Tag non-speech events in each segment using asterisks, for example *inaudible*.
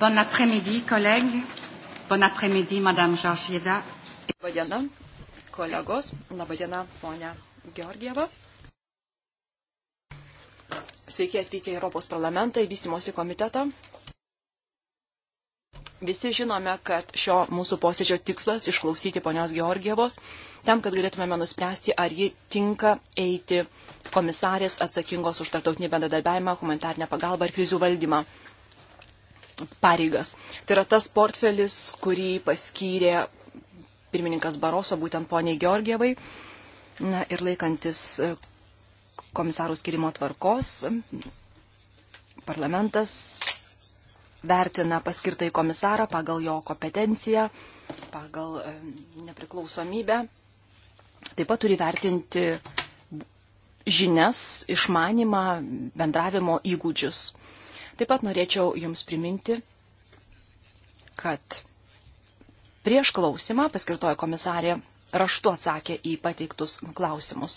Bon après-midi, collègues. Bon après-midi, Madame Georgieva. Labadiena, kolegos. Labadiena, ponia Georgieva. Sveiki atvykę į Europos parlamentą, į vystimosi komitetą. Visi žinome, kad šio mūsų posėdžio tikslas išklausyti ponios Georgievos, tam, kad galėtumėme nuspręsti, ar ji tinka eiti komisarės atsakingos už tarptautinį bendradarbiavimą, humanitarnę pagalbą ir krizių valdymą pareigas. Tai yra tas portfelis, kurį paskyrė pirmininkas Baroso būtent poniai Georgievai. Na ir laikantis e, komisarų skirimo tvarkos, parlamentas vertina paskirtai komisarą pagal jo kompetenciją, pagal e, nepriklausomybę. Taip pat turi vertinti žinias, išmanimą, bendravimo įgūdžius. Taip pat norėčiau Jums priminti, kad prieš klausimą paskirtoji komisarė raštu atsakė į pateiktus klausimus.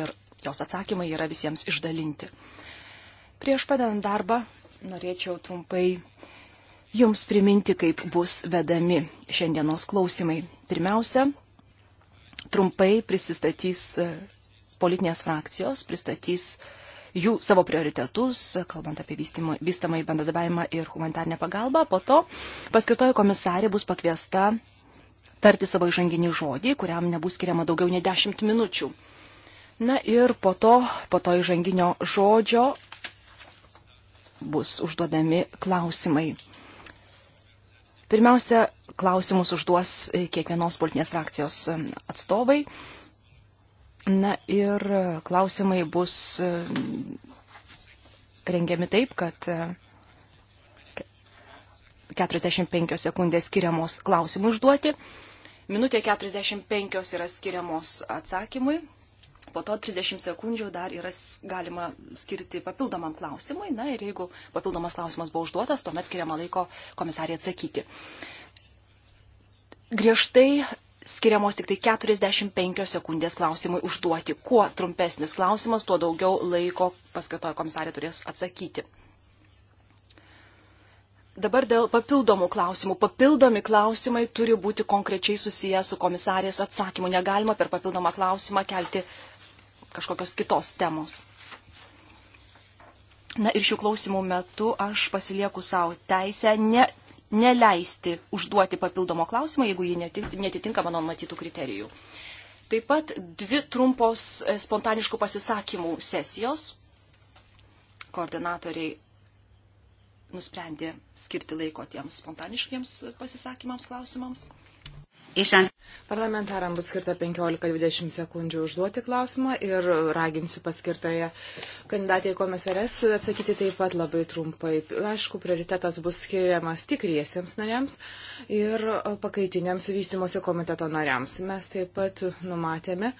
Ir jos atsakymai yra visiems išdalinti. Prieš padedant darbą norėčiau trumpai Jums priminti, kaip bus vedami šiandienos klausimai. Pirmiausia, trumpai prisistatys politinės frakcijos, pristatys uh, jų savo prioritetus, kalbant apie vystamą į bendradarbiavimą ir humanitarnę pagalbą. Po to paskirtoji komisarė bus pakviesta tarti savo įžanginį žodį, kuriam nebus skiriama daugiau nei 10 minučių. Na ir po to, po to įžanginio žodžio bus užduodami klausimai. Pirmiausia, klausimus užduos kiekvienos politinės frakcijos atstovai. Na ir klausimai bus e, rengiami taip, kad 45 e, sekundės skiriamos klausimui užduoti, minutė 45 yra skiriamos atsakymui, po to 30 sekundžių dar yra galima skirti papildomam klausimui, na ir jeigu papildomas klausimas buvo užduotas, tuomet skiriama laiko komisarė atsakyti. Griežtai skiriamos tik tai 45 sekundės klausimui užduoti. Kuo trumpesnis klausimas, tuo daugiau laiko paskaitoje komisarė turės atsakyti. Dabar dėl papildomų klausimų. Papildomi klausimai turi būti konkrečiai susiję su komisarės atsakymu. Negalima per papildomą klausimą kelti kažkokios kitos temos. Na ir šių klausimų metu aš pasilieku savo teisę ne neleisti užduoti papildomo klausimo, jeigu ji netitinka mano matytų kriterijų. Taip pat dvi trumpos e, spontaniškų pasisakymų sesijos. Koordinatoriai nusprendė skirti laiko tiems spontaniškiams pasisakymams, klausimams. Parlamentaram bus skirta 15-20 sekundžių užduoti klausimą ir raginsiu paskirtąją kandidatę į komisarės atsakyti taip pat labai trumpai. Aišku, prioritetas bus skiriamas tikriesiems nariams ir pakaitiniams vystimosi komiteto nariams. Mes taip pat numatėme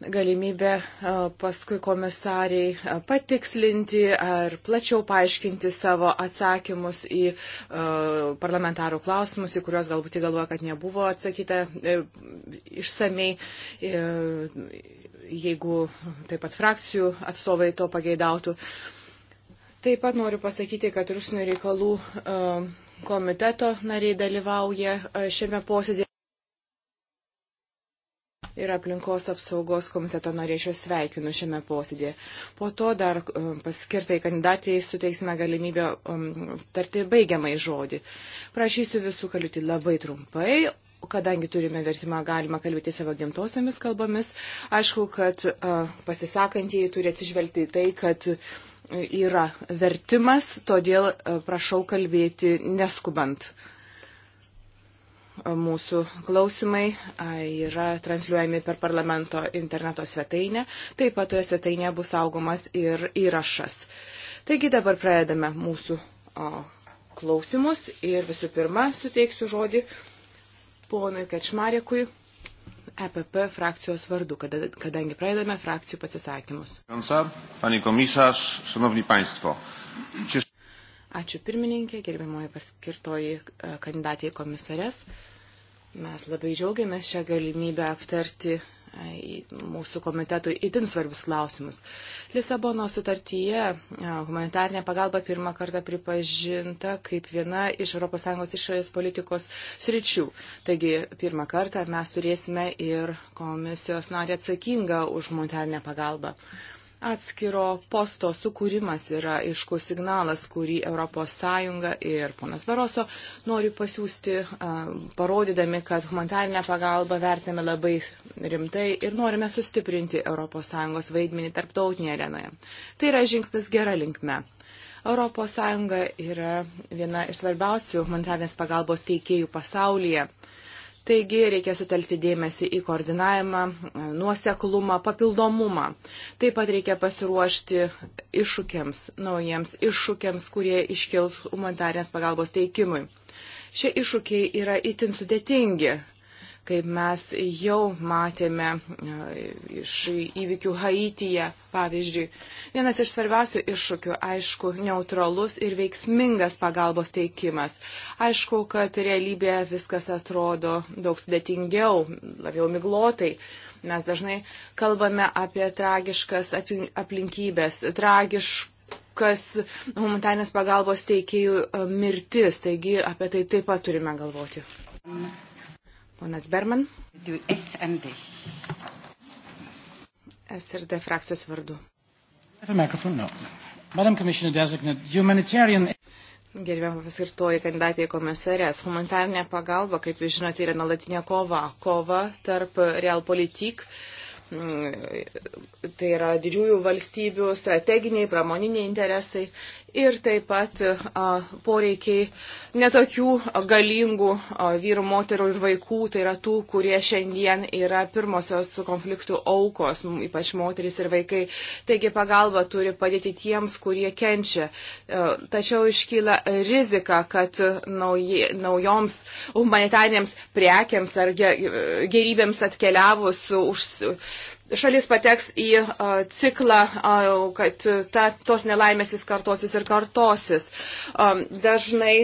galimybę paskui komisariai patikslinti ar plačiau paaiškinti savo atsakymus į parlamentarų klausimus, į kuriuos galbūt įgalvoja, kad nebuvo atsakyta e, išsamei e, jeigu taip pat frakcijų atstovai to pageidautų. Taip pat noriu pasakyti, kad užsienio reikalų komiteto nariai dalyvauja šiame posėdėje ir aplinkos apsaugos komiteto norėčiau sveikinu šiame posėdėje. Po to dar um, paskirtai kandidatėjai suteiksime galimybę um, tarti baigiamai žodį. Prašysiu visų kalbėti labai trumpai, kadangi turime vertimą, galima kalbėti savo gimtosiomis kalbomis. Aišku, kad pasisakantieji turi atsižvelgti į tai, kad e, yra vertimas, todėl e, prašau kalbėti neskubant mūsų klausimai yra transliuojami per parlamento interneto svetainę, taip pat toje svetainėje bus saugomas ir įrašas. Taigi dabar pradedame mūsų klausimus ir visų pirma suteiksiu žodį ponui Kačmarekui EPP frakcijos vardu, kadangi pradedame frakcijų pasisakymus. Pani komisarz, szanowni państwo. Ačiū pirmininkė, gerbiamoji paskirtoji e, kandidatė į komisarės. Mes labai džiaugiamės šią galimybę aptarti e, mūsų komitetui itin svarbius klausimus. Lisabono sutartyje e, humanitarinė pagalba pirmą kartą pripažinta kaip viena iš ES išorės politikos sričių. Taigi pirmą kartą mes turėsime ir komisijos narį atsakingą už humanitarinę pagalbą atskiro posto sukūrimas yra aišku signalas, kurį ES ir ponas Varoso nori pasiūsti, parodydami, kad humanitarinę pagalbą vertiname labai rimtai ir norime sustiprinti ES vaidmenį tarptautinėje arenoje. Tai yra žingsnis gera linkme. ES yra viena iš svarbiausių humanitarinės pagalbos teikėjų pasaulyje. Taigi reikia sutelkti dėmesį į koordinavimą, nuoseklumą, papildomumą. Taip pat reikia pasiruošti iššūkiams, naujiems iššūkiams, kurie iškils humanitarės pagalbos teikimui. Šie iššūkiai yra itin sudėtingi kaip mes jau matėme e, iš įvykių Haityje, pavyzdžiui. Vienas iš svarbiausių iššūkių, aišku, neutralus ir veiksmingas pagalbos teikimas. Aišku, kad realybėje viskas atrodo daug sudėtingiau, labiau miglotai. Mes dažnai kalbame apie tragiškas aplinkybės, tragiškas kas humanitarnės pagalbos teikėjų e, mirtis, taigi apie tai taip pat turime galvoti. Mm. Ponas Berman. Du SMD. SRD frakcijos vardu. No. Humanitarian... Gerbiamą paskirtoji kandidatė į komisarės. Humanitarinė pagalba, kaip jūs žinote, yra nuolatinė kova. Kova tarp realpolitik mm, tai yra didžiųjų valstybių strateginiai, pramoniniai interesai ir taip pat a, poreikiai netokių galingų a, vyrų, moterų ir vaikų, tai yra tų, kurie šiandien yra pirmosios konfliktų aukos, ypač moteris ir vaikai. Taigi pagalba turi padėti tiems, kurie kenčia. A, tačiau iškyla rizika, kad nauji, naujoms humanitariniams prekiams ar gerybėms atkeliavus už šalis pateks į ciklą, kad ta, tos nelaimės vis kartosis ir kartosis. Dažnai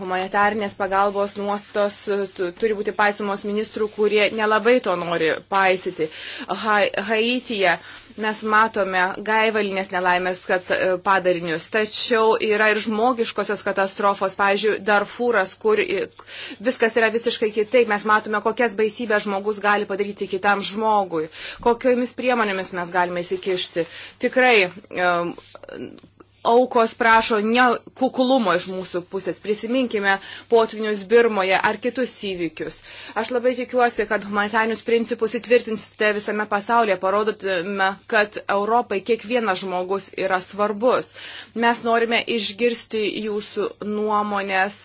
humanitarnės pagalbos nuostos turi būti paisomos ministrų, kurie nelabai to nori paisyti. Haityje. Ha mes matome gaivalinės nelaimės kad, e, padarinius, tačiau yra ir žmogiškosios katastrofos, pavyzdžiui, Darfūras, kur viskas yra visiškai kitaip, mes matome, kokias baisybės žmogus gali padaryti kitam žmogui, kokiomis priemonėmis mes galime įsikišti. Tikrai e, aukos prašo ne kuklumo iš mūsų pusės. Prisiminkime potvinius Birmoje ar kitus įvykius. Aš labai tikiuosi, kad humanitarinius principus įtvirtinsite visame pasaulyje, parodotame, kad Europai kiekvienas žmogus yra svarbus. Mes norime išgirsti jūsų nuomonės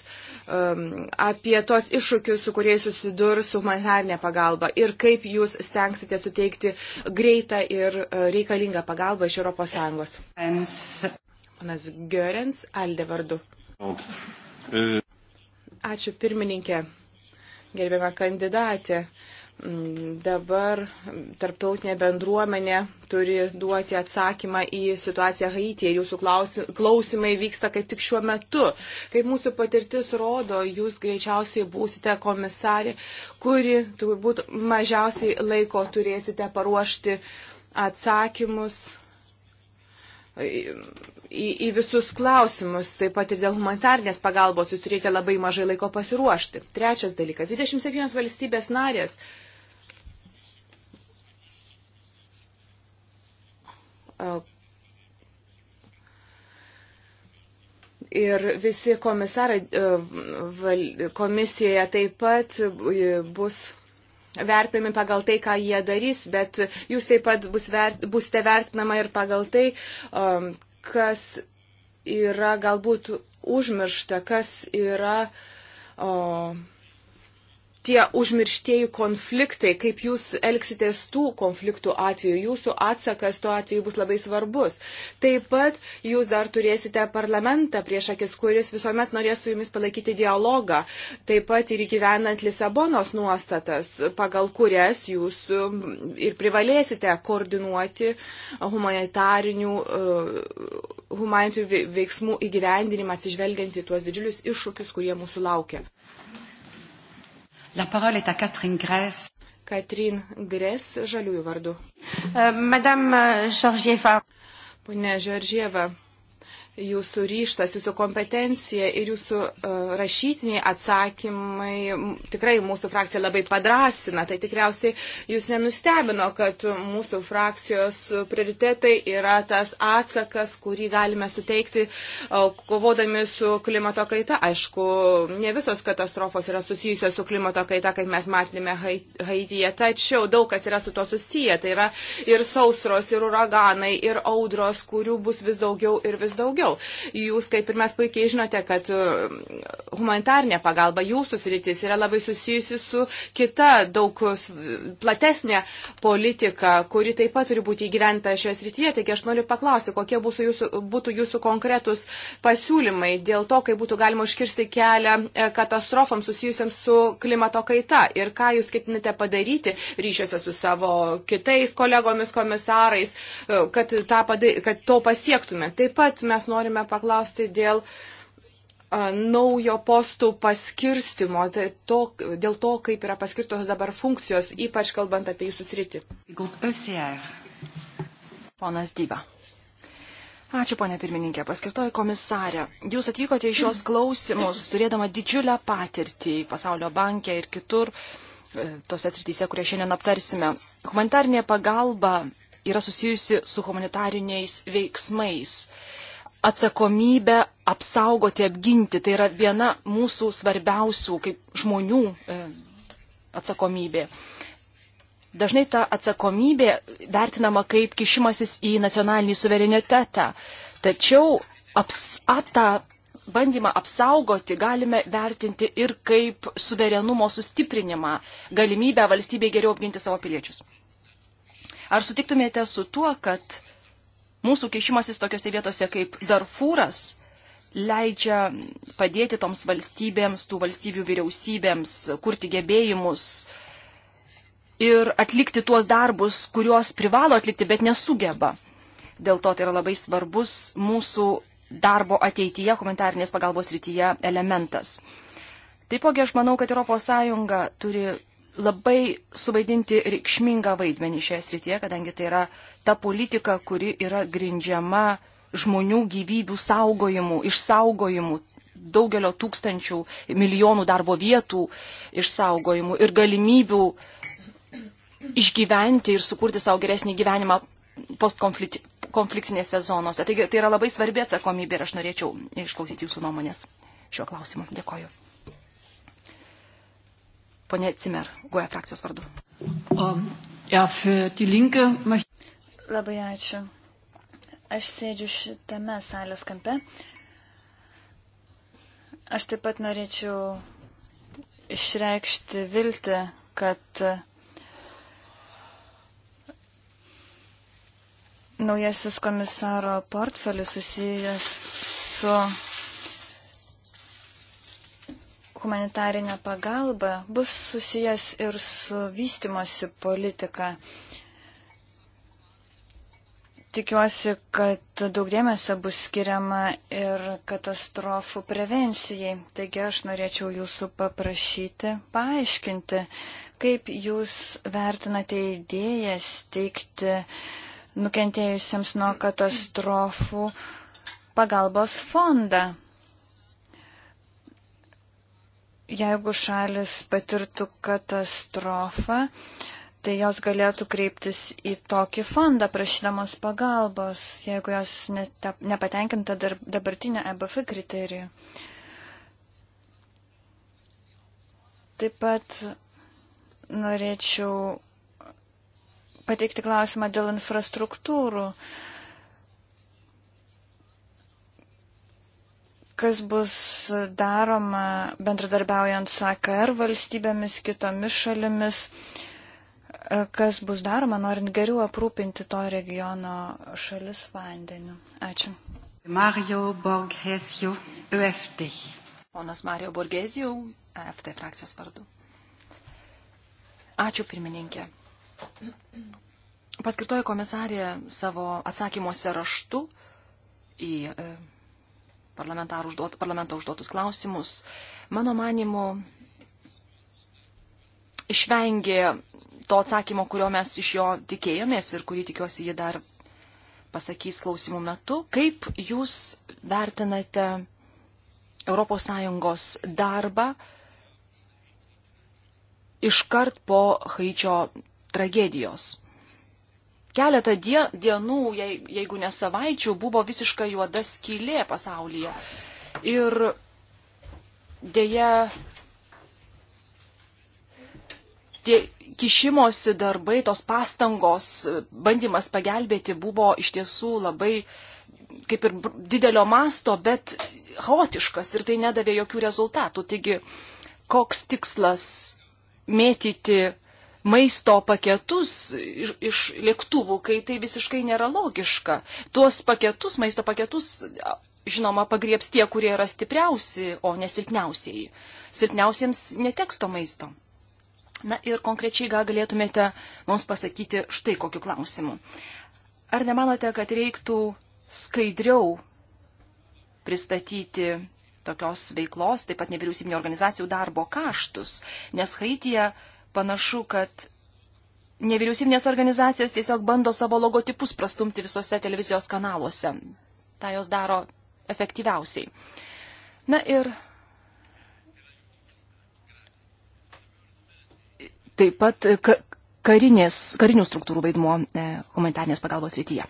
um, apie tos iššūkius, su kuriais susidurs humanitarinė pagalba ir kaip jūs stengsite suteikti greitą ir uh, reikalingą pagalbą iš ES. Panas Görens, Alde vardu. Ačiū pirmininkė, gerbiama kandidatė. Mm, dabar tarptautinė bendruomenė turi duoti atsakymą į situaciją Haityje. Jūsų klausimai vyksta kaip tik šiuo metu. Kaip mūsų patirtis rodo, jūs greičiausiai būsite komisarė, kuri turbūt mažiausiai laiko turėsite paruošti atsakymus į, į visus klausimus, taip pat ir dėl humanitarnės pagalbos jūs turite labai mažai laiko pasiruošti. Trečias dalykas - 27 valstybės narės. Ir visi komisarai komisijoje taip pat bus vertinami pagal tai, ką jie darys, bet jūs taip pat bus vert, busite vertinama ir pagal tai, um, kas yra galbūt užmiršta, kas yra. Um, tie užmirštieji konfliktai, kaip jūs elgsitės tų konfliktų atveju. Jūsų atsakas tuo atveju bus labai svarbus. Taip pat jūs dar turėsite parlamentą prieš akis, kuris visuomet norės su jumis palaikyti dialogą. Taip pat ir įgyvenant Lisabonos nuostatas, pagal kurias jūs um, ir privalėsite koordinuoti humanitarinių, uh, humanitarinių veiksmų įgyvendinimą atsižvelgiant į tuos didžiulius iššūkius, kurie mūsų laukia. La parole est à Catherine Gress. Katrin Gres, žaliųjų vardu. Euh, Madame Žoržieva. Euh, Pone Žoržieva, jūsų ryštas, jūsų kompetencija ir jūsų uh, rašytiniai atsakymai tikrai mūsų frakciją labai padrasina. Tai tikriausiai jūs nenustebino, kad mūsų frakcijos prioritetai yra tas atsakas, kurį galime suteikti uh, kovodami su klimato kaita. Aišku, ne visos katastrofos yra susijusios su klimato kaita, kaip mes matėme Haityje, tačiau daug kas yra su to susiję. Tai yra ir sausros, ir uraganai, ir audros, kurių bus vis daugiau ir vis daugiau toliau. Jūs, kaip ir mes puikiai žinote, kad e, humanitarnė pagalba jūsų sritis yra labai susijusi su kita daug platesnė politika, kuri taip pat turi būti įgyventa šioje srityje. Taigi aš noriu paklausti, kokie būtų jūsų, būtų jūsų konkretus pasiūlymai dėl to, kaip būtų galima užkirsti kelią e, katastrofams susijusiams su klimato kaita ir ką jūs ketinate padaryti ryšiuose su savo kitais kolegomis komisarais, e, kad, padarė, kad to pasiektume. Taip pat mes nuolat norime paklausti dėl naujo postų paskirstimo, tai to, dėl to, kaip yra paskirtos dabar funkcijos, ypač kalbant apie jūsų sritį. E Ponas Dyba. Ačiū, ponė pirmininkė, paskirtoji komisarė. Jūs atvykote į šios klausimus, turėdama didžiulę patirtį pasaulio bankė ir kitur, e, tose srityse, kurie šiandien aptarsime. Humanitarinė pagalba yra susijusi su humanitariniais veiksmais atsakomybę apsaugoti, apginti. Tai yra viena mūsų svarbiausių kaip žmonių e, atsakomybė. Dažnai ta atsakomybė vertinama kaip kišimasis į nacionalinį suverenitetą. Tačiau aps, ap, tą bandymą apsaugoti galime vertinti ir kaip suverenumo sustiprinimą, galimybę valstybė geriau apginti savo piliečius. Ar sutiktumėte su tuo, kad Mūsų kešimasis tokiose vietose kaip Darfūras leidžia padėti toms valstybėms, tų valstybių vyriausybėms kurti gebėjimus ir atlikti tuos darbus, kuriuos privalo atlikti, bet nesugeba. Dėl to tai yra labai svarbus mūsų darbo ateityje, humanitarnės pagalbos rytyje elementas. Taipogi aš manau, kad ES turi labai suvaidinti reikšmingą vaidmenį šioje srityje, kadangi tai yra ta politika, kuri yra grindžiama žmonių gyvybių saugojimu, išsaugojimu, daugelio tūkstančių, milijonų darbo vietų išsaugojimu ir galimybių išgyventi ir sukurti savo geresnį gyvenimą postkonfliktinėse zonose. Taigi tai yra labai svarbi atsakomybė ir aš norėčiau išklausyti jūsų nuomonės šiuo klausimu. Dėkoju. Pone Cimer, guoja e frakcijos vardu. Um, Labai ačiū. Aš sėdžiu šitame salės kampe. Aš taip pat norėčiau išreikšti viltį, kad naujasis komisaro portfelis susijęs su humanitarinė pagalba bus susijęs ir su vystimosi politika. Tikiuosi, kad daug dėmesio bus skiriama ir katastrofų prevencijai. Taigi aš norėčiau jūsų paprašyti, paaiškinti, kaip jūs vertinate idėjas teikti nukentėjusiems nuo katastrofų pagalbos fondą jeigu šalis patirtų katastrofą, tai jos galėtų kreiptis į tokį fondą prašydamos pagalbos, jeigu jos nepatenkinta dabartinė EBF kriterijų. Taip pat norėčiau pateikti klausimą dėl infrastruktūrų. Uh, kas bus daroma bendradarbiaujant su AKR valstybėmis, kitomis šalimis, e, kas bus daroma, norint geriau aprūpinti to regiono šalis vandeniu. Ačiū. Mario Borgesio, EFT. Ponas Mario Borgesio, EFT frakcijos vardu. Ačiū pirmininkė. Paskirtoji komisarė savo atsakymuose raštu į e, užduot, parlamento užduotus klausimus, mano manimu, išvengė to atsakymo, kurio mes iš jo tikėjomės ir kurį tikiuosi jį dar pasakys klausimų metu. Kaip jūs vertinate ES darbą iškart po Haičio tragedijos? keletą dienų, jeigu ne savaičių, buvo visiška juoda skylė pasaulyje. Ir dėja, tie kišimosi darbai, tos pastangos, bandymas pagelbėti buvo iš tiesų labai kaip ir didelio masto, bet chaotiškas ir tai nedavė jokių rezultatų. Taigi, koks tikslas mėtyti maisto paketus iš, iš lėktuvų, kai tai visiškai nėra logiška. Tuos paketus, maisto paketus, žinoma, pagrieps tie, kurie yra stipriausi, o nesilpniausiai. Silpniausiems neteks to maisto. Na ir konkrečiai gal galėtumėte mums pasakyti štai kokiu klausimu. Ar nemanote, kad reiktų skaidriau pristatyti tokios veiklos, taip pat nevyriausybinio organizacijų darbo kaštus, nes Haitija Panašu, kad nevyriausybinės organizacijos tiesiog bando savo logotipus prastumti visuose televizijos kanaluose. Ta jos daro efektyviausiai. Na ir taip pat karinės, karinių struktūrų vaidmuo e, humanitarnės pagalbos rytyje.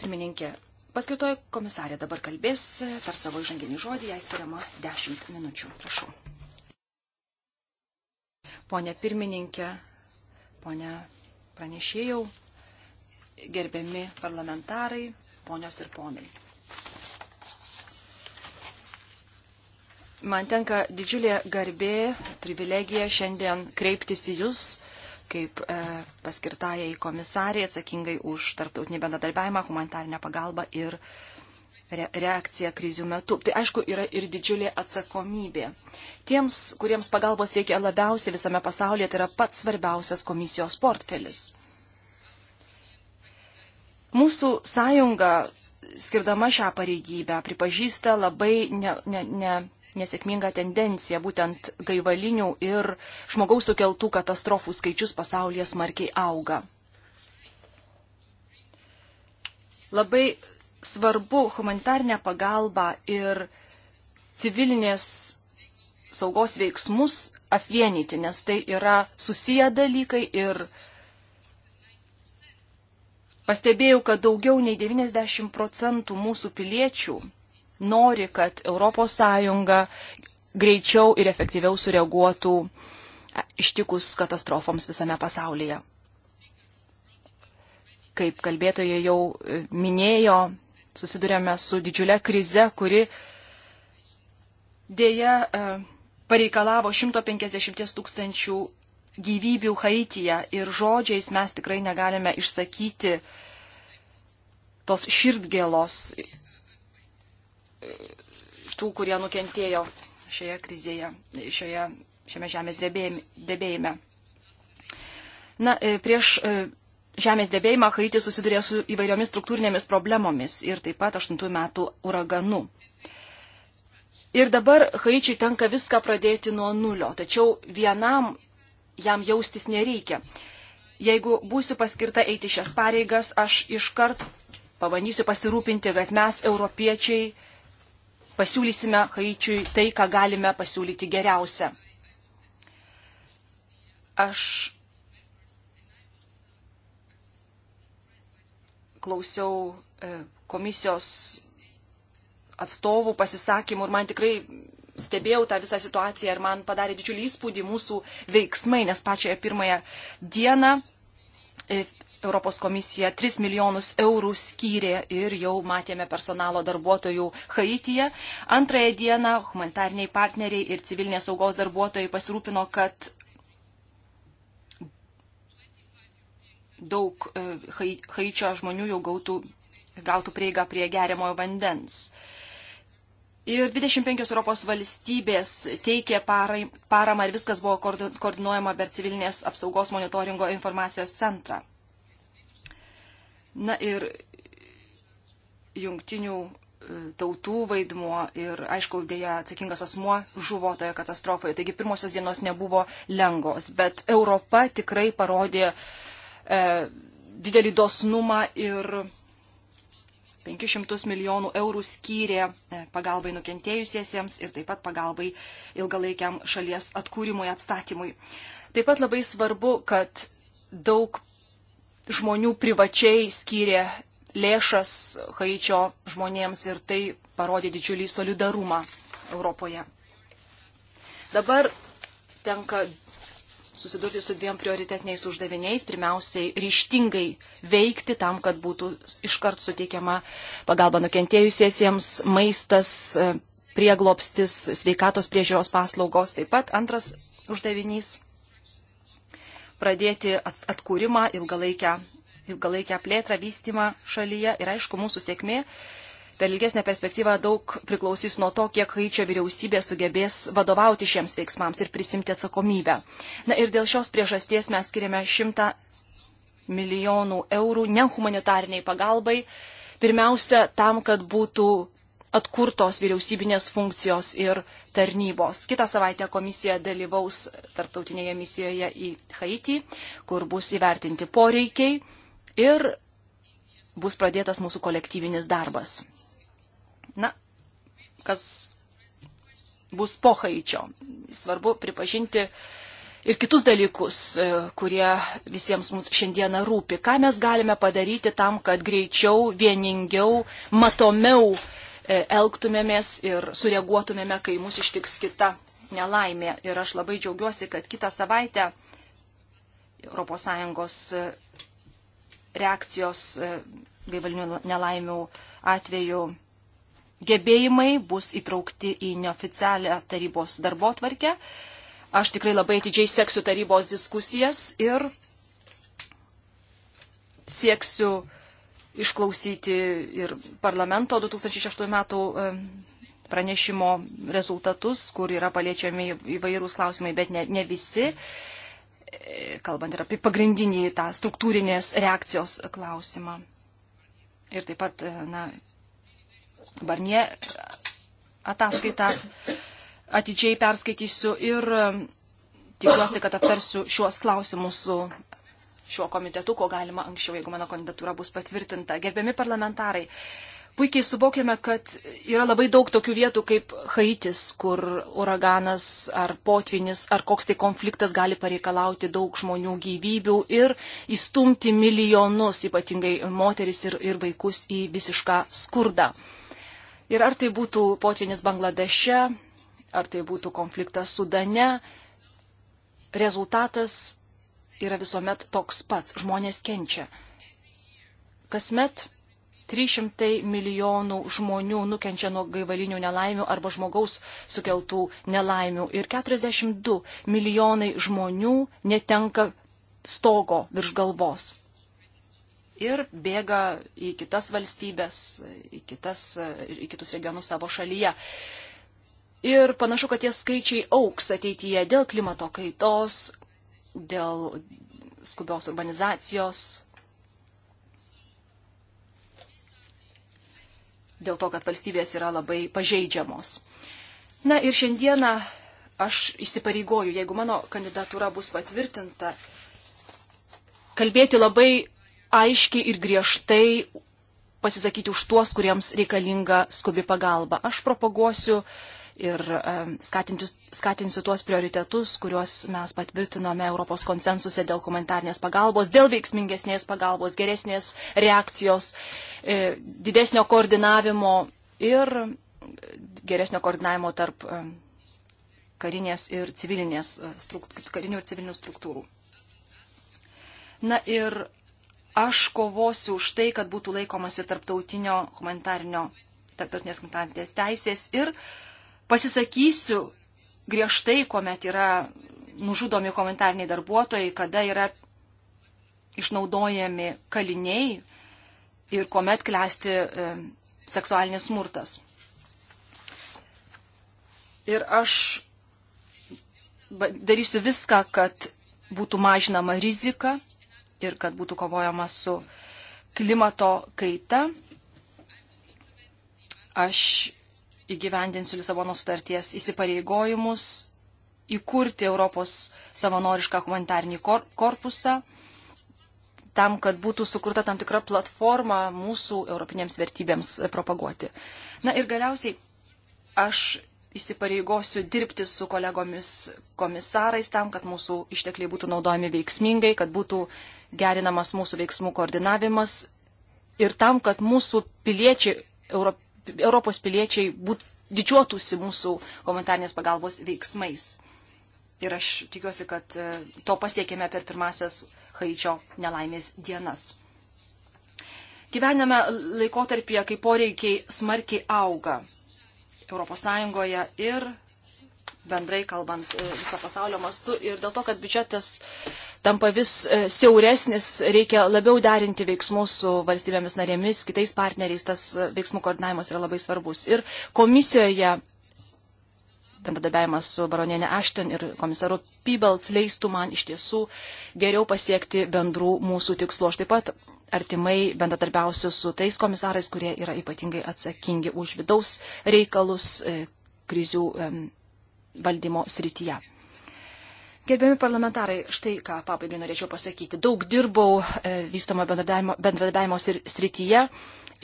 Pirmininkė, paskirtoji komisarė dabar kalbės, tar savo įžanginį žodį, jai skiriama 10 minučių. Prašau ponė pirmininkė, ponė pranešėjau, gerbiami parlamentarai, ponios ir ponai. Man tenka didžiulė garbė, privilegija šiandien kreiptis į Jūs kaip e, paskirtąją į komisarį atsakingai už tarptautinį bendradarbiavimą, humanitarinę pagalbą ir re, reakciją krizių metu. Tai aišku yra ir didžiulė atsakomybė. E, tiems, kuriems pagalbos reikia labiausiai visame pasaulyje, tai yra pats svarbiausias komisijos portfelis. Mūsų sąjunga, skirdama šią pareigybę, pripažįsta labai ne, ne, ne, nesėkmingą tendenciją, būtent gaivalinių ir žmogaus sukeltų katastrofų skaičius pasaulyje smarkiai auga. Labai svarbu humanitarnę pagalbą ir civilinės saugos veiksmus apvienyti, nes tai yra susiję dalykai ir pastebėjau, kad daugiau nei 90 procentų mūsų piliečių nori, kad ES greičiau ir efektyviau sureaguotų ištikus katastrofoms visame pasaulyje. Kaip kalbėtoje jau e, minėjo, susidurėme su didžiulė krize, kuri dėja e, pareikalavo 150 tūkstančių gyvybių Haityje ir žodžiais mes tikrai negalime išsakyti tos širdgėlos tų, kurie nukentėjo šioje krizėje, šioje, šiame žemės debėjime. Na, e, prieš e, žemės debėjimą Haiti susidurė su įvairiomis struktūrinėmis problemomis ir taip pat 8 metų uraganu. Ir dabar Haičiui tenka viską pradėti nuo nulio, tačiau vienam jam jaustis nereikia. Jeigu būsiu paskirta eiti šias pareigas, aš iškart pabandysiu pasirūpinti, kad mes, europiečiai, pasiūlysime Haičiui tai, ką galime pasiūlyti geriausia. Aš klausiau e, komisijos atstovų pasisakymų ir man tikrai stebėjau tą visą situaciją ir man padarė didžiulį įspūdį mūsų veiksmai, nes pačią pirmąją dieną e, Europos komisija 3 milijonus eurų skyrė ir jau matėme personalo darbuotojų Haityje. Antrąją dieną humanitariniai partneriai ir civilinės saugos darbuotojai pasirūpino, kad daug e, Haičio žmonių jau gautų, gautų prieigą prie geriamojo vandens. Ir 25 Europos valstybės teikė paramą ir viskas buvo koordinuojama per civilinės apsaugos monitoringo informacijos centrą. Na ir jungtinių e, tautų vaidmuo ir, aišku, dėja atsakingas asmuo žuvo toje katastrofoje. Taigi pirmosios dienos nebuvo lengvos, bet Europa tikrai parodė e, didelį dosnumą ir 500 milijonų eurų skyrė e, pagalbai nukentėjusiesiems ir taip pat pagalbai ilgalaikiam šalies atkūrimui, atstatymui. Taip pat labai svarbu, kad daug žmonių privačiai skyrė lėšas Haičio žmonėms ir tai parodė didžiulį solidarumą Europoje. Dabar tenka susidurti su dviem prioritetiniais uždaviniais. Pirmiausiai, ryštingai veikti tam, kad būtų iškart suteikiama pagalba nukentėjusiesiems, maistas, e, prieglopstis, sveikatos priežiūros paslaugos. Taip pat antras uždavinys - pradėti atkūrimą, ilgalaikę, ilgalaikę plėtrą, vystymą šalyje. Ir aišku, mūsų sėkmė Per ilgesnę perspektyvą daug priklausys nuo to, kiek Haičio vyriausybė sugebės vadovauti šiems veiksmams ir prisimti atsakomybę. Na ir dėl šios priežasties mes skiriame 100 milijonų eurų nehumanitariniai pagalbai. Pirmiausia, tam, kad būtų atkurtos vyriausybinės funkcijos ir tarnybos. Kitą savaitę komisija dalyvaus tarptautinėje misijoje į Haitį, kur bus įvertinti poreikiai ir bus pradėtas mūsų kolektyvinis darbas. Na, kas bus po haičio. Svarbu pripažinti ir kitus dalykus, e, kurie visiems mums šiandieną rūpi. Ką mes galime padaryti tam, kad greičiau, vieningiau, matomiau e, elgtumėmės ir sureaguotumėme, kai mūsų ištiks kita nelaimė. Ir aš labai džiaugiuosi, kad kitą savaitę ES e, reakcijos gaivalinių nelaimių atveju gebėjimai bus įtraukti į neoficialią tarybos darbo tvarkę. Aš tikrai labai atidžiai seksiu tarybos diskusijas ir sieksiu išklausyti ir parlamento 2006 metų pranešimo rezultatus, kur yra paliečiami įvairūs klausimai, bet ne, ne visi, e, kalbant ir apie pagrindinį tą struktūrinės reakcijos klausimą. Ir taip pat e, na, Barnie ataskaitą atidžiai perskaitysiu ir um, tikiuosi, kad aptarsiu šiuos klausimus su šiuo komitetu, ko galima anksčiau, jeigu mano kandidatūra bus patvirtinta. Gerbiami parlamentarai, puikiai suvokiame, kad yra labai daug tokių vietų kaip Haitis, kur uraganas ar potvinis ar koks tai konfliktas gali pareikalauti daug žmonių gyvybių ir įstumti milijonus, ypatingai moteris ir, ir vaikus, į visišką skurdą. Ir ar tai būtų potvinis Bangladeše, ar tai būtų konfliktas Sudane, rezultatas yra visuomet toks pats. Žmonės kenčia. Kasmet 300 milijonų žmonių nukenčia nuo gaivalinių nelaimių arba žmogaus sukeltų nelaimių ir 42 milijonai žmonių netenka stogo virš galvos ir bėga į kitas valstybės, į, kitas, į kitus regionus savo šalyje. Ir panašu, kad tie skaičiai auks ateityje dėl klimato kaitos, dėl skubios urbanizacijos, dėl to, kad valstybės yra labai pažeidžiamos. Na ir šiandieną aš įsipareigoju, jeigu mano kandidatūra bus patvirtinta, kalbėti labai aiškiai ir griežtai pasisakyti už tuos, kuriems reikalinga skubi pagalba. Aš propaguosiu ir skatinsiu, skatinsiu tuos prioritetus, kuriuos mes patvirtinome Europos konsensuse dėl humanitarnės pagalbos, dėl veiksmingesnės pagalbos, geresnės reakcijos, e, didesnio koordinavimo ir geresnio koordinavimo tarp karinės ir civilinės, e, karinių ir civilinių struktūrų. Na ir aš kovosiu už tai, kad būtų laikomasi tarptautinio humanitarinio, tarptautinės humanitarinės teisės ir pasisakysiu griežtai, kuomet yra nužudomi humanitariniai darbuotojai, kada yra išnaudojami kaliniai ir kuomet klesti e, seksualinis smurtas. Ir aš darysiu viską, kad būtų mažinama rizika ir kad būtų kovojama su klimato kaita. Aš įgyvendinsiu Lisabono sutarties įsipareigojimus įkurti Europos savanorišką humanitarnį korpusą, tam, kad būtų sukurta tam tikra platforma mūsų europinėms vertybėms propaguoti. Na ir galiausiai aš įsipareigosiu dirbti su kolegomis komisarais tam, kad mūsų ištekliai būtų naudojami veiksmingai, kad būtų gerinamas mūsų veiksmų koordinavimas ir tam, kad mūsų piliečiai, Europos piliečiai būt, didžiuotųsi mūsų humanitarnės pagalbos veiksmais. Ir aš tikiuosi, kad e, to pasiekėme per pirmasias Haičio nelaimės dienas. Gyvename laikotarpyje, kai poreikiai smarkiai auga ES ir bendrai kalbant e, viso pasaulio mastu. Ir dėl to, kad biudžetas tampa vis e, siauresnis, reikia labiau derinti veiksmus su valstybėmis narėmis, kitais partneriais, tas e, veiksmų koordinavimas yra labai svarbus. Ir komisijoje bendradabiavimas su baronienė Ashton ir komisaru Pibelts leistų man iš tiesų geriau pasiekti bendrų mūsų tikslų. Aš taip pat artimai bendradarbiausiu su tais komisarais, kurie yra ypatingai atsakingi už vidaus reikalus e, krizių valdymo srityje. Gerbiami parlamentarai, štai ką pabaigai norėčiau pasakyti. Daug dirbau e, vystamo bendradarbiavimo srityje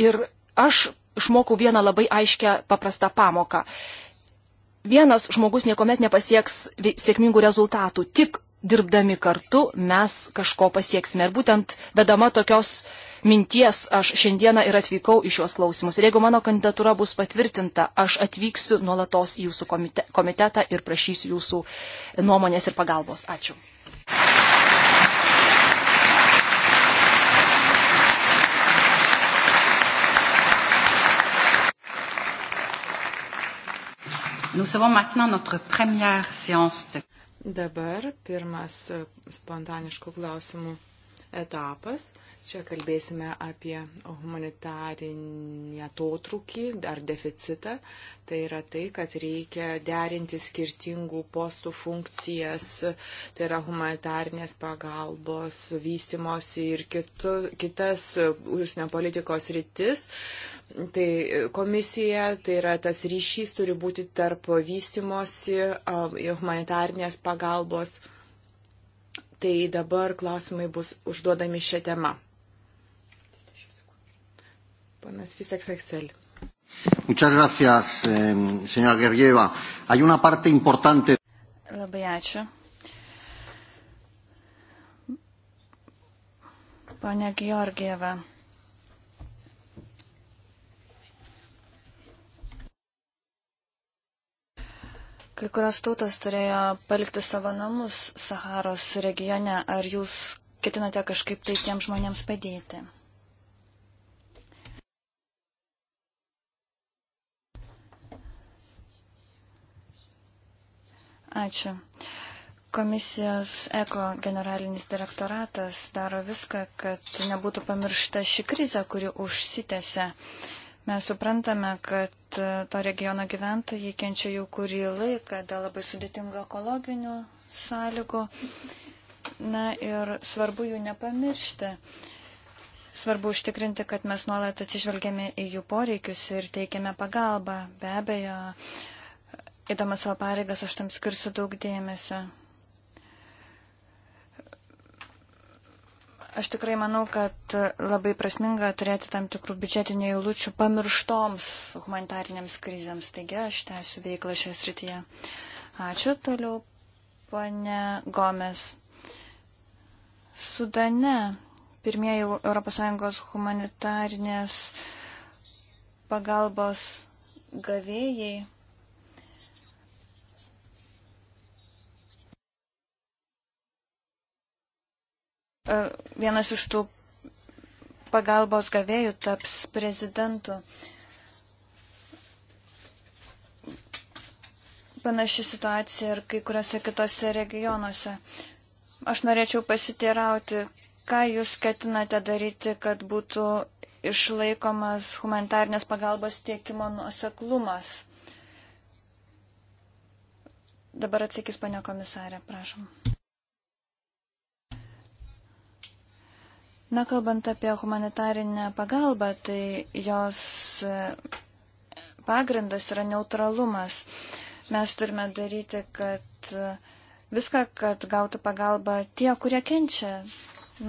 ir aš išmokau vieną labai aiškę paprastą pamoką. Vienas žmogus niekuomet nepasieks sėkmingų rezultatų, tik dirbdami kartu mes kažko pasieksime. Ir būtent vedama tokios minties aš šiandieną ir atvykau į šiuos klausimus. Ir jeigu mano kandidatūra bus patvirtinta, aš atvyksiu nuolatos į jūsų komitetą ir prašysiu jūsų nuomonės ir pagalbos. Ačiū. Nous avons maintenant notre première séance de Dabar pirmas spontaniškų klausimų etapas. Čia kalbėsime apie humanitarinį atotrukį ar deficitą. Tai yra tai, kad reikia derinti skirtingų postų funkcijas, tai yra humanitarnės pagalbos, vystimosi ir kitu, kitas užsienio politikos rytis. Tai komisija, tai yra tas ryšys turi būti tarp vystimosi, humanitarnės pagalbos. Tai dabar klausimai bus užduodami šią temą. Ponas Viseks Excel. Muchas gracias, eh, señora Gergieva. Hay una parte importante. Labai ačiū. Pane Georgieva. Kai kurios tautos turėjo palikti savo namus Saharos regione. Ar jūs ketinate kažkaip tai tiem žmonėms padėti? Ačiū. Komisijos eko generalinis direktoratas daro viską, kad nebūtų pamiršta ši krizė, kuri užsitęsia. Mes suprantame, kad to regiono gyventojai kenčia jau kurį laiką dėl labai sudėtingų ekologinių sąlygų. Na ir svarbu jų nepamiršti. Svarbu užtikrinti, kad mes nuolat atsižvelgiame į jų poreikius ir teikiame pagalbą. Be abejo, Eidama savo pareigas, aš tam skirsiu daug dėmesio. Aš tikrai manau, kad labai prasminga turėti tam tikrų biudžetinių eilučių pamirštoms humanitariniams krizėms. Taigi aš tęsiu veiklą šioje srityje. Ačiū toliau, ponė Gomes. Sudane pirmieji ES humanitarinės pagalbos gavėjai E, vienas iš tų pagalbos gavėjų taps prezidentu. Panaši situacija ir kai kuriuose kitose regionuose. Aš norėčiau pasiteirauti, ką jūs ketinate daryti, kad būtų išlaikomas humanitarnės pagalbos tiekimo nuoseklumas. Dabar atsakys pane komisarė, prašom. Na, kalbant apie humanitarinę pagalbą, tai jos pagrindas yra neutralumas. Mes turime daryti, kad viską, kad gautų pagalbą tie, kurie kenčia,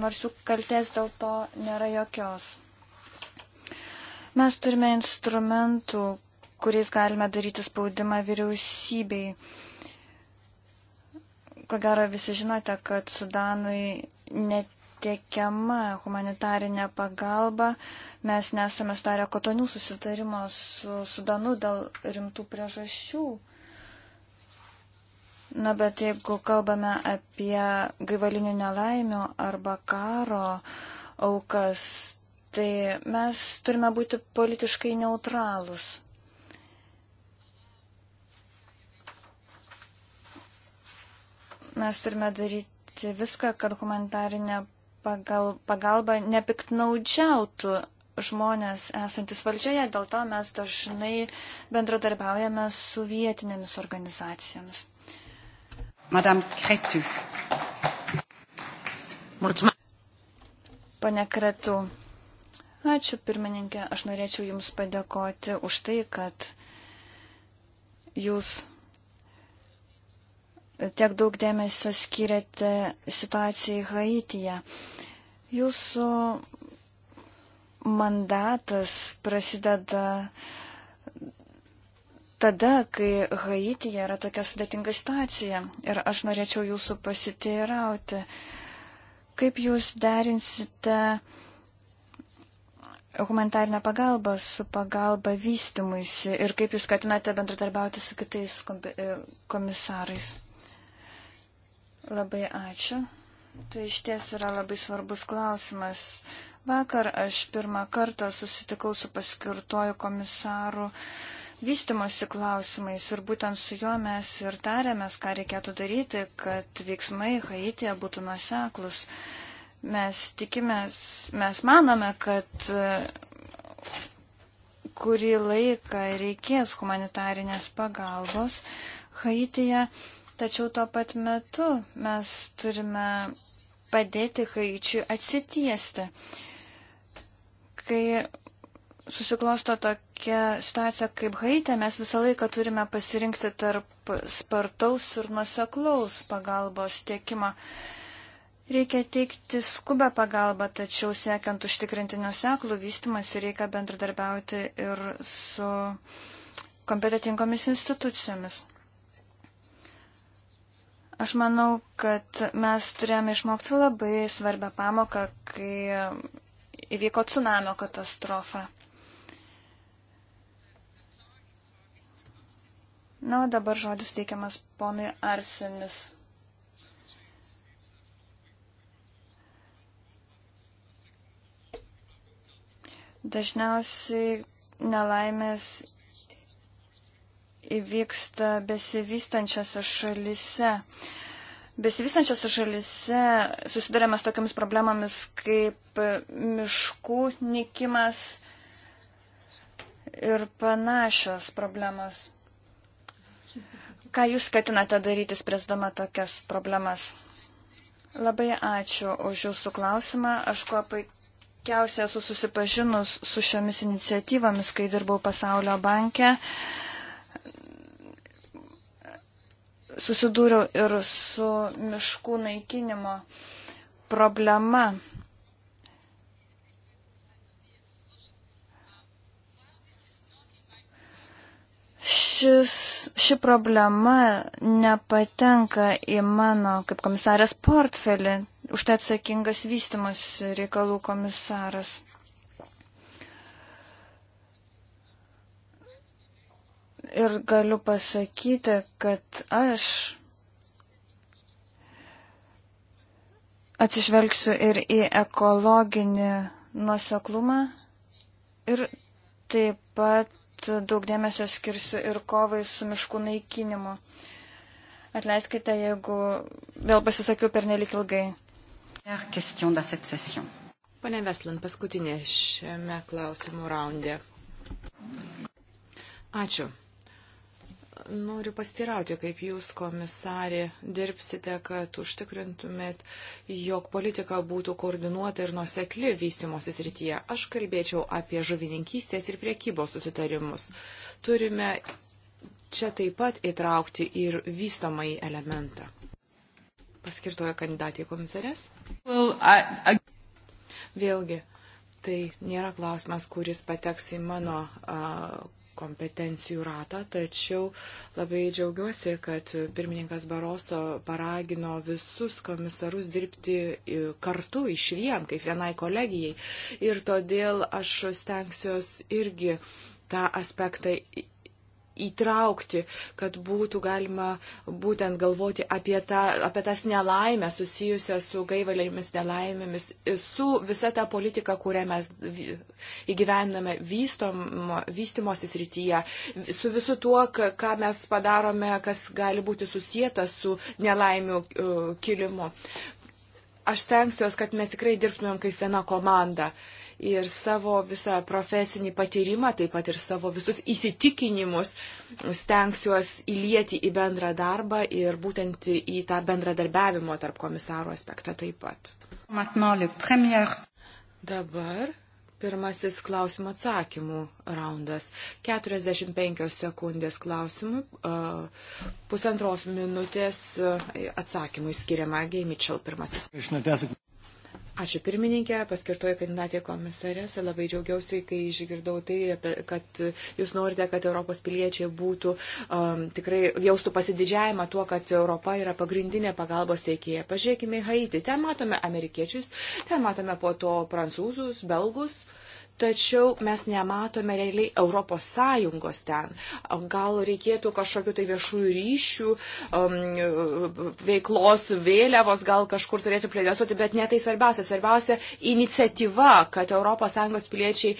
nors jų kalties dėl to nėra jokios. Mes turime instrumentų, kuriais galime daryti spaudimą vyriausybei. Ko gero visi žinote, kad Sudanui net tiekiama humanitarinė pagalba. Mes nesame sudarę kotonių susitarimo su Sudanu dėl rimtų priežasčių. Na, bet jeigu kalbame apie gaivalinių nelaimių arba karo aukas, tai mes turime būti politiškai neutralus. Mes turime daryti viską, kad humanitarinė pagal, pagalba nepiktnaudžiautų žmonės esantis valdžioje, dėl to mes dažnai bendradarbiaujame su vietinėmis organizacijomis. Madame Kretu. Pane Kretu, ačiū pirmininkė, aš norėčiau Jums padėkoti už tai, kad Jūs tiek daug dėmesio skiriate situacijai Haityje. Jūsų mandatas prasideda tada, kai Haityje yra tokia sudėtinga situacija. Ir aš norėčiau jūsų pasiteirauti, kaip jūs derinsite humanitarinę pagalbą su pagalba vystimuisi ir kaip jūs skatinate bendradarbiauti su kitais e, komisarais. Labai ačiū. Tai iš ties yra labai svarbus klausimas. Vakar aš pirmą kartą susitikau su paskirtoju komisaru vystimosi klausimais ir būtent su juo mes ir tarėmės, ką reikėtų daryti, kad veiksmai Haitėje būtų nuoseklus. Mes tikimės, mes manome, kad kurį laiką reikės humanitarinės pagalbos Haitėje. Tačiau tuo pat metu mes turime padėti haičiui atsitiesti. Kai susiklosto tokia situacija kaip haitė, mes visą laiką turime pasirinkti tarp spartaus ir nuseklaus pagalbos tiekimo. Reikia teikti skubę pagalbą, tačiau siekiant užtikrinti nuseklų vystimąsi reikia bendradarbiauti ir su kompetitingomis institucijomis. Aš manau, kad mes turėjome išmokti labai svarbę pamoką, kai įvyko tsunamio katastrofa. Na, o dabar žodis teikiamas ponui Arsenis. Dažniausiai nelaimės vyksta besivystančiose šalise. Besivystančiose šalise susidurėme su tokiamis problemomis kaip miškų nikimas ir panašios problemos. Ką jūs skatinate daryti, spręsdama tokias problemas? Labai ačiū už jūsų klausimą. Aš kuo puikiausiai esu susipažinus su šiomis iniciatyvomis, kai dirbau Pasaulio banke. Uh, susidūriau ir su miškų naikinimo problema. šis, ši problema nepatenka į mano kaip komisarės portfelį, už tai atsakingas vystimas reikalų komisaras. ir galiu pasakyti, kad aš atsižvelgsiu ir į ekologinį nuoseklumą ir taip pat daug dėmesio skirsiu ir kovai su miškų naikinimu. Atleiskite, jeigu vėl pasisakiau per nelik ilgai. Pane Veslin, paskutinė šiame klausimų raunde. Ačiū. Noriu pastirauti, kaip jūs, komisarė, dirbsite, kad užtikrintumėt, jog politika būtų koordinuota ir nusekli vystimosi srityje. Aš kalbėčiau apie žuvininkystės ir priekybos susitarimus. Turime čia taip pat įtraukti ir vystomai elementą. Paskirtoja kandidatė komisarės. Well, I, I... Vėlgi, tai nėra klausimas, kuris pateks į mano. Uh, kompetencijų ratą, tačiau labai džiaugiuosi, kad pirmininkas Baroso paragino visus komisarus dirbti e, kartu iš vien, kaip vienai kolegijai. Ir todėl aš stengsiuos irgi tą aspektą įtraukti, kad būtų galima būtent galvoti apie, ta, apie tas nelaimės susijusias su gaivalėmis nelaimėmis, su visa ta politika, kurią mes įgyvendame vystimosi srityje, su visu tuo, ką mes padarome, kas gali būti susijęta su nelaimių e, kilimu. Aš stengsiuosi, kad mes tikrai dirbtumėm kaip viena komanda. Uh, ir savo visą profesinį patyrimą, taip pat ir savo visus įsitikinimus stengsiuos įlieti į bendrą darbą ir būtent į tą bendradarbiavimo tarp komisarų aspektą taip pat. Dabar pirmasis klausimų atsakymų raundas. 45 sekundės klausimui, pusantros minutės atsakymui skiriama Gay Mitchell pirmasis. Ačiū pirmininkė, paskirtoji kandidatė komisarės. Labai džiaugiausi, kai išgirdau tai, kad jūs norite, kad Europos piliečiai būtų um, tikrai jaustų pasididžiavimą tuo, kad Europa yra pagrindinė pagalbos teikėja. Pažiūrėkime į Haitį. Ten matome amerikiečius, ten matome po to prancūzus, belgus. Uh, tačiau mes nematome realiai Europos Sąjungos ten. Gal reikėtų kažkokiu tai viešųjų ryšių, um, veiklos vėliavos, gal kažkur turėtų plėdėsuoti, bet ne tai svarbiausia. Svarbiausia iniciatyva, kad Europos Sąjungos piliečiai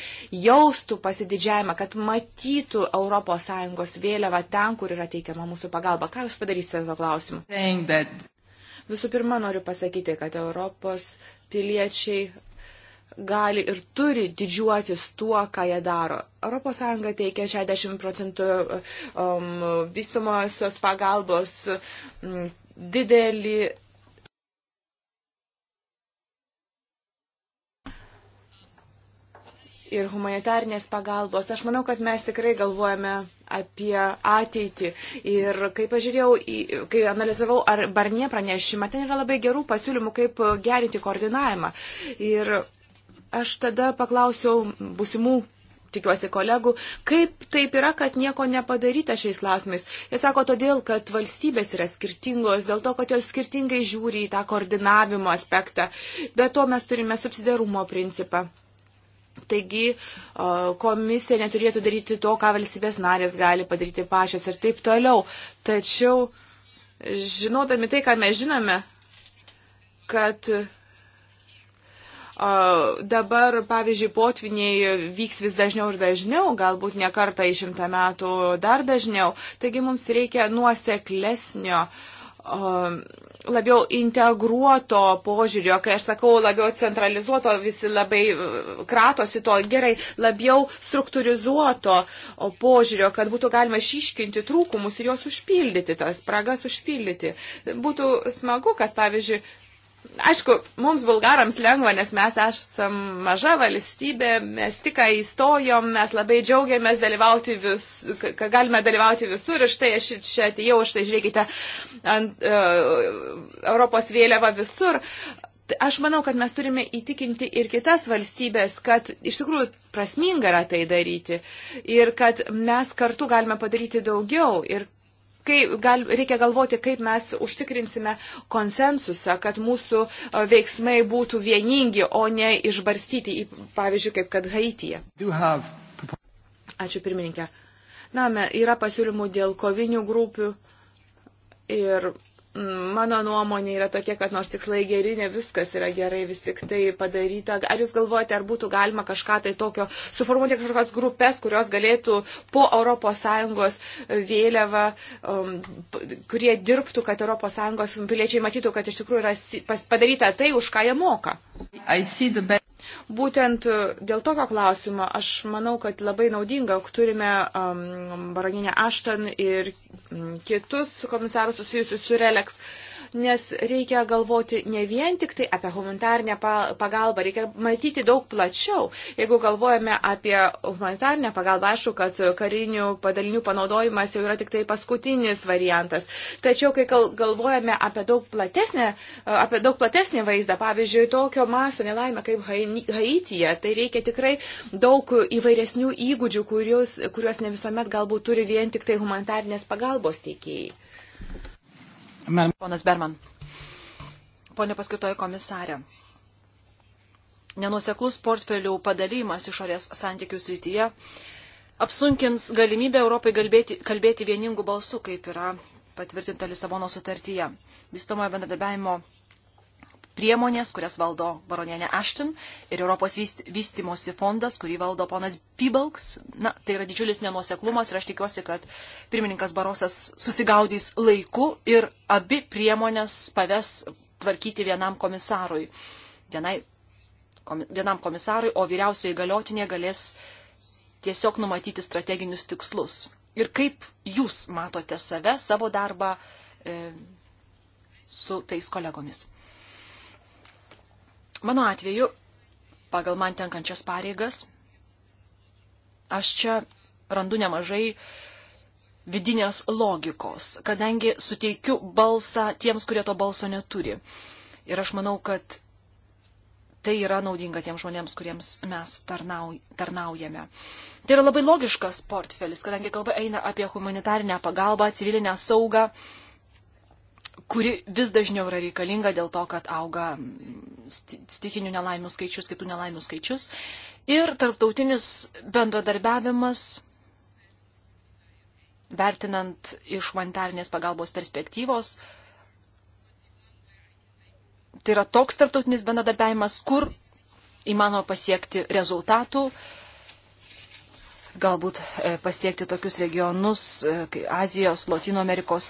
jaustų pasididžiavimą, kad matytų Europos Sąjungos vėliavą ten, kur yra teikiama mūsų pagalba. Ką Jūs padarysite tuo klausimu? Visų pirma, noriu pasakyti, kad Europos piliečiai gali ir turi didžiuotis tuo, ką jie daro. ES teikia 60 procentų um, vystomosios pagalbos um, didelį. Ir humanitarnės pagalbos. Aš manau, kad mes tikrai galvojame apie ateitį. Ir kai pažiūrėjau, į, kai analizavau ar Barnie pranešimą, ten yra labai gerų pasiūlymų, kaip gerinti koordinavimą. Ir Aš tada paklausiau busimų tikiuosi kolegų, kaip taip yra, kad nieko nepadaryta šiais klausimais. Jie sako todėl, kad valstybės yra skirtingos, dėl to, kad jos skirtingai žiūri į tą koordinavimo aspektą. Be to mes turime subsidarumo principą. Taigi komisija neturėtų daryti to, ką valstybės narės gali padaryti pačios ir taip toliau. Tačiau, žinodami tai, ką mes žinome, kad Dabar, pavyzdžiui, potviniai vyks vis dažniau ir dažniau, galbūt ne kartą į šimtą metų dar dažniau. Taigi mums reikia nuoseklesnio labiau integruoto požiūrio, kai aš sakau labiau centralizuoto, visi labai e, kratosi to gerai, labiau struktūrizuoto požiūrio, kad būtų galima išiškinti trūkumus ir juos užpildyti, tas spragas užpildyti. Būtų smagu, kad pavyzdžiui, Aišku, mums bulgarams lengva, nes mes esam maža valstybė, mes tik įstojom, mes labai džiaugiamės dalyvauti vis, kad galime dalyvauti visur ir štai aš čia atėjau, štai žiūrėkite ant uh, Europos vėliava visur. Aš manau, kad mes turime įtikinti ir kitas valstybės, kad iš tikrųjų prasminga yra tai daryti ir kad mes kartu galime padaryti daugiau ir kaip, gal, reikia galvoti, kaip mes užtikrinsime konsensusą, kad mūsų e, veiksmai būtų vieningi, o ne išbarstyti, į, pavyzdžiui, kaip kad Haityje. Ačiū pirmininkė. Na, yra pasiūlymų dėl kovinių grupių ir mano nuomonė yra tokia, kad nors tikslai geri, ne viskas yra gerai vis tik tai padaryta. Ar jūs galvojate, ar būtų galima kažką tai tokio suformuoti kažkokias grupės, kurios galėtų po ES vėliavą, um, kurie dirbtų, kad ES piliečiai matytų, kad iš tikrųjų yra padaryta tai, už ką jie moka? Būtent e, dėl tokio klausimo aš manau, kad labai naudinga, jog turime um, baroninę Aštan ir kitus komisarus susijusius su Relex. Uh, nes reikia galvoti ne vien tik tai apie humanitarnę pagalbą, reikia matyti daug plačiau. Jeigu galvojame apie humanitarnę pagalbą, aišku, kad karinių padalinių panaudojimas jau yra tik tai paskutinis variantas. Tačiau, kai galvojame apie daug platesnę, apie daug platesnį vaizdą, pavyzdžiui, tokio masto nelaimę kaip Haityje, tai reikia tikrai daug įvairesnių įgūdžių, kuriuos, kuriuos ne visuomet galbūt turi vien tik tai humanitarnės pagalbos teikėjai. Ponas Berman. Pone paskirtoji komisarė. Nenuseklus portfelių padalymas išorės santykių srityje apsunkins galimybę Europai kalbėti, kalbėti vieningų balsų, kaip yra patvirtinta Lisabono sutartyje. Vystomojo bendradarbiavimo priemonės, kurias valdo baronienė Ashton ir Europos vystimosi fondas, kurį valdo ponas Pibalks. Na, tai yra didžiulis nenuoseklumas ir aš tikiuosi, kad pirmininkas Barosas susigaudys laiku ir abi priemonės paves tvarkyti vienam komisarui. Vienai, komi, vienam komisarui, o vyriausioji galiotinė galės tiesiog numatyti strateginius tikslus. Ir kaip jūs matote save, savo darbą e, su tais kolegomis. Mano atveju, pagal man tenkančias pareigas, aš čia randu nemažai vidinės logikos, kadangi suteikiu balsą tiems, kurie to balso neturi. Ir aš manau, kad tai yra naudinga tiems žmonėms, kuriems mes tarnau, tarnaujame. Tai yra labai logiškas portfelis, kadangi kalba eina apie humanitarinę pagalbą, civilinę saugą, kuri vis dažniau yra reikalinga dėl to, kad auga stikinių nelaimių skaičius, kitų nelaimių skaičius. Ir tarptautinis bendradarbiavimas, vertinant iš humanitarnės pagalbos perspektyvos, tai yra toks tarptautinis bendradarbiavimas, kur įmanoma pasiekti rezultatų, galbūt e, pasiekti tokius regionus, e, kaip Azijos, Latino Amerikos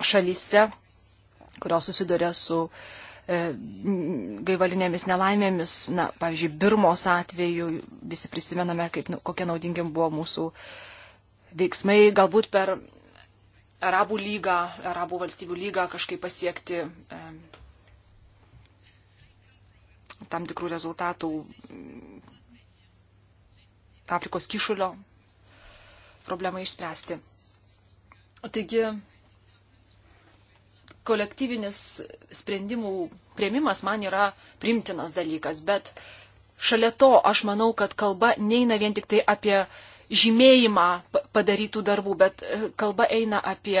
šalyse, kurios susiduria su e, gaivalinėmis nelaimėmis, na, pavyzdžiui, Birmos atveju visi prisimename, kaip, nu, kokie naudingi buvo mūsų veiksmai, galbūt per Arabų lygą, Arabų valstybių lygą kažkaip pasiekti e, tam tikrų rezultatų Afrikos kišulio problemą išspręsti. Taigi, kolektyvinis sprendimų prieimimas man yra primtinas dalykas, bet šalia to aš manau, kad kalba neina vien tik tai apie žymėjimą padarytų darbų, bet e, kalba eina apie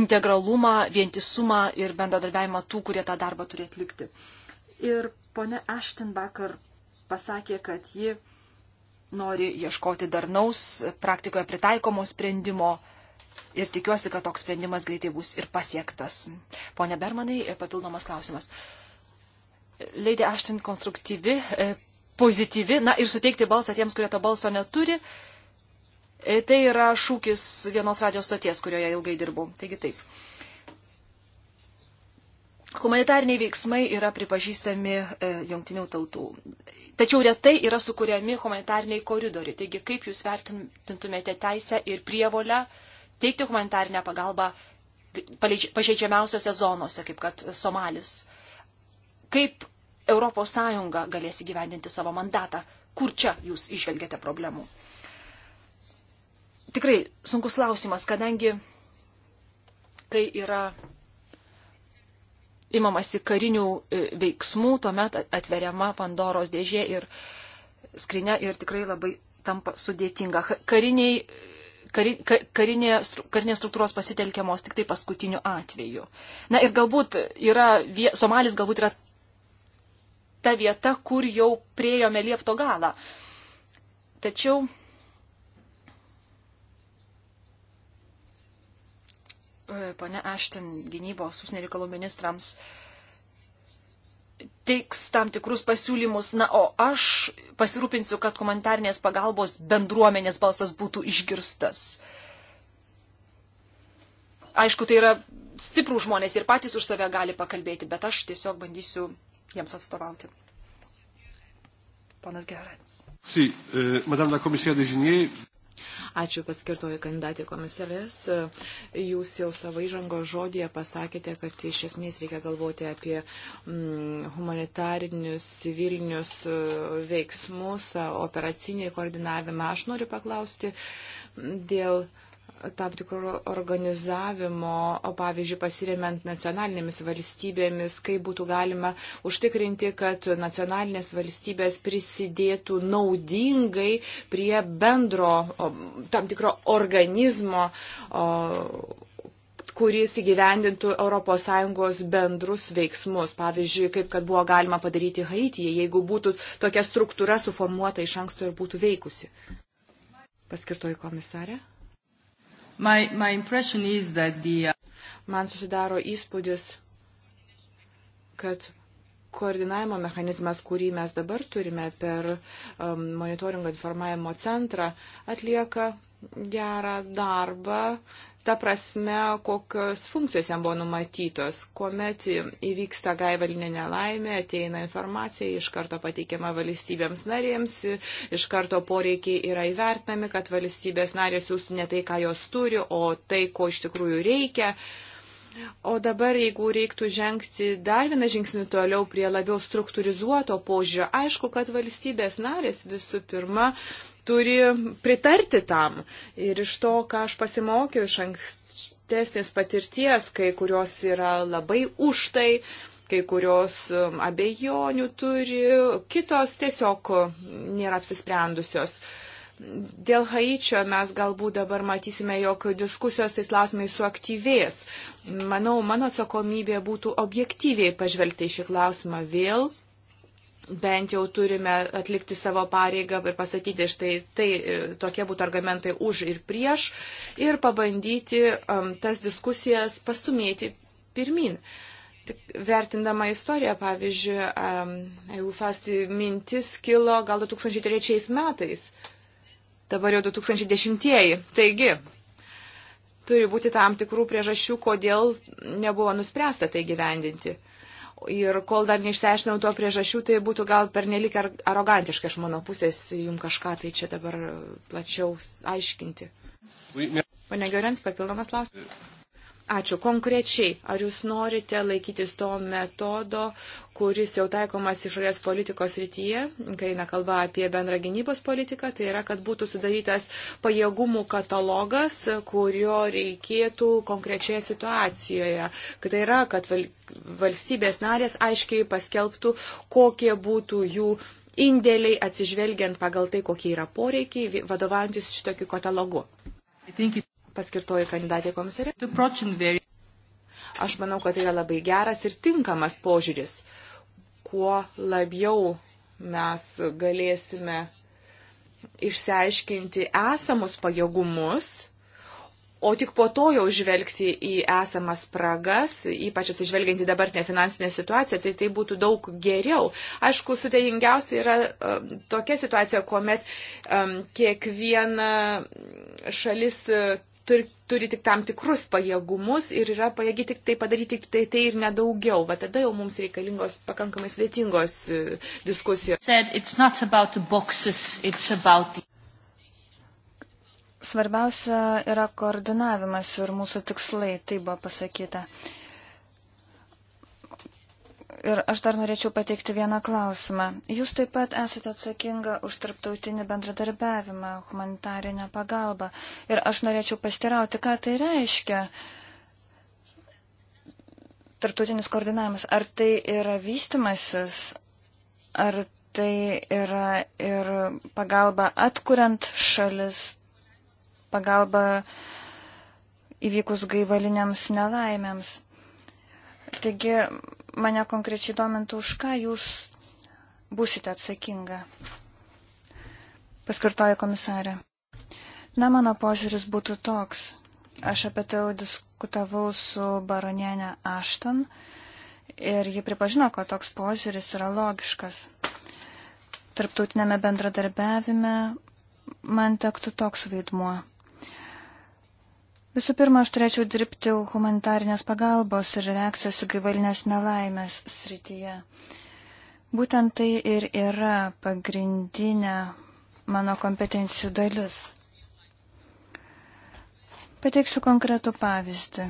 integralumą, vientisumą ir bendradarbiavimą tų, kurie tą darbą turi atlikti. Ir ponia Ashton vakar pasakė, kad ji nori ieškoti darnaus, praktikoje pritaikomo sprendimo, ir tikiuosi, kad toks sprendimas greitai bus ir pasiektas. Pone Bermanai, e, papildomas klausimas. Leidė Aštin konstruktyvi, e, pozityvi, na ir suteikti balsą tiems, kurie to balso neturi. E, tai yra šūkis vienos radijos stoties, kurioje ilgai dirbau. Taigi taip. Humanitariniai veiksmai yra pripažįstami e, jungtinių tautų. Tačiau retai yra sukūriami humanitariniai koridoriai. Taigi, kaip jūs vertintumėte teisę ir prievolę e, teikti humanitarinę pagalbą pažeidžiamiausiose zonose, kaip kad Somalis. Kaip ES galės įgyvendinti savo mandatą? Kur čia jūs išvelgiate problemų? Tikrai sunkus klausimas, kadangi kai yra imamasi karinių e, veiksmų, tuomet atveriama Pandoros dėžė ir skrinė ir tikrai labai tampa sudėtinga. Kariniai kari, karinė, karinės struktūros pasitelkiamos tik tai paskutiniu atveju. Na ir galbūt yra, Somalis galbūt yra ta vieta, kur jau priejome liepto galą. Tačiau Pane Ašten, gynybos užsienio reikalų ministrams uh, teiks tam tikrus pasiūlymus, na, o aš pasirūpinsiu, kad humanitarnės pagalbos bendruomenės balsas būtų išgirstas. Aišku, tai yra stiprų žmonės ir patys už save gali pakalbėti, bet aš tiesiog bandysiu jiems atstovauti. Ponas Gerens. Si, euh, Madame la Commissaire désignée. Ačiū paskirtoji kandidatė komisarės. Jūs jau savo įžango žodėje pasakėte, kad iš esmės reikia galvoti apie mm, humanitarinius, civilinius e, veiksmus, e, operacinį koordinavimą. Aš noriu paklausti dėl tam tikro organizavimo, o pavyzdžiui, pasiremiant nacionalinėmis valstybėmis, kaip būtų galima užtikrinti, kad nacionalinės valstybės prisidėtų naudingai prie bendro tam tikro organizmo kuris įgyvendintų ES bendrus veiksmus. Pavyzdžiui, kaip kad buvo galima padaryti Haityje, jeigu būtų tokia struktūra suformuota iš anksto ir būtų veikusi. Paskirtoji komisarė. My, my impression is that the... Uh, Man susidaro įspūdis, kad koordinavimo mechanizmas, kurį mes dabar turime per um, monitoringo informavimo centrą, atlieka gerą darbą ta prasme, kokios funkcijos jam buvo numatytos. Kuomet įvyksta gaivalinė nelaimė, ateina informacija, iš karto pateikiama valstybėms narėms, iš karto poreikiai yra įvertinami, kad valstybės narės jūsų ne tai, ką jos turi, o tai, ko iš tikrųjų reikia. O dabar, jeigu reiktų žengti dar vieną žingsnį toliau prie labiau struktūrizuoto požiūrio, aišku, kad valstybės narės visų pirma turi pritarti tam. Ir iš to, ką aš pasimokiau iš ankstesnės patirties, kai kurios yra labai už tai, kai kurios um, abejonių turi, kitos tiesiog um, nėra apsisprendusios. Dėl Haičio mes galbūt dabar matysime, jog diskusijos tais klausimais suaktyvės. Manau, mano atsakomybė būtų objektyviai pažvelgti į šį klausimą vėl bent jau turime atlikti savo pareigą ir pasakyti, štai tai e, tokie būtų argumentai už ir prieš ir pabandyti um, tas diskusijas pastumėti pirmin. Tik vertindama istoriją, pavyzdžiui, um, EUFAS mintis kilo gal 2003 metais, dabar jau 2010-ieji. Taigi, turi būti tam tikrų priežasčių, kodėl nebuvo nuspręsta tai gyvendinti. Ir kol dar neišsiaiškinau to priežasčių, tai būtų gal pernelik arogantiška iš mano pusės jums kažką tai čia dabar plačiau aiškinti. Pane Gerens, papildomas klausimas. Euh. Ačiū. Konkrečiai, ar jūs norite laikytis to metodo, kuris jau taikomas išorės politikos rytyje, kai eina kalba apie bendrą gynybos politiką, tai yra, kad būtų sudarytas pajėgumų katalogas, kurio reikėtų konkrečioje situacijoje. Tai yra, kad valstybės narės aiškiai paskelbtų, kokie būtų jų indėliai atsižvelgiant pagal tai, kokie yra poreikiai, vadovantis šitokiu katalogu. Paskirtoji kandidatė komisarė. Aš manau, kad tai yra labai geras ir tinkamas požiūris kuo labiau mes galėsime išsiaiškinti esamus pajėgumus, o tik po to jau žvelgti į esamas spragas, ypač atsižvelgiant į dabartinę finansinę situaciją, tai tai būtų daug geriau. Aišku, sudėtingiausia yra um, tokia situacija, kuomet um, kiekviena šalis turi, turi tik tam tikrus pajėgumus ir yra pajėgi tik tai padaryti tik tai, tai ir nedaugiau. Va tada jau mums reikalingos pakankamai sudėtingos e, diskusijos. Svarbiausia yra koordinavimas ir mūsų tikslai, tai buvo pasakyta. Uh, Ir aš dar norėčiau pateikti vieną klausimą. Jūs taip pat esate atsakinga už tarptautinį bendradarbiavimą, humanitarinę pagalbą. Ir aš norėčiau pastirauti, ką tai reiškia tarptautinis koordinavimas. Ar tai yra vystimasis, ar tai yra ir pagalba atkuriant šalis, pagalba įvykus gaivaliniams nelaimėms. Taigi Mane konkrečiai domintų, už ką jūs būsite atsakinga. Paskirtoja komisarė. Na, mano požiūris būtų toks. Aš apie tai jau diskutavau su baronienė Ašton ir ji pripažino, kad toks požiūris yra logiškas. Tarptautinėme bendradarbiavime man tektų toks vaidmuo Visų pirma, aš turėčiau dirbti humanitarinės pagalbos ir reakcijos į gaivalinės nelaimės srityje. Būtent tai ir yra pagrindinė mano kompetencijų dalis. Pateiksiu konkretų pavyzdį.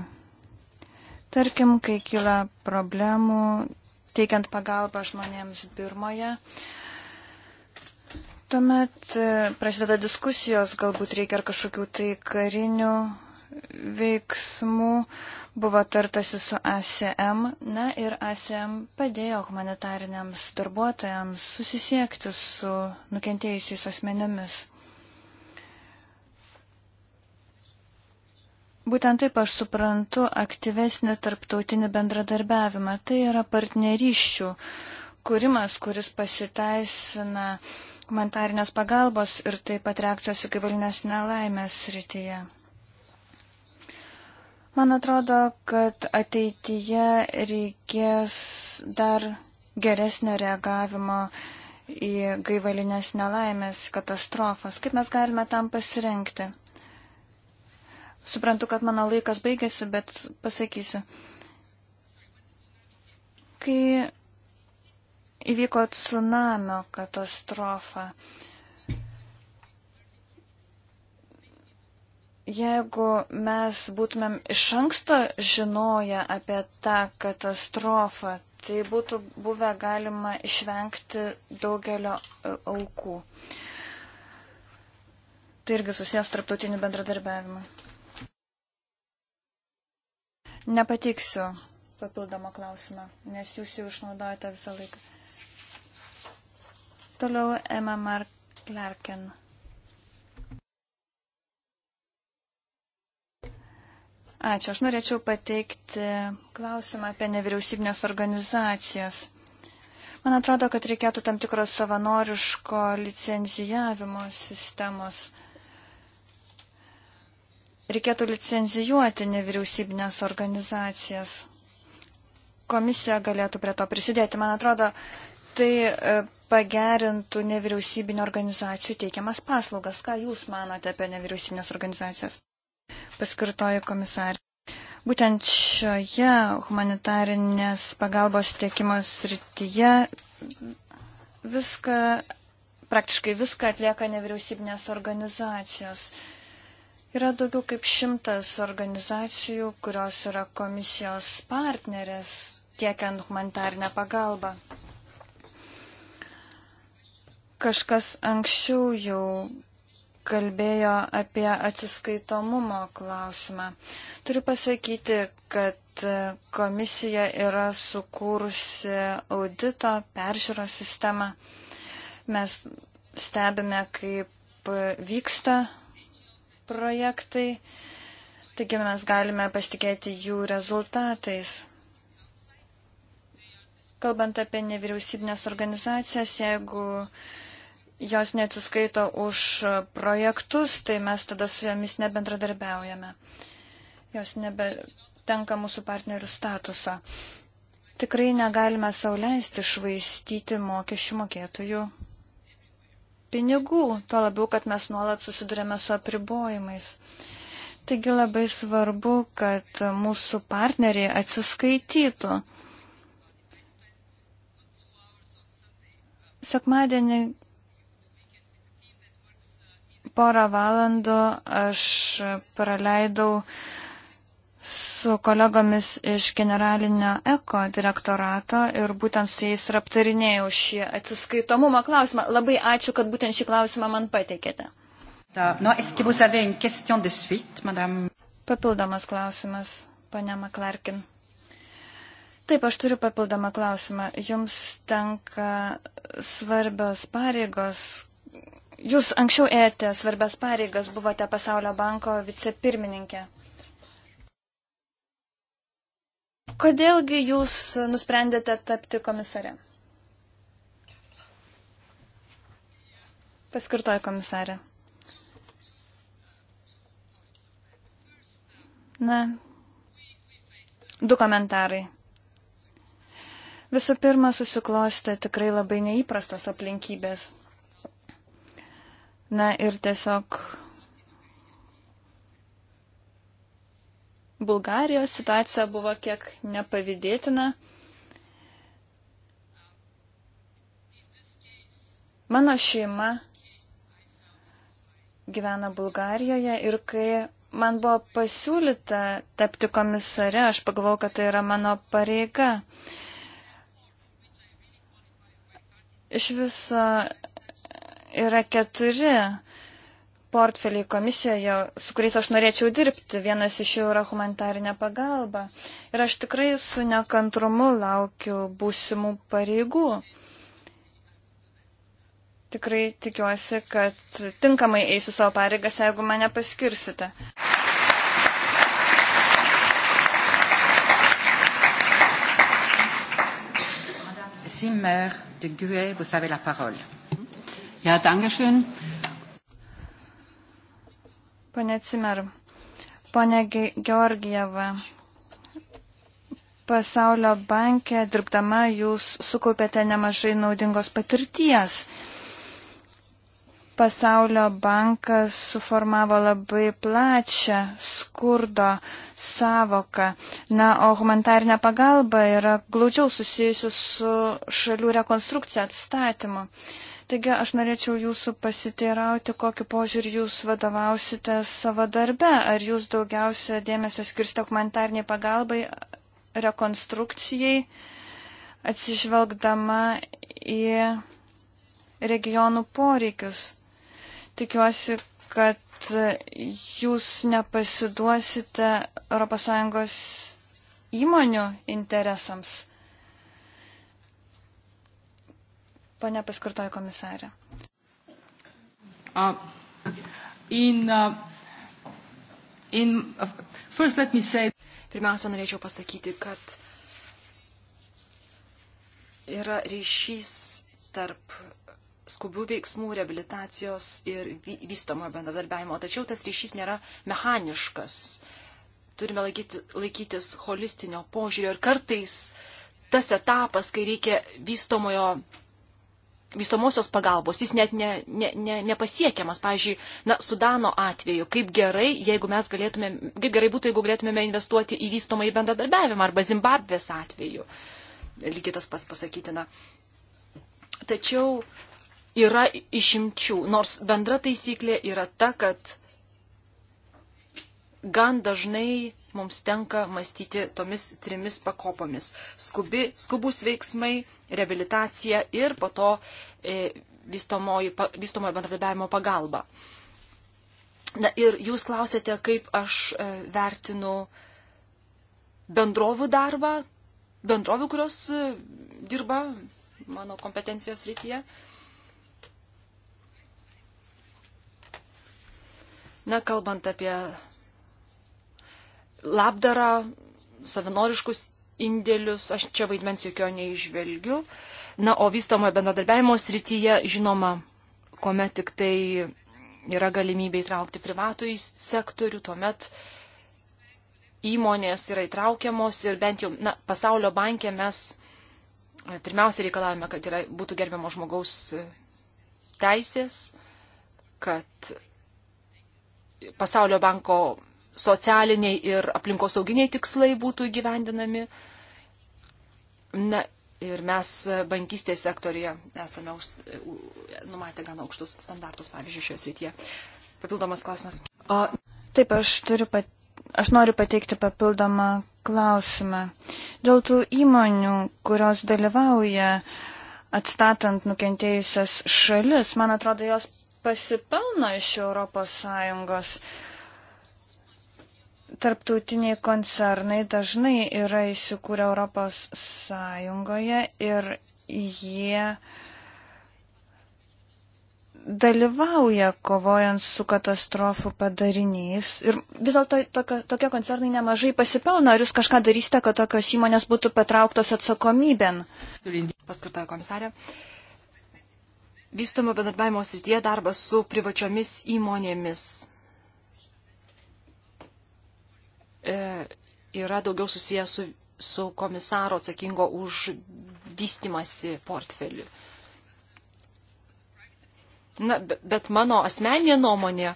Tarkim, kai kyla problemų teikiant pagalbą žmonėms Birmoje, tuomet e, prasideda diskusijos, galbūt reikia ar kažkokių tai karinių veiksmų, buvo tartasi su ASM, na ir ASM padėjo humanitariniams darbuotojams susisiekti su nukentėjusiais asmenėmis. Būtent taip aš suprantu aktyvesnį tarptautinį bendradarbiavimą. Tai yra partnerysčių kūrimas, kuris pasiteisina humanitarinės pagalbos ir taip pat reakcijos į gyvulinės nelaimės rytyje. Man atrodo, kad ateityje reikės dar geresnio reagavimo į gaivalinės nelaimės, katastrofas. Kaip mes galime tam pasirinkti? Suprantu, kad mano laikas baigėsi, bet pasakysiu. Kai įvyko tsunamio katastrofa, jeigu mes būtumėm iš anksto žinoję apie tą katastrofą, tai būtų buvę galima išvengti daugelio e, aukų. Tai irgi susijęs tarptautiniu bendradarbiavimu. Nepateiksiu papildomą klausimą, nes jūs jau išnaudojate visą laiką. Toliau Emma Mark Clarken. Ačiū. Aš norėčiau pateikti klausimą apie nevyriausybinės organizacijas. Man atrodo, kad reikėtų tam tikros savanoriško licenzijavimo sistemos. Reikėtų licenzijuoti nevyriausybinės organizacijas. Komisija galėtų prie to prisidėti. Man atrodo, tai e, pagerintų nevyriausybinio organizacijų teikiamas paslaugas. Ką Jūs manote apie nevyriausybinės organizacijas? paskirtoji komisarė. Būtent šioje humanitarinės pagalbos tiekimo srityje viską, praktiškai viską atlieka nevyriausybinės organizacijos. Yra daugiau kaip šimtas organizacijų, kurios yra komisijos partnerės tiekiant humanitarinę pagalbą. Kažkas anksčiau jau kalbėjo apie atsiskaitomumo klausimą. Turiu pasakyti, kad komisija yra sukūrusi audito peržiūros sistemą. Mes stebime, kaip vyksta projektai, taigi mes galime pasitikėti jų rezultatais. Kalbant apie nevyriausybinės organizacijas, jeigu uh, jos neatsiskaito už projektus, tai mes tada su jomis nebendradarbiaujame. Jos nebetenka mūsų partnerių statusą. Tikrai negalime sauliaisti švaistyti mokesčių mokėtojų pinigų, to labiau, kad mes nuolat susidurėme su apribojimais. Taigi labai svarbu, kad mūsų partneriai atsiskaitytų. Sekmadienį porą valandų aš praleidau su kolegomis iš generalinio eko direktorato ir būtent su jais ir aptarinėjau šį atsiskaitomumo klausimą. Labai ačiū, kad būtent šį klausimą man pateikėte. Papildomas klausimas, ponia Maklarkin. Taip, aš turiu papildomą klausimą. Jums tenka svarbios pareigos, Jūs anksčiau ėjote svarbias pareigas, buvote Pasaulio banko vicepirmininkė. Kodėlgi jūs nusprendėte tapti komisare? Paskirtoju komisarė. Na, du komentarai. Visų pirma, susiklostė tikrai labai neįprastos aplinkybės. Na ir tiesiog Bulgarijos situacija buvo kiek nepavydėtina. Mano šeima gyvena Bulgarijoje ir kai man buvo pasiūlyta tapti komisare, aš pagalvojau, kad tai yra mano pareiga. Iš viso yra keturi portfeliai komisijoje, su kuriais aš norėčiau dirbti. Vienas iš jų yra humanitarinė pagalba. Ir aš tikrai su nekantrumu laukiu būsimų pareigų. Tikrai tikiuosi, kad tinkamai eisiu savo pareigas, jeigu mane paskirsite. Zimmer de Gué, vous avez la parole. Ja, dankeschön. Pane Cimer, pane Georgieva, pasaulio bankė dirbdama jūs sukaupėte nemažai naudingos patirties. Pasaulio bankas suformavo labai plačią skurdo savoką. Na, o humanitarinė pagalba yra glaudžiau susijusi su šalių rekonstrukcija atstatymu. Uh, Taigi aš norėčiau jūsų pasiteirauti, kokiu požiūriu jūs vadovausite savo darbe. Ar jūs daugiausia dėmesio skirsite humanitarniai pagalbai, rekonstrukcijai, atsižvelgdama į regionų poreikius. Tikiuosi, kad jūs nepasiduosite ES įmonių interesams. Pane paskirtoji komisarė. Uh, in, uh, in, uh, first let me say... Pirmiausia, norėčiau pasakyti, kad yra ryšys tarp skubių veiksmų, reabilitacijos ir vystomo bendradarbiavimo. Tačiau tas ryšys nėra mechaniškas. Turime laikyti, laikytis holistinio požiūrio ir kartais tas etapas, kai reikia vystomojo vystomosios pagalbos, jis net ne, ne, ne, nepasiekiamas. Pavyzdžiui, na, Sudano atveju, kaip gerai, jeigu mes galėtumėm, kaip gerai būtų, jeigu galėtumėme investuoti į vystomą į bendradarbiavimą arba Zimbabvės atveju. Lygiai tas pats pasakytina. Tačiau yra išimčių, nors bendra taisyklė yra ta, kad gan dažnai mums tenka mąstyti tomis trimis pakopomis. Skubi, skubus veiksmai, rehabilitacija ir po to e, vystomojo bendradarbiavimo pagalba. Na ir jūs klausėte, kaip aš e, vertinu bendrovų darbą, bendrovių, kurios e, dirba mano kompetencijos rytyje. Na, kalbant apie labdarą, savanoriškus indėlius, aš čia vaidmens jokio neižvelgiu. Na, o vystomojo bendradarbiavimo srityje, žinoma, kuomet tik tai yra galimybė įtraukti privatų į sektorių, tuomet įmonės yra įtraukiamos ir bent jau na, pasaulio bankė mes e, pirmiausia reikalavome, kad yra, būtų gerbiamo žmogaus e, teisės, kad pasaulio banko socialiniai ir aplinkosauginiai tikslai būtų įgyvendinami. Na, ir mes bankystės sektorija esame už, numatę gan aukštus standartus, pavyzdžiui, šioje srityje. Papildomas klausimas. O taip, aš, turiu, pat, aš noriu pateikti papildomą klausimą. Dėl tų įmonių, kurios dalyvauja atstatant nukentėjusias šalis, man atrodo, jos pasipelno iš Europos Sąjungos. Uh, tarptautiniai koncernai dažnai yra įsikūrę Europos Sąjungoje ir jie dalyvauja kovojant su katastrofų padariniais. Ir vis dėlto tokie, tokie koncernai nemažai pasipelno. Ar jūs kažką darysite, kad tokios įmonės būtų patrauktos atsakomybėn? Paskirtoja komisarė. Vystomo bendarbiavimo srityje darbas su privačiomis įmonėmis E, yra daugiau susijęs su, su komisaro atsakingo už vystimasi portfeliu. Na, bet mano asmeninė nuomonė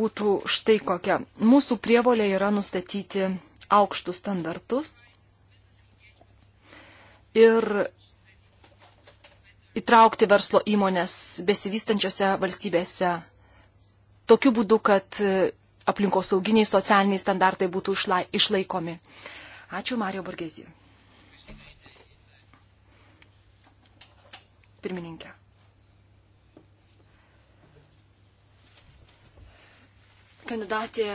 būtų štai kokia. Mūsų prievolė yra nustatyti aukštus standartus ir įtraukti verslo įmonės besivystančiose valstybėse tokiu būdu, kad aplinkosauginiai socialiniai standartai būtų išlaikomi. Ačiū, Mario Borgesi. Pirmininkė. Kandidatė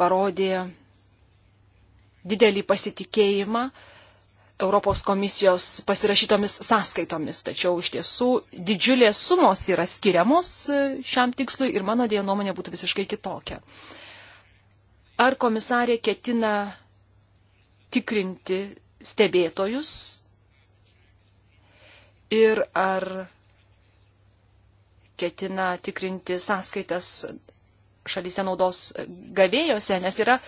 parodė didelį pasitikėjimą Europos komisijos pasirašytomis sąskaitomis, tačiau iš tiesų didžiulės sumos yra skiriamos e, šiam tikslui ir mano dėjo nuomonė būtų visiškai kitokia. Ar komisarė ketina tikrinti stebėtojus ir ar ketina tikrinti sąskaitas šalyse naudos gavėjose, nes yra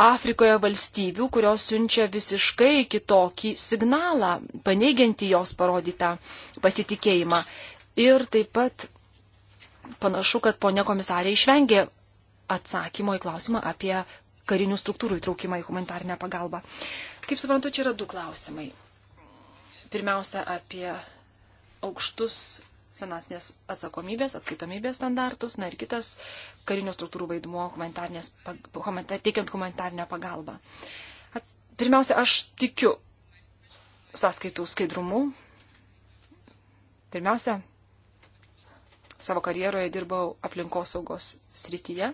Afrikoje valstybių, kurios siunčia visiškai kitokį signalą, paneigianti jos parodytą pasitikėjimą. Ir taip pat panašu, kad ponė komisarė išvengė atsakymo į klausimą apie karinių struktūrų įtraukimą į humanitarinę pagalbą. Kaip suprantu, čia yra du klausimai. Pirmiausia, apie aukštus finansinės atsakomybės, atskaitomybės standartus, na ir kitas karinių struktūrų vaidmuo humanitar, teikiant humanitarnę pagalbą. At, pirmiausia, aš tikiu sąskaitų skaidrumu. Pirmiausia, savo karjeroje dirbau aplinkosaugos srityje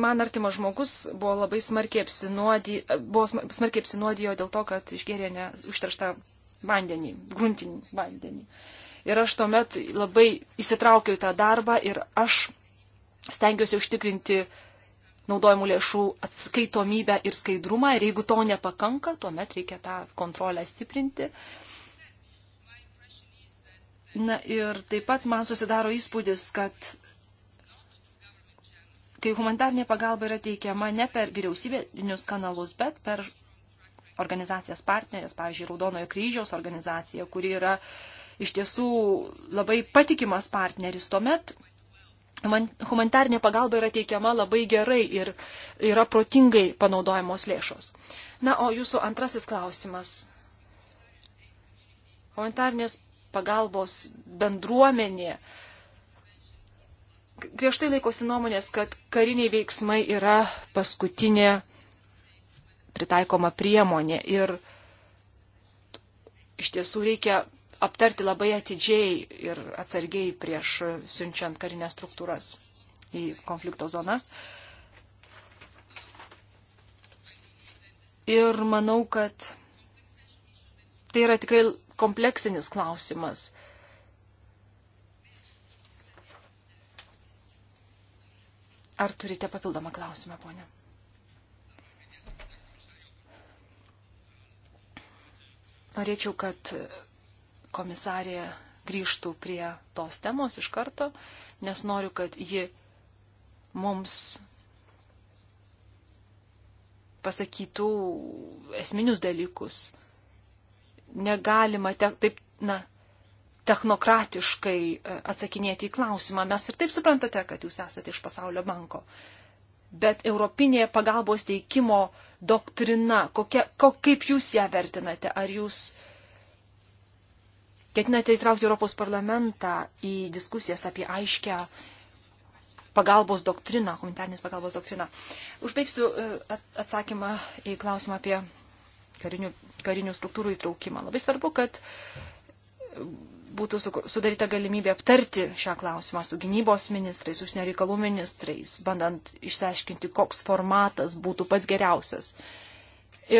man artimas žmogus buvo labai smarkiai, apsinuodį, buvo smarkiai apsinuodijo dėl to, kad išgėrė neužterštą vandenį, gruntinį vandenį. Ir aš tuomet labai įsitraukiau į tą darbą ir aš stengiuosi užtikrinti naudojimų lėšų atskaitomybę ir skaidrumą. Ir jeigu to nepakanka, tuomet reikia tą kontrolę stiprinti. Na ir taip pat man susidaro įspūdis, kad kai humanitarnė pagalba yra teikiama ne per vyriausybinius kanalus, bet per organizacijas partnerės, pavyzdžiui, Raudonojo kryžiaus organizacija, kuri yra uh, iš tiesų labai patikimas partneris. Tuomet humanitarnė pagalba yra teikiama labai gerai ir yra protingai panaudojamos lėšos. Na, o jūsų antrasis klausimas. Humanitarnės pagalbos bendruomenė griežtai laikosi nuomonės, kad kariniai veiksmai yra paskutinė pritaikoma priemonė ir iš tiesų reikia aptarti labai atidžiai ir atsargiai prieš siunčiant karinės struktūras į konflikto zonas. Ir manau, kad tai yra tikrai kompleksinis klausimas. Ar turite papildomą klausimą, ponė? Norėčiau, kad komisarė grįžtų prie tos temos iš karto, nes noriu, kad ji mums pasakytų esminius dalykus. Negalima te, taip, na, technokratiškai e, atsakinėti į klausimą. Mes ir taip suprantate, kad jūs esate iš pasaulio banko. Bet europinė pagalbos teikimo doktrina, kokia, ko, kaip jūs ją vertinate? Ar jūs uh, ketinate įtraukti Europos parlamentą į diskusijas apie aiškę pagalbos doktriną, humanitarnės pagalbos doktriną. Užbaigsiu e, atsakymą į klausimą apie karinių, karinių struktūrų įtraukimą. Labai svarbu, kad būtų sudaryta galimybė aptarti šią klausimą su gynybos ministrais, užsienio reikalų ministrais, bandant išsiaiškinti, koks formatas būtų pats geriausias.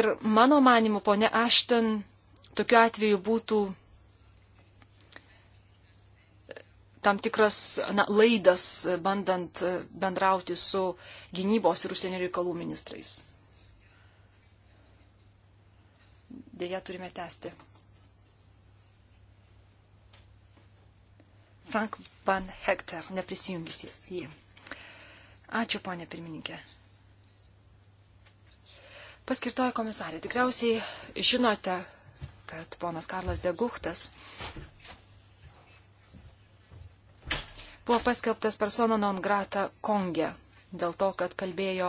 Ir mano manimu, ponė Ašten, tokiu atveju būtų tam tikras na, laidas, bandant bendrauti su gynybos ir užsienio reikalų ministrais. Dėja, turime tęsti. Frank Van Hekter, neprisijungis jį. Ačiū, ponė pirmininkė. Paskirtoji komisarė, tikriausiai žinote, kad ponas Karlas Deguchtas buvo paskelbtas persona non grata Konge dėl to, kad kalbėjo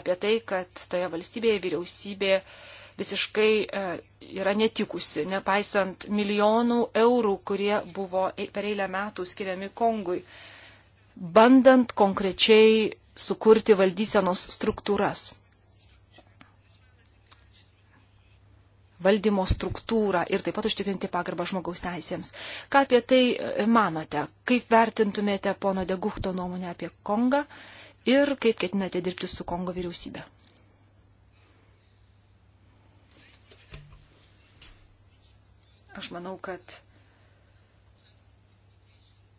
apie tai, kad toje valstybėje vyriausybė visiškai e, yra netikusi, nepaisant milijonų eurų, kurie buvo e, per eilę metų skiriami Kongui, bandant konkrečiai sukurti valdysenos struktūras. valdymo struktūrą ir taip pat užtikrinti pagarbą žmogaus teisėms. Ką apie tai e, manote? Kaip vertintumėte pono Degukto nuomonę apie Kongą ir kaip ketinate dirbti su Kongo vyriausybė? Aš manau, kad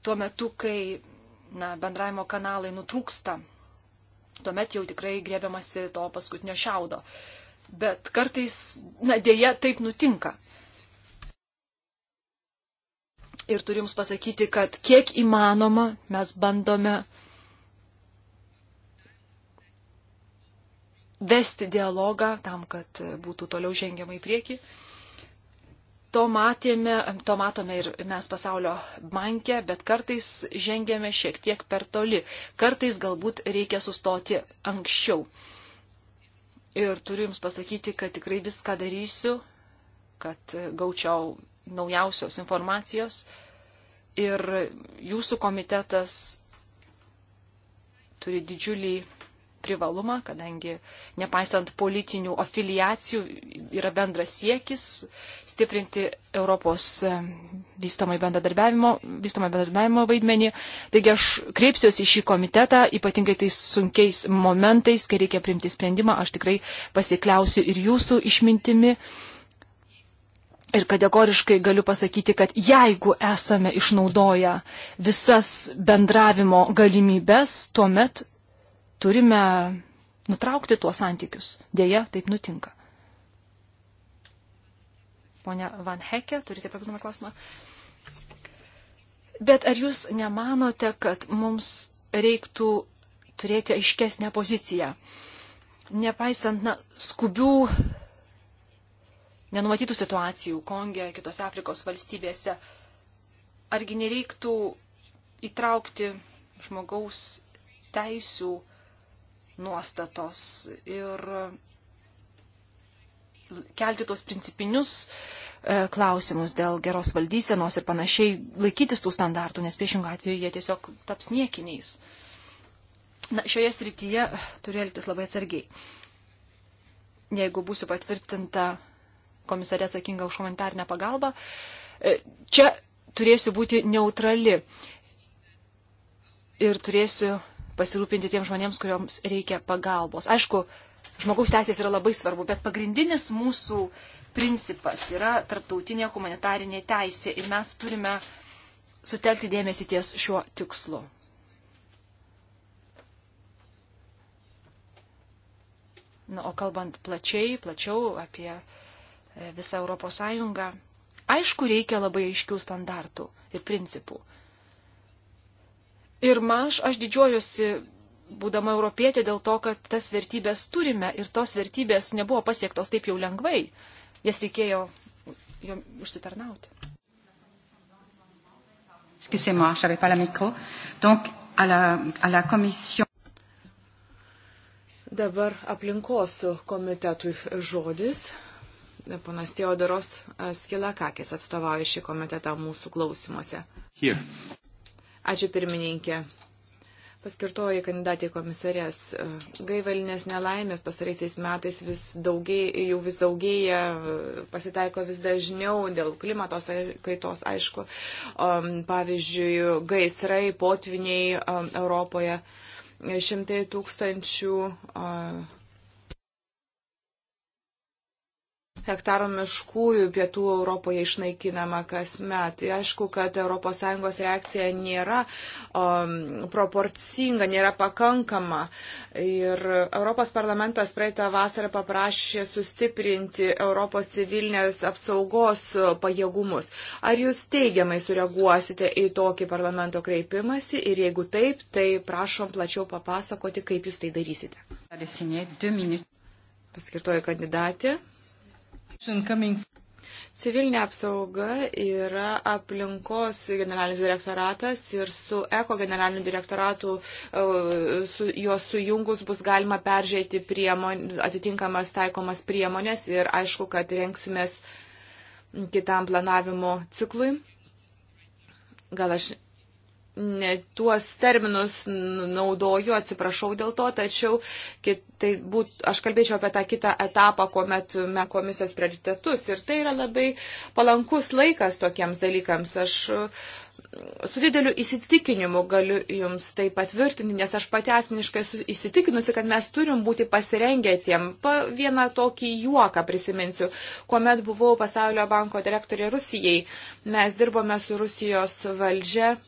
tuo metu, kai na, bendravimo kanalai nutrūksta, tuomet jau tikrai grėbiamasi to paskutinio šiaudo. Uh, bet kartais, na dėja, taip nutinka. Ir turim jums pasakyti, kad kiek įmanoma mes bandome vesti dialogą tam, kad būtų toliau žengiama į priekį. To, matėme, to matome ir mes pasaulio banke, bet kartais žengėme šiek tiek per toli. Kartais galbūt reikia sustoti anksčiau. Ir turiu Jums pasakyti, kad tikrai viską darysiu, kad gaučiau naujausios informacijos. Ir Jūsų komitetas turi didžiulį privalumą, kadangi nepaisant politinių afiliacijų yra bendras siekis stiprinti Europos e, vystomą bendradarbiavimo, vystomą bendradarbiavimo vaidmenį. Taigi aš kreipsiuosi į šį komitetą, ypatingai tais sunkiais momentais, kai reikia priimti sprendimą, aš tikrai pasikliausiu ir jūsų išmintimi. Ir kategoriškai galiu pasakyti, kad jeigu esame išnaudoję visas bendravimo galimybės, tuomet turime nutraukti tuos santykius. Deja, taip nutinka. Pone Van Heke, turite papildomą klausimą? Bet ar jūs nemanote, kad mums reiktų turėti aiškesnę poziciją? Nepaisant na, skubių nenumatytų situacijų Kongė, kitose Afrikos valstybėse, argi nereiktų įtraukti žmogaus teisų nuostatos ir kelti tos principinius e, klausimus dėl geros valdysenos ir panašiai, laikytis tų standartų, nes priešingų atveju jie tiesiog taps niekiniais. Na, šioje srityje e, turiu elgtis labai atsargiai. Jeigu būsiu patvirtinta komisarė atsakinga už humanitarnę pagalbą, e, čia turėsiu būti neutrali ir turėsiu pasirūpinti tiem žmonėms, kuriuoms reikia pagalbos. Aišku, žmogaus teisės yra labai svarbu, bet pagrindinis mūsų principas yra tarptautinė humanitarinė teisė ir mes turime sutelkti dėmesį ties šiuo tikslu. Na, o kalbant plačiai, plačiau apie e, visą Europos Sąjungą, aišku, reikia labai aiškių standartų ir principų. Ir maž, aš didžiuojuosi, būdama europietė, dėl to, kad tas vertybės turime ir tos vertybės nebuvo pasiektos taip jau lengvai. Jas reikėjo jom užsitarnauti. Excusez-moi, je n'avais pas la micro. Donc, à la, à la commission. Dabar aplinkos komitetui žodis. Ponas Teodoros Skilakakis atstovauja šį komitetą mūsų klausimuose. Here. Ačiū pirmininkė. Paskirtoji kandidatė komisarės gaivalinės nelaimės pasaraisiais metais vis daugiai, jau vis daugėja, pasitaiko vis dažniau dėl klimatos kaitos, aišku, um, pavyzdžiui, gaisrai, potviniai um, Europoje, šimtai tūkstančių uh, hektarų miškų pietų Europoje išnaikinama kasmet. Tai aišku, kad ES reakcija nėra um, proporcinga, nėra pakankama. Ir Europos parlamentas praeitą vasarą paprašė sustiprinti Europos civilinės apsaugos pajėgumus. Ar jūs teigiamai sureaguosite į tokį parlamento kreipimąsi ir jeigu taip, tai prašom plačiau papasakoti, kaip jūs tai darysite. Paskirtoji kandidatė. Civilinė apsauga yra aplinkos generalinis direktoratas ir su eko generaliniu direktoratu e, su, juos sujungus bus galima peržiūrėti priemon, atitinkamas taikomas priemonės ir aišku, kad renksimės kitam planavimo ciklui. Gal aš ne tuos terminus naudoju, atsiprašau dėl to, tačiau kit, tai būt, aš kalbėčiau apie tą kitą etapą, kuomet komisijos prioritetus ir tai yra labai palankus laikas tokiems dalykams. Aš mm, su dideliu įsitikinimu galiu Jums tai patvirtinti, nes aš pati asmeniškai esu įsitikinusi, kad mes turim būti pasirengę tiem. Pa vieną tokį juoką prisiminsiu, kuomet buvau pasaulio banko direktorė Rusijai. Mes dirbome su Rusijos valdžia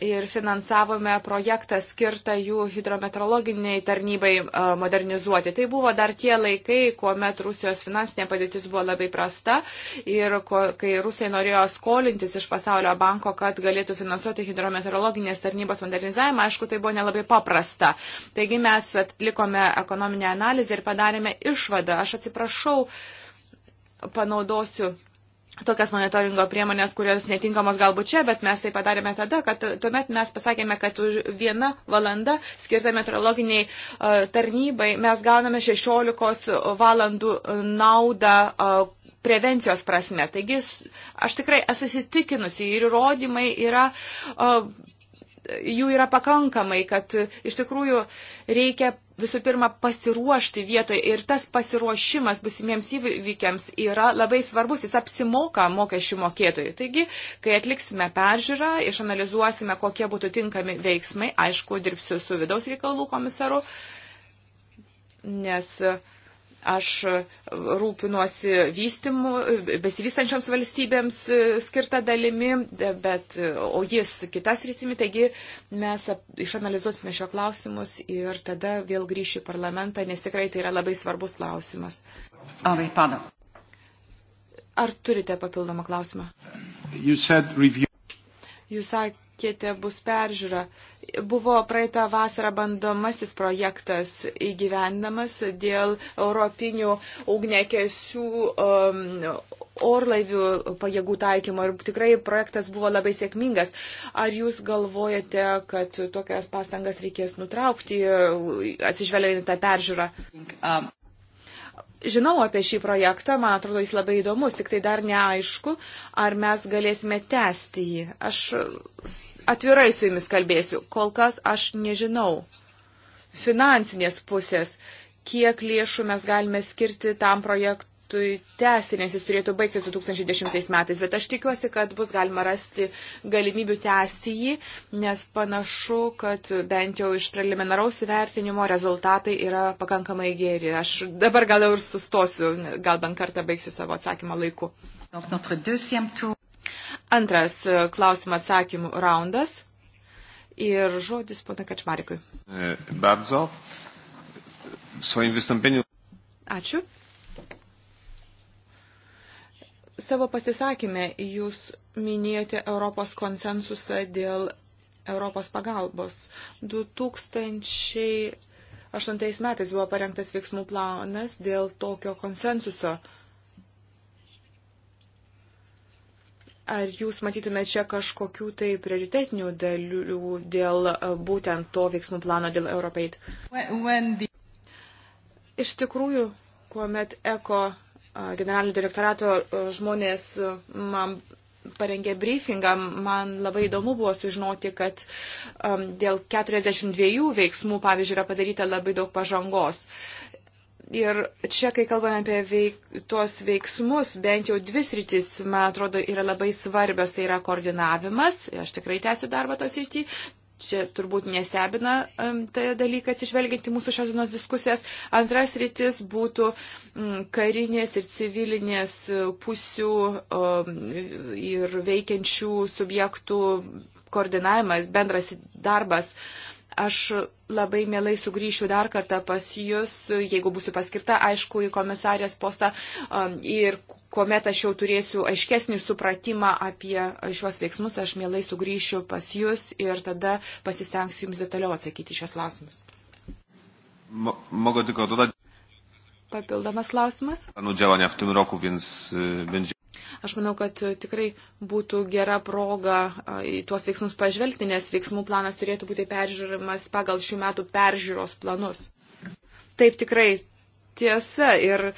ir finansavome projektą skirtą jų hidrometrologiniai tarnybai e, modernizuoti. Tai buvo dar tie laikai, kuomet Rusijos finansinė padėtis buvo labai prasta ir kai rusai norėjo skolintis iš pasaulio banko, kad galėtų finansuoti hidrometrologinės tarnybos modernizavimą, aišku, tai buvo nelabai paprasta. Taigi mes atlikome ekonominę analizę ir padarėme išvadą. Aš atsiprašau, panaudosiu tokias monitoringo priemonės, kurios netinkamos galbūt čia, bet mes tai padarėme tada, kad tuomet mes pasakėme, kad už vieną valandą skirtą meteorologiniai e, tarnybai mes gauname 16 valandų naudą e, prevencijos prasme. Taigi aš tikrai esu įsitikinusi ir įrodymai yra e, jų yra pakankamai, kad iš tikrųjų reikia visų pirma pasiruošti vietoje ir tas pasiruošimas busimiems įvykiams yra labai svarbus, jis apsimoka mokesčių mokėtojų. Taigi, kai atliksime peržiūrą, išanalizuosime, kokie būtų tinkami veiksmai, aišku, dirbsiu su vidaus reikalų komisaru, nes uh, Aš rūpinuosi vystimu, besivystančioms valstybėms e, skirtą dalimi, e, bet, e, o jis kitas rytimi, taigi mes išanalizuosime šio klausimus ir tada vėl grįšiu į parlamentą, nes tikrai tai yra labai svarbus klausimas. Avai, pada. Ar turite papildomą klausimą? Jūs sakėte kėtė bus peržiūra. Buvo praeitą vasarą bandomasis projektas įgyvendamas dėl europinių ugnekesių um, orlaivių pajėgų taikymo ir tikrai projektas buvo labai sėkmingas. Ar jūs galvojate, kad tokias pastangas reikės nutraukti, atsižvelgiant į tą peržiūrą? Um, žinau apie šį projektą, man atrodo, jis labai įdomus, tik tai dar neaišku, ar mes galėsime tęsti jį. Aš atvirai su jumis kalbėsiu, kol kas aš nežinau finansinės pusės, kiek lėšų mes galime skirti tam projektui projektui tęsti, nes jis turėtų baigti 2010 metais, bet aš tikiuosi, kad bus galima rasti galimybių tęsti jį, nes panašu, kad bent jau iš preliminaraus įvertinimo rezultatai yra pakankamai geri. Aš dabar gal jau ir sustosiu, gal bent kartą baigsiu savo atsakymą laiku. Antras e, klausimų atsakymų raundas. Ir žodis pana Kačmarikui. E, bardzo. W swoim wystąpieniu. Ačiū. Savo pasisakymę jūs minėjote Europos konsensusą dėl Europos pagalbos. 2008 metais buvo parengtas veiksmų planas dėl tokio konsensuso. Ar jūs matytumėte čia kažkokių tai prioritetinių dalių dėl e, būtent to veiksmų plano dėl Europeit? The... Iš tikrųjų, kuomet eko generalinio direktorato žmonės man parengė briefingą, man labai įdomu buvo sužinoti, kad um, dėl 42 veiksmų, pavyzdžiui, yra padaryta labai daug pažangos. Ir čia, kai kalbame apie veik, tuos veiksmus, bent jau dvi sritis, man atrodo, yra labai svarbios. Tai yra koordinavimas, aš tikrai tęsiu darbą tos rytį, čia turbūt nestebina tai dalykas, išvelginti mūsų šios dienos diskusijas. Antras rytis būtų karinės ir civilinės pusių ir veikiančių subjektų koordinavimas, bendras darbas. Um, Aš labai mielai sugrįšiu dar kartą pas Jūs, jeigu būsiu paskirta, aišku, į komisarės postą um, ir kuomet aš jau turėsiu aiškesnį supratimą apie šiuos veiksmus, aš mielai sugrįšiu pas Jūs ir tada pasistengsiu Jums detaliau atsakyti šios klausimus. Mogę tylko dodać. Papildomas klausimas. Planu działania w tym roku, więc będzie. Aš manau, kad tikrai būtų gera proga į tuos veiksmus pažvelgti, nes veiksmų planas turėtų būti peržiūrimas pagal šių metų peržiūros planus. Taip tikrai tiesa ir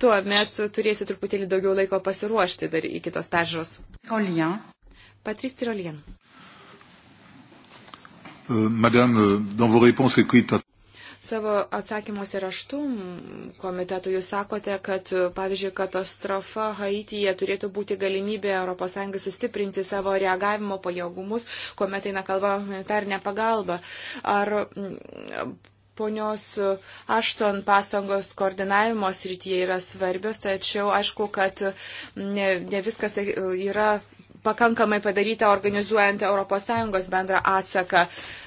tuomet turėsiu truputėlį daugiau laiko pasiruošti dar iki tos peržiūros. Rolien. Patrys Tirolien. Euh, madame, euh, dans vos réponses écrites à Savo atsakymuose raštu komitetu jūs sakote, kad, pavyzdžiui, katastrofa Haityje turėtų būti galimybė ES sustiprinti savo reagavimo pajėgumus, kuomet eina kalba humanitarnė pagalba. Ar ponios Ašton pastangos koordinavimo srityje yra svarbios, tačiau aišku, kad ne, ne viskas tai yra pakankamai padaryta organizuojant ES bendrą atsaką. Uh,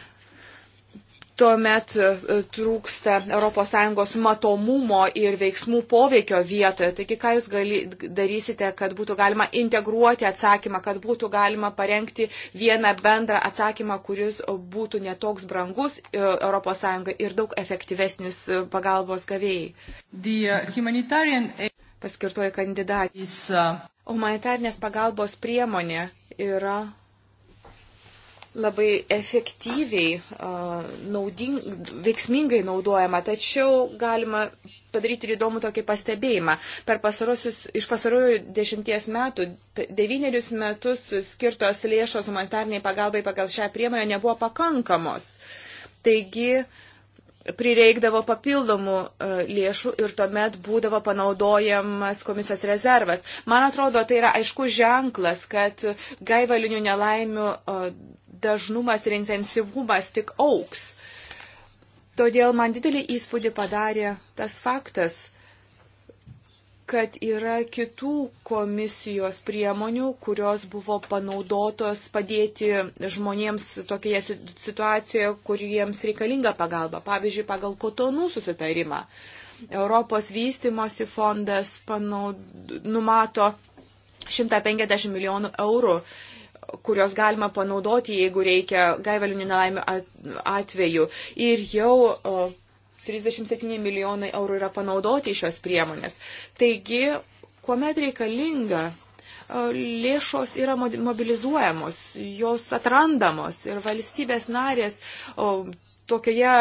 tuomet e, trūksta ES matomumo ir veiksmų poveikio vietoje. Taigi, ką jūs gali, darysite, kad būtų galima integruoti atsakymą, kad būtų galima parengti vieną bendrą atsakymą, kuris būtų netoks brangus e, ES ir daug efektyvesnis e, pagalbos gavėjai. Uh, humanitarian... Paskirtoji kandidatė. Uh, Humanitarnės pagalbos priemonė yra labai efektyviai, nauding, veiksmingai naudojama, tačiau galima padaryti ir įdomų tokį pastebėjimą. Per pasarosius, iš pasarojų dešimties metų, devynerius metus skirtos lėšos humanitarniai pagalbai pagal šią priemonę nebuvo pakankamos. Taigi, prireikdavo papildomų lėšų ir tuomet būdavo panaudojamas komisijos rezervas. Man atrodo, tai yra aišku ženklas, kad gaivalinių nelaimių dažnumas ir intensyvumas tik auks. Todėl man didelį įspūdį padarė tas faktas, kad yra kitų komisijos priemonių, kurios buvo panaudotos padėti žmonėms tokioje situacijoje, kur jiems reikalinga pagalba. Pavyzdžiui, pagal kotonų susitarimą. Europos vystimosi fondas panaud... numato 150 milijonų eurų kurios galima panaudoti, jeigu reikia gaivalinių nelaimių atveju. Ir jau 37 milijonai eurų yra panaudoti šios priemonės. Taigi, kuomet reikalinga, lėšos yra mobilizuojamos, jos atrandamos ir valstybės narės tokioje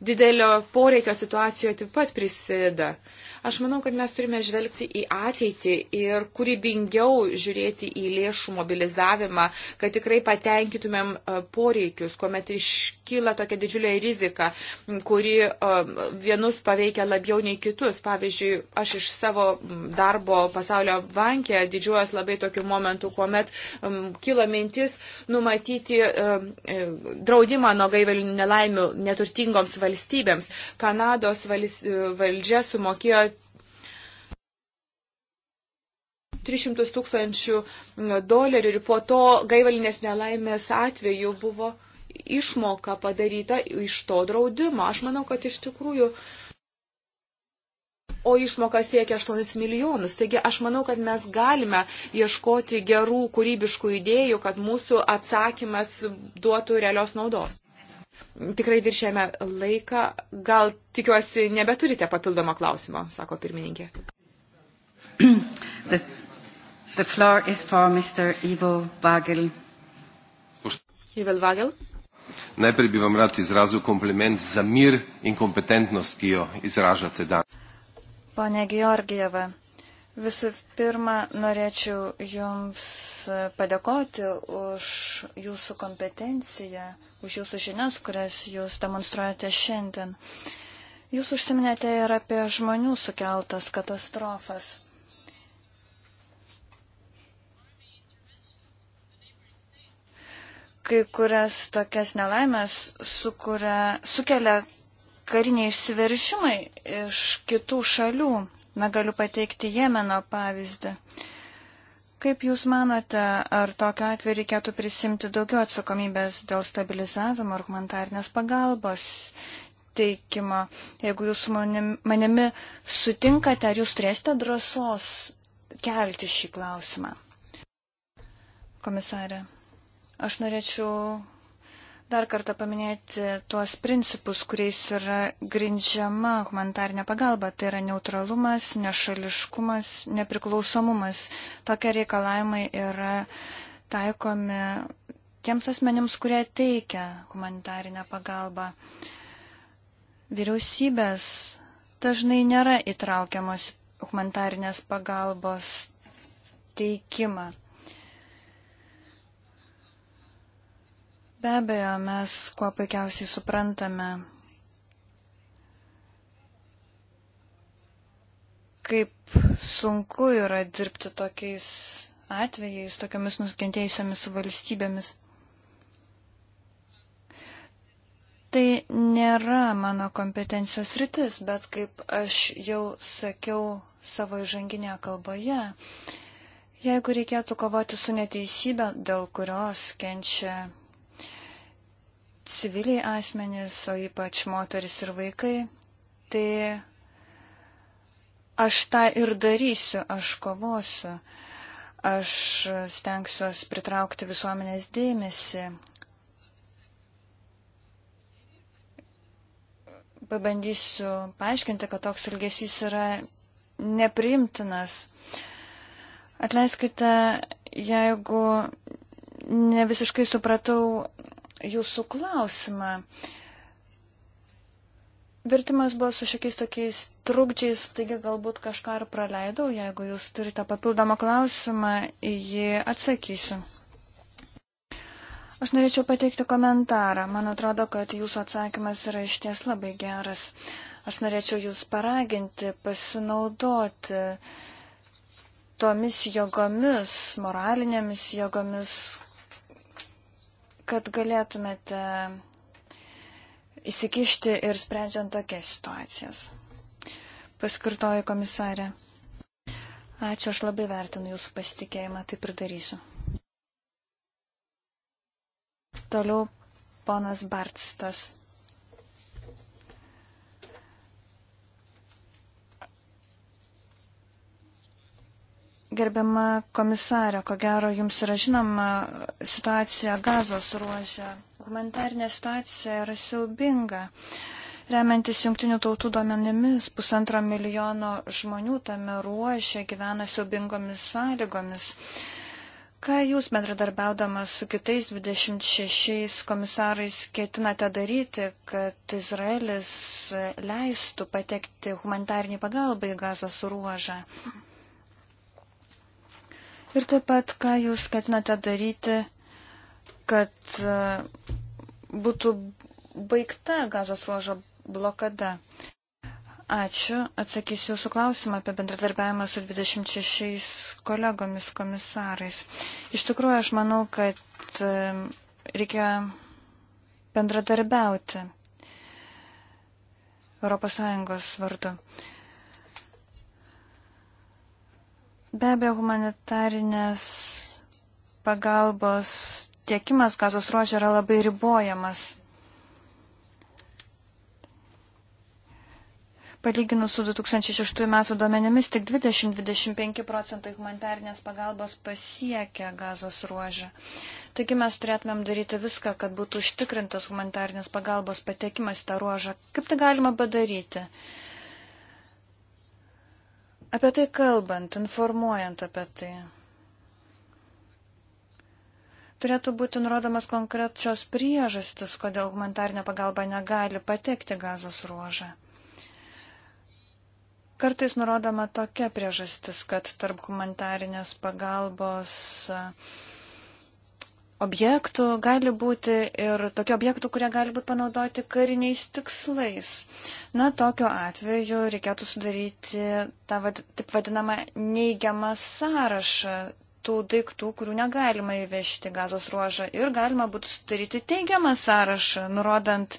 didelio poreikio situacijoje taip pat prisideda. Aš manau, kad mes turime žvelgti į ateitį ir kūrybingiau žiūrėti į lėšų mobilizavimą, kad tikrai patenkytumėm e, poreikius, kuomet iškyla tokia didžiulė rizika, kuri e, vienus paveikia labiau nei kitus. Pavyzdžiui, aš iš savo darbo pasaulio bankė didžiuojas labai tokiu momentu, kuomet kilo mintis numatyti e, draudimą nuo gaivalinių nelaimių neturtingoms valstybėms valstybėms. Kanados valdžia sumokėjo 300 tūkstančių dolerių ir po to gaivalinės nelaimės atveju buvo išmoka padaryta iš to draudimo. Aš manau, kad iš tikrųjų. O išmoka siekia 8 milijonus. Taigi aš manau, kad mes galime ieškoti gerų kūrybiškų idėjų, kad mūsų atsakymas duotų realios naudos. Tikrai viršėme laiką. Gal tikiuosi, nebeturite papildomą klausimą, sako pirmininkė. The, the floor is for Mr. Ivo Vagel. Ivo Vagel. Najprej bi vam rad izrazil kompliment za mir in kompetentnost, ki jo izražate danes. Pane Georgijeva, Visų pirma, norėčiau Jums padėkoti už Jūsų kompetenciją, už Jūsų žinias, kurias Jūs demonstruojate šiandien. Jūs užsiminėte ir apie žmonių sukeltas katastrofas. kai kurias tokias nelaimės sukuria, sukelia kariniai išsiveršimai iš kitų šalių. Na, galiu pateikti Jemeno pavyzdį. Kaip Jūs manote, ar tokiu atveju reikėtų prisimti daugiau atsakomybės dėl stabilizavimo ar humanitarnės pagalbos teikimo? Jeigu Jūs manim, manimi sutinkate, ar Jūs turėsite drąsos kelti šį klausimą? Komisarė, aš norėčiau dar kartą paminėti tuos principus, kuriais yra grindžiama humanitarinė pagalba. Tai yra neutralumas, nešališkumas, nepriklausomumas. Tokie reikalavimai yra taikomi tiems asmenims, kurie teikia humanitarinę pagalbą. Vyriausybės dažnai nėra įtraukiamos humanitarinės pagalbos teikimą. Be abejo, mes kuo puikiausiai suprantame, kaip sunku yra dirbti tokiais atvejais, tokiamis nuskentėjusiamis valstybėmis. Tai nėra mano kompetencijos rytis, bet kaip aš jau sakiau savo įžanginėje kalboje, jeigu reikėtų kovoti su neteisybė, dėl kurios kenčia civiliai asmenys, o ypač moteris ir vaikai, tai aš tą ir darysiu, aš kovosiu, aš stengsiuos pritraukti visuomenės dėmesį. Pabandysiu paaiškinti, kad toks elgesys yra nepriimtinas. Atleiskite, jeigu ne visiškai supratau jūsų klausimą. Vertimas buvo su šiokiais tokiais trukdžiais, taigi galbūt kažką ir praleidau. Jeigu jūs turite papildomą klausimą, į jį atsakysiu. Aš norėčiau pateikti komentarą. Man atrodo, kad jūsų atsakymas yra išties labai geras. Aš norėčiau jūs paraginti, pasinaudoti tomis jėgomis, moralinėmis jėgomis, kad galėtumėte įsikišti ir sprendžiant tokias situacijas. Paskirtoju komisarė. Ačiū, aš labai vertinu jūsų pasitikėjimą, taip ir darysiu. Toliau ponas Bartstas. Gerbiama komisarė, ko gero jums yra žinoma situacija gazos ruožė. Humanitarinė situacija yra siaubinga. Remiantis jungtinių tautų duomenimis, pusantro milijono žmonių tame ruožė gyvena siaubingomis sąlygomis. Ką jūs bendradarbiaudamas su kitais 26 komisarais ketinate daryti, kad Izraelis leistų patekti humanitarnį pagalbą į gazos ruožą? Mhm. Ir taip pat, ką jūs ketinate daryti, kad e, būtų baigta gazos ruožo blokada. Ačiū. Atsakysiu jūsų klausimą apie bendradarbiavimą su 26 kolegomis komisarais. Iš tikrųjų, aš manau, kad e, reikia bendradarbiauti ES vardu. Be abejo, humanitarinės pagalbos tiekimas gazos ruožė yra labai ribojamas. Palyginus su 2006 metų duomenimis, tik 20-25 procentai humanitarnės pagalbos pasiekia gazos ruožą. Taigi mes turėtumėm daryti viską, kad būtų užtikrintas humanitarnės pagalbos patekimas į tą ruožą. Kaip tai galima padaryti? Apie tai kalbant, informuojant apie tai. Turėtų būti nurodomas konkrečios priežastis, kodėl humanitarinė pagalba negali patekti gazos ruožą. Kartais nurodoma tokia priežastis, kad tarp humanitarinės pagalbos uh, objektų gali būti ir tokių objektų, kurie gali būti panaudoti kariniais tikslais. Na, tokiu atveju reikėtų sudaryti tą vad, taip vadinamą neigiamą sąrašą tų daiktų, kurių negalima įvežti gazos ruožą. Ir galima būtų sudaryti teigiamą sąrašą, nurodant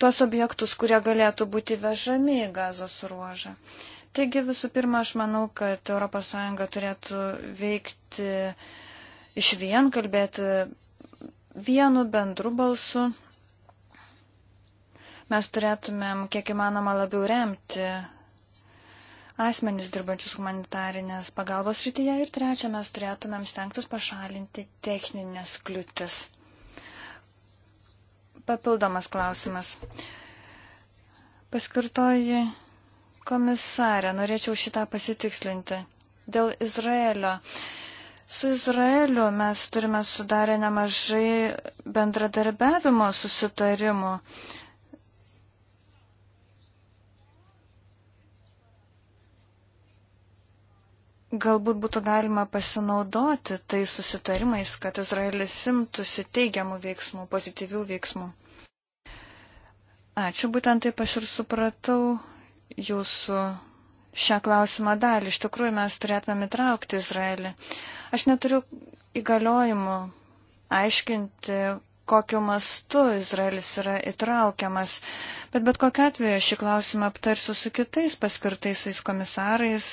tuos objektus, kurie galėtų būti vežami į gazos ruožą. Taigi visų pirma, aš manau, kad ES turėtų veikti uh, iš vien kalbėti vienu bendru balsu. Mes turėtumėm kiek įmanoma labiau remti asmenys dirbančius humanitarinės pagalbos rytyje ir trečia, mes turėtumėm stengtis pašalinti techninės kliūtis. Papildomas klausimas. Paskirtoji komisarė, norėčiau šitą pasitikslinti. Dėl Izraelio. Uh, Su Izraeliu mes turime sudarę nemažai bendradarbiavimo susitarimų. Galbūt būtų galima pasinaudoti tai susitarimais, kad Izraelis simtųsi teigiamų veiksmų, pozityvių veiksmų. Ačiū, būtent taip aš ir supratau jūsų šią klausimą dalį. Iš tikrųjų, mes turėtumėm įtraukti Izraelį. Aš neturiu įgaliojimų aiškinti, kokiu mastu Izraelis yra įtraukiamas, bet bet kokiu atveju šį klausimą aptarsiu su kitais paskirtaisiais komisarais.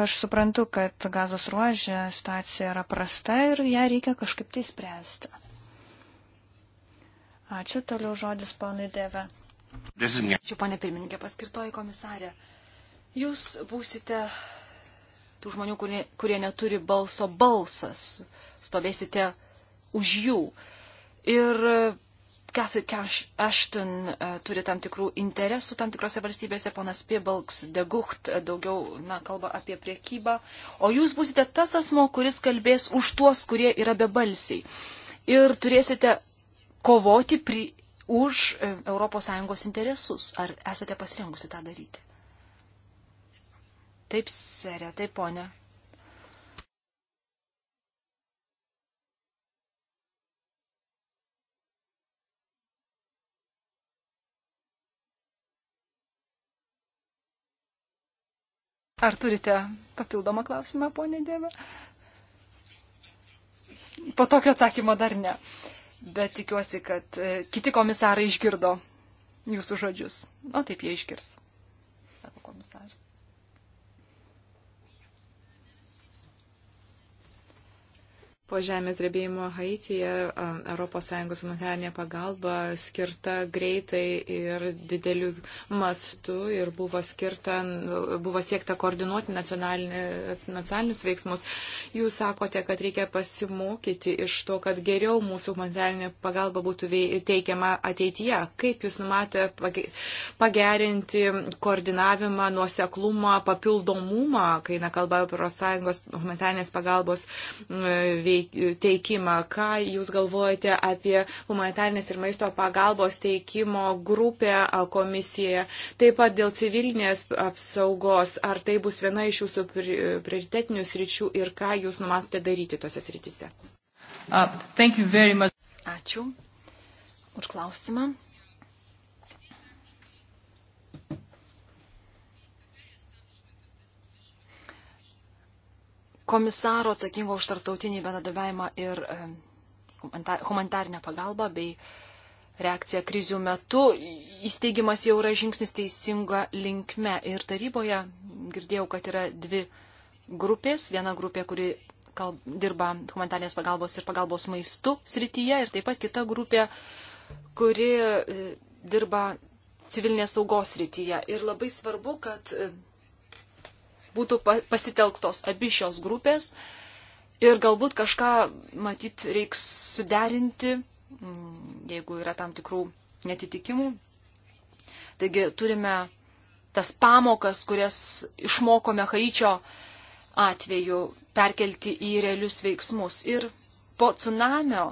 Aš suprantu, kad gazos ruožė situacija yra prasta ir ją reikia kažkaip tai spręsti. Ačiū, toliau žodis ponui Deve. Ačiū, ponė pirmininkė, paskirtoji komisarė. Uh, Jūs būsite tų žmonių, kurie, kurie neturi balso balsas, stovėsite už jų. Ir Kathy e, Ashton e, turi tam tikrų interesų tam tikrose valstybėse, ponas Piebalks, Degucht e, daugiau na, kalba apie priekybą, o jūs būsite tas asmo, kuris kalbės už tuos, kurie yra bebalsiai. Ir turėsite kovoti pri, už ES interesus. Ar esate pasirengusi tą daryti? Taip, serė, taip, ponė. Ar turite papildomą klausimą, ponė Dėva? Po tokio atsakymo dar ne. Bet tikiuosi, kad e, kiti komisarai išgirdo jūsų žodžius. O taip jie išgirs, sako komisarai. Po žemės drebėjimo Haityje ES humanitarinė pagalba skirta greitai ir dideliu mastu ir buvo, skirta, buvo siekta koordinuoti nacionalinius veiksmus. Jūs sakote, kad reikia pasimokyti iš to, kad geriau mūsų humanitarinė pagalba būtų teikiama ateityje. Kaip Jūs numatote pagerinti koordinavimą, nuoseklumą, papildomumą, kai nekalba apie ES humanitarinės pagalbos veiklą? teikimą, ką Jūs galvojate apie humanitarnės ir maisto pagalbos teikimo grupę komisijoje, taip pat dėl civilinės apsaugos, ar tai bus viena iš Jūsų prioritetinių sričių ir ką Jūs numatote daryti tose srityse. Uh, Ačiū už klausimą. komisaro atsakingo už tarptautinį bendradarbiavimą ir e, humanitarinę pagalbą bei reakciją krizių metu. Įsteigimas jau yra žingsnis teisinga linkme ir taryboje girdėjau, kad yra dvi grupės. Viena grupė, kuri kalb, dirba humanitarnės pagalbos ir pagalbos maistu srityje ir taip pat kita grupė, kuri e, dirba civilinės saugos srityje. Ir labai svarbu, kad e, būtų pasitelktos abi šios grupės ir galbūt kažką matyt reiks suderinti, mm, jeigu yra tam tikrų netitikimų. Taigi turime tas pamokas, kurias išmokome Haičio atveju perkelti į realius veiksmus. Ir po tsunamio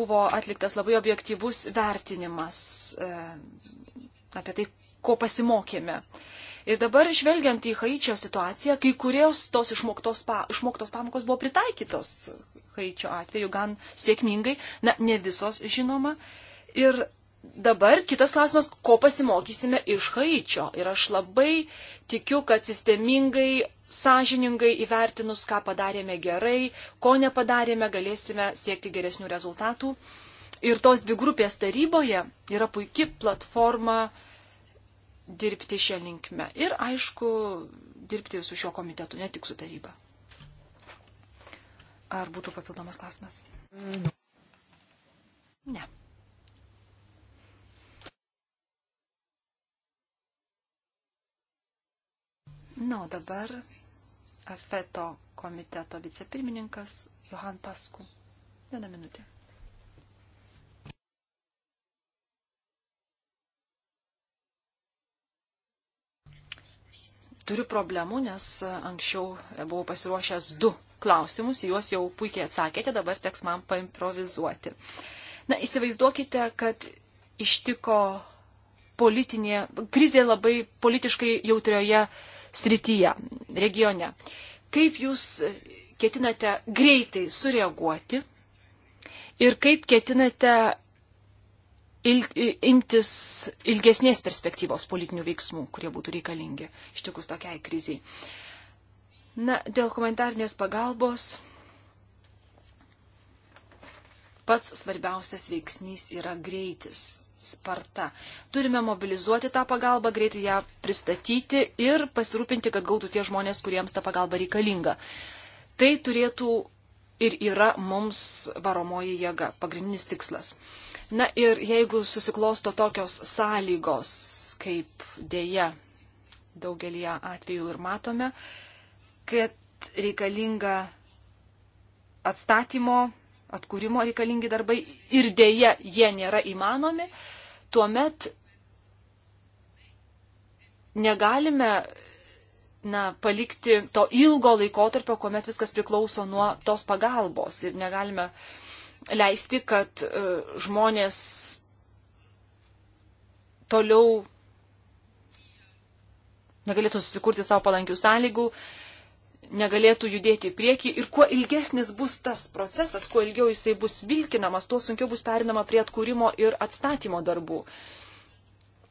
buvo atliktas labai objektyvus vertinimas e, apie tai, ko pasimokėme. Ir dabar, žvelgiant į Haičio situaciją, kai kurios tos išmoktos, pa, išmoktos pamokos buvo pritaikytos Haičio atveju gan sėkmingai, na, ne visos žinoma. Ir dabar kitas klausimas, ko pasimokysime iš Haičio. Ir aš labai tikiu, kad sistemingai, sąžiningai įvertinus, ką padarėme gerai, ko nepadarėme, galėsime siekti geresnių rezultatų. Ir tos dvi grupės taryboje yra puikia platforma dirbti šią linkmę. Ir aišku, dirbti su šiuo komitetu, ne tik su taryba. Ar būtų papildomas klausimas? Ne. Na, o dabar Afeto komiteto vicepirmininkas Johan Pasku. Vieną minutę. turiu problemų, nes anksčiau buvau pasiruošęs du klausimus, juos jau puikiai atsakėte, dabar teks man paimprovizuoti. Na, įsivaizduokite, kad ištiko politinė, krizė labai politiškai jautrioje srityje, regione. Kaip jūs ketinate greitai sureaguoti ir kaip ketinate il, imtis ilgesnės perspektyvos politinių veiksmų, kurie būtų reikalingi ištikus tokiai kriziai. Na, dėl humanitarnės pagalbos pats svarbiausias veiksnys yra greitis, sparta. Turime mobilizuoti tą pagalbą, greitai ją pristatyti ir pasirūpinti, kad gautų tie žmonės, kuriems ta pagalba reikalinga. Tai turėtų ir yra mums varomoji jėga, pagrindinis tikslas. Na ir jeigu susiklosto tokios sąlygos, kaip dėja daugelį atvejų ir matome, kad reikalinga atstatymo, atkūrimo reikalingi darbai ir dėja jie nėra įmanomi, tuomet negalime na, palikti to ilgo laikotarpio, kuomet viskas priklauso nuo tos pagalbos ir negalime uh, leisti, kad e, žmonės toliau negalėtų susikurti savo palankių sąlygų, negalėtų judėti į priekį ir kuo ilgesnis bus tas procesas, kuo ilgiau jisai bus vilkinamas, tuo sunkiau bus perinama prie atkūrimo ir atstatymo darbų.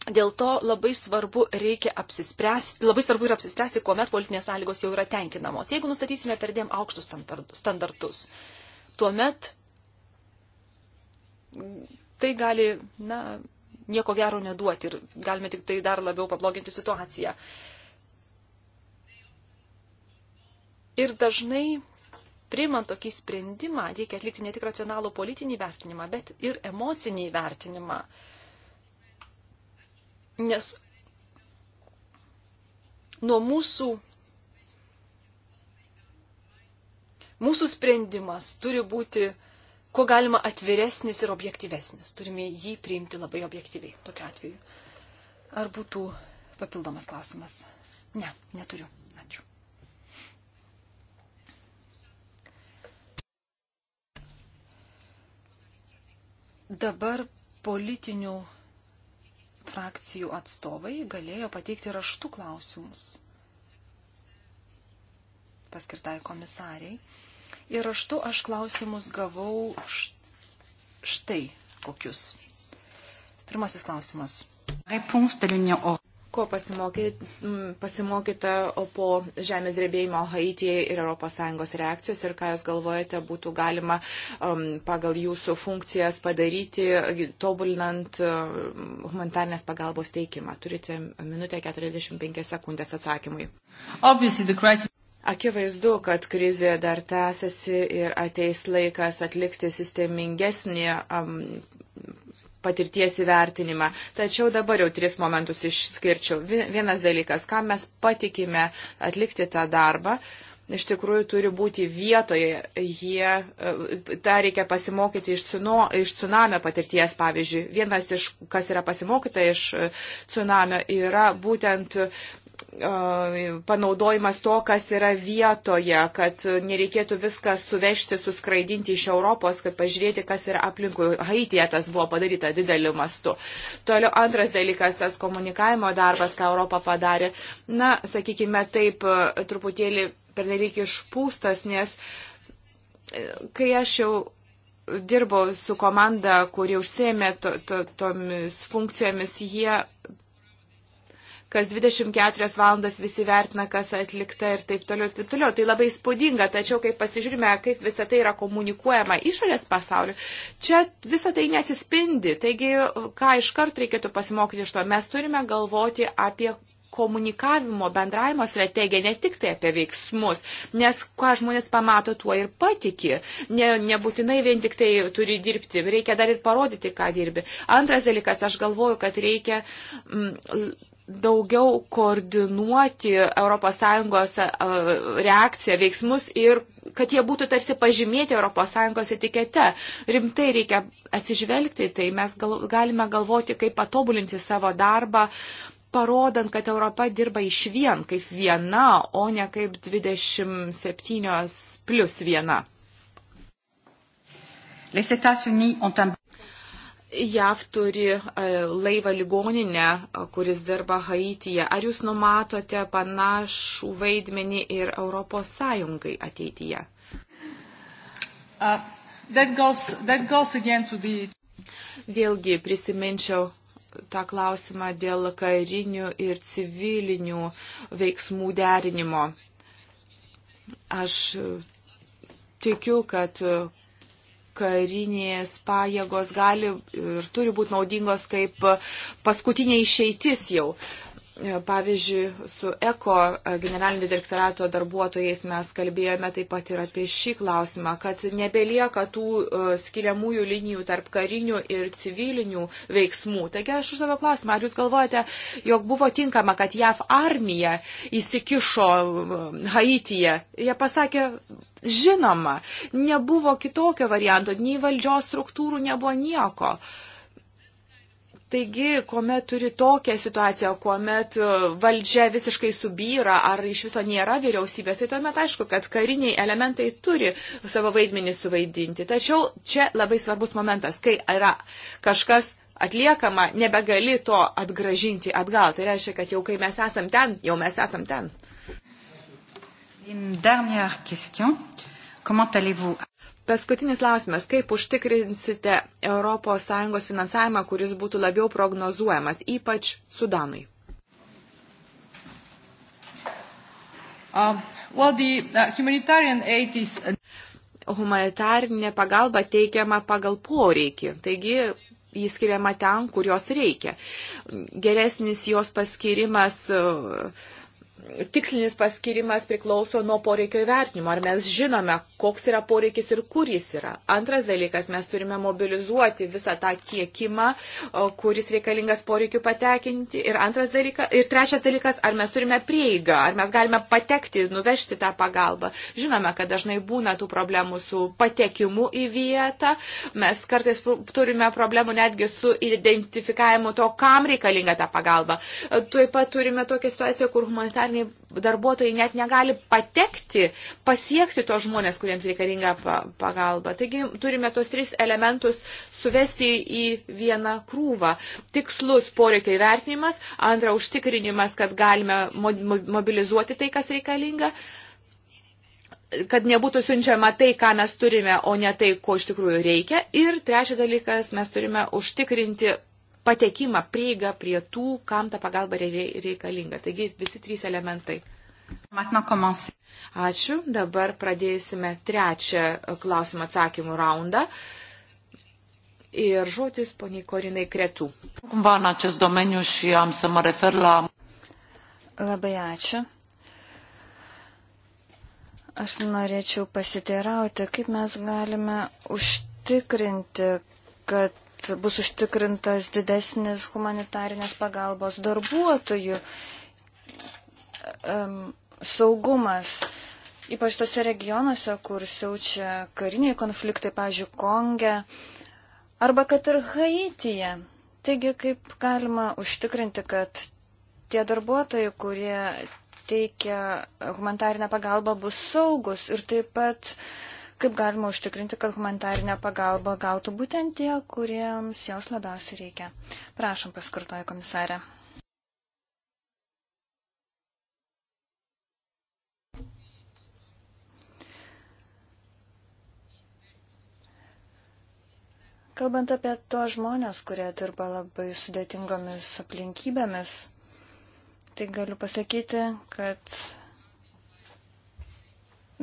Dėl to labai svarbu, apsispręsti, labai svarbu yra apsispręsti, kuomet politinės sąlygos jau yra tenkinamos. Jeigu nustatysime perdėm aukštus standartus, tuomet tai gali, na, nieko gero neduoti ir galime tik tai dar labiau pabloginti situaciją. Ir dažnai, priimant tokį sprendimą, reikia atlikti ne tik racionalų politinį vertinimą, bet ir emocinį vertinimą. Nes nuo mūsų, mūsų sprendimas turi būti uh, kuo galima atviresnis ir objektyvesnis. Turime jį priimti labai objektyviai tokiu atveju. Ar būtų papildomas klausimas? Ne, neturiu. Ačiū. Dabar politinių frakcijų atstovai galėjo pateikti raštų klausimus paskirtai komisariai. Ir raštu aš klausimus gavau štai kokius. Pirmasis klausimas. Ko pasimokyta po žemės drebėjimo Haityje ir ES reakcijos ir ką Jūs galvojate būtų galima um, pagal Jūsų funkcijas padaryti, tobulinant uh, humanitarnės pagalbos teikimą? Turite minutę 45 sekundės atsakymui. Crisis... Akivaizdu, kad krizė dar tęsiasi ir ateis laikas atlikti sistemingesnį um, patirties įvertinimą. Tačiau dabar jau tris momentus išskirčiau. Vienas dalykas, kam mes patikime atlikti tą darbą. Iš tikrųjų turi būti vietoje, jie, e, tą reikia pasimokyti iš, cuno, iš tsunamio patirties, pavyzdžiui. Vienas iš, kas yra pasimokyta iš e, tsunamio, yra būtent panaudojimas to, kas yra vietoje, kad nereikėtų viską suvežti, suskraidinti iš Europos, kad pažiūrėti, kas yra aplinkui. Haitie tas buvo padaryta dideliu mastu. Toliau antras dalykas, tas komunikavimo darbas, ką Europą padarė. Na, sakykime, taip truputėlį pernelyg išpūstas, nes e, kai aš jau dirbau su komanda, kuri užsėmė to, to, tomis funkcijomis, jie kas 24 valandas visi vertina, kas atlikta ir taip toliau ir taip toliau. Tai labai spūdinga, tačiau kai pasižiūrime, kaip visa tai yra komunikuojama išorės pasauliu, čia visa tai neatsispindi. Taigi, ką iš karto reikėtų pasimokyti iš to, mes turime galvoti apie komunikavimo, bendravimo strategija, ne tik tai apie veiksmus, nes ką žmonės pamato, tuo ir patiki. Ne, nebūtinai vien tik tai turi dirbti, reikia dar ir parodyti, ką dirbi. Antras dalykas, aš galvoju, kad reikia. Mm, daugiau koordinuoti ES e, reakciją, veiksmus ir kad jie būtų tarsi pažymėti ES etikete. Rimtai reikia atsižvelgti, tai mes gal, galime galvoti, kaip patobulinti savo darbą, parodant, kad Europa dirba iš vien, kaip viena, o ne kaip 27 plus viena. Les États-Unis ont un JAV turi e, laivą ligoninę, e, kuris dirba Haityje. Ar jūs numatote panašų vaidmenį ir Europos Sąjungai ateityje? Uh, that goes, that goes the... Vėlgi prisiminčiau tą klausimą dėl karinių ir civilinių veiksmų derinimo. Aš e, tikiu, kad karinės pajėgos gali ir turi būti naudingos kaip paskutinė išeitis jau. Uh, Pavyzdžiui, su ECO generalinio direktorato darbuotojais mes kalbėjome taip pat ir apie šį klausimą, kad nebelieka tų e, skiriamųjų linijų tarp karinių ir civilinių veiksmų. Taigi aš uždaviau klausimą, ar jūs galvojate, jog buvo tinkama, kad JAV armija įsikišo e, Haityje? Jie pasakė, žinoma, nebuvo kitokio varianto, nei valdžios struktūrų nebuvo nieko. Uh, Taigi, kuomet turi tokią situaciją, kuomet e, valdžia visiškai subyra ar iš viso nėra vyriausybės, tai tuomet aišku, kad kariniai elementai turi savo vaidmenį suvaidinti. Tačiau čia labai svarbus momentas, kai yra kažkas atliekama, nebegali to atgražinti atgal. Tai reiškia, kad jau kai mes esam ten, jau mes esam ten. Une dernière question. Comment allez-vous Paskutinis klausimas. Kaip užtikrinsite ES finansavimą, kuris būtų labiau prognozuojamas, ypač Sudanui? Uh, well, the, uh, is... Humanitarinė pagalba teikiama pagal poreikį. Taigi, jis skiriama ten, kur jos reikia. Geresnis jos paskirimas. Uh, tikslinis paskirimas priklauso nuo poreikio įvertinimo, ar mes žinome, koks yra poreikis ir kur jis yra. Antras dalykas, mes turime mobilizuoti visą tą tiekimą, kuris reikalingas poreikiu patekinti. Ir, dalykas, ir trečias dalykas, ar mes turime prieigą, ar mes galime patekti, nuvežti tą pagalbą. Žinome, kad dažnai būna tų problemų su patekimu į vietą. Mes kartais turime problemų netgi su identifikavimu to, kam reikalinga ta pagalba. Taip pat turime tokią situaciją, kur humanitarinė samdomi darbuotojai net negali patekti, pasiekti tos žmonės, kuriems reikalinga pagalba. Taigi turime tos tris elementus suvesti į vieną krūvą. Tikslus poreikio įvertinimas, antra užtikrinimas, kad galime mobilizuoti tai, kas reikalinga kad nebūtų siunčiama tai, ką mes turime, o ne tai, ko iš tikrųjų reikia. Ir trečias dalykas, mes turime užtikrinti patekimą, prieigą prie tų, kam ta pagalba reikalinga. Taigi visi trys elementai. Ačiū. Dabar pradėsime trečią klausimą atsakymų raundą. Ir žodis poniai Korinai Kretų. Labai ačiū. Aš norėčiau pasiteirauti, kaip mes galime užtikrinti, kad kad bus užtikrintas didesnis humanitarinės pagalbos darbuotojų um, saugumas. Ypač tose regionuose, kur siaučia kariniai konfliktai, pažiūrėjau, Konge arba kad ir Haityje. Taigi, kaip galima užtikrinti, kad tie darbuotojai, kurie teikia humanitarinę pagalbą, bus saugus ir taip pat uh, kaip galima užtikrinti, kad humanitarinę pagalbą gautų būtent tie, kuriems jos labiausiai reikia. Prašom, paskartoju komisarė. Kalbant apie to žmonės, kurie dirba labai sudėtingomis aplinkybėmis, tai galiu pasakyti, kad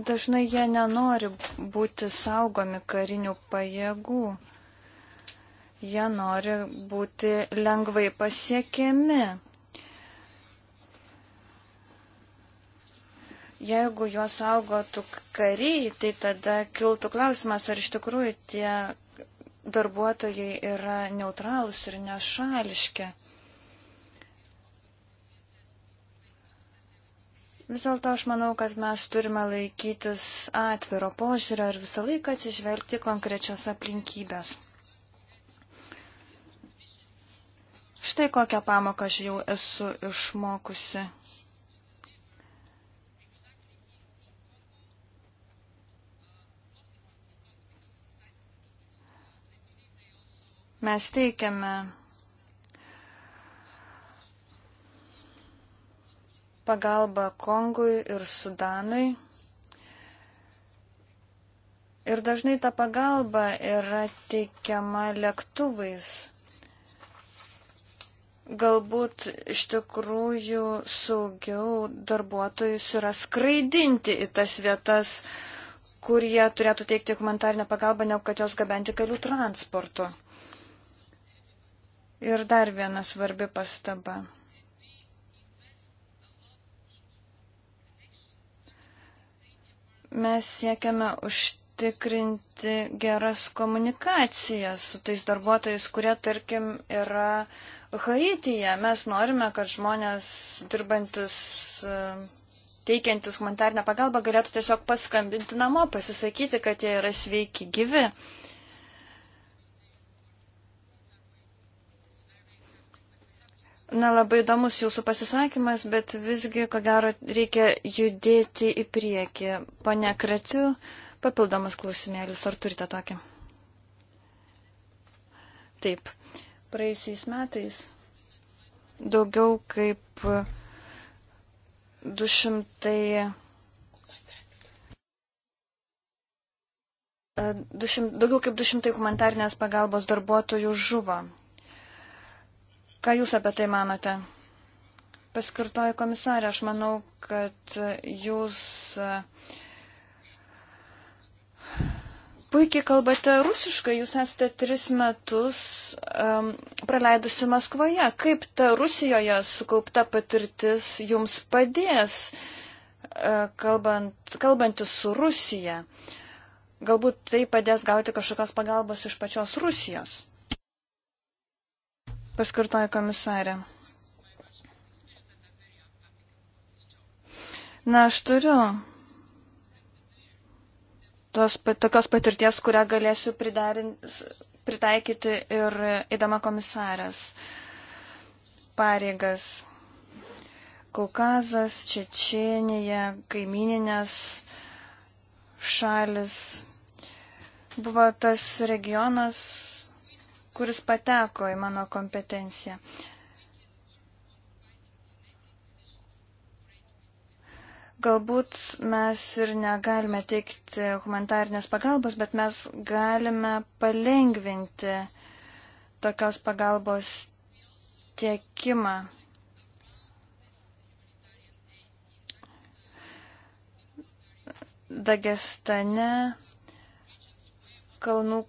dažnai jie nenori būti saugomi karinių pajėgų. Jie nori būti lengvai pasiekiami. Jeigu juos saugotų kariai, tai tada kiltų klausimas, ar iš tikrųjų tie darbuotojai yra neutralūs ir nešališki. Vis dėlto aš manau, kad mes turime laikytis atviro požiūrio ir visą laiką atsižvelgti konkrečias aplinkybės. Štai kokią pamoką aš jau esu išmokusi. Mes teikiame pagalba Kongui ir Sudanui. Ir dažnai ta pagalba yra teikiama lėktuvais. Galbūt iš tikrųjų saugiau darbuotojus yra skraidinti į tas vietas, kur jie turėtų teikti humanitarinę pagalbą, negu kad jos gabenti kelių transportu. Ir dar viena svarbi pastaba. mes siekiame užtikrinti geras komunikacijas su tais darbuotojais, kurie, tarkim, yra Haityje. Mes norime, kad žmonės dirbantis, e, teikiantis humanitarnę pagalbą galėtų tiesiog paskambinti namo, pasisakyti, kad jie yra sveiki gyvi. Uh, Na, labai įdomus jūsų pasisakymas, bet visgi, ko gero, reikia judėti į priekį. Pane Kratiu, papildomas klausimėlis, ar turite tokį? Taip. Praeisiais metais daugiau kaip 200. 200, daugiau kaip 200 humanitarnės pagalbos darbuotojų žuvo Ką Jūs apie tai manote? Paskirtoji komisarė, aš manau, kad Jūs e, puikiai kalbate rusiškai, Jūs esate tris metus um, praleidusi Maskvoje. Kaip ta Rusijoje sukaupta patirtis Jums padės, uh, kalbant, kalbantis su Rusija? Galbūt tai padės gauti kažkokios pagalbos iš pačios Rusijos paskirtoji komisarė. Na, aš turiu tos tokios patirties, kurią galėsiu pritaikyti ir įdama komisarės pareigas. Kaukazas, Čečenija, kaimininės šalis buvo tas regionas, kuris pateko į mano kompetenciją. Galbūt mes ir negalime teikti humanitarnės pagalbos, bet mes galime palengvinti tokios pagalbos tiekimą. Dagestane, Kalnų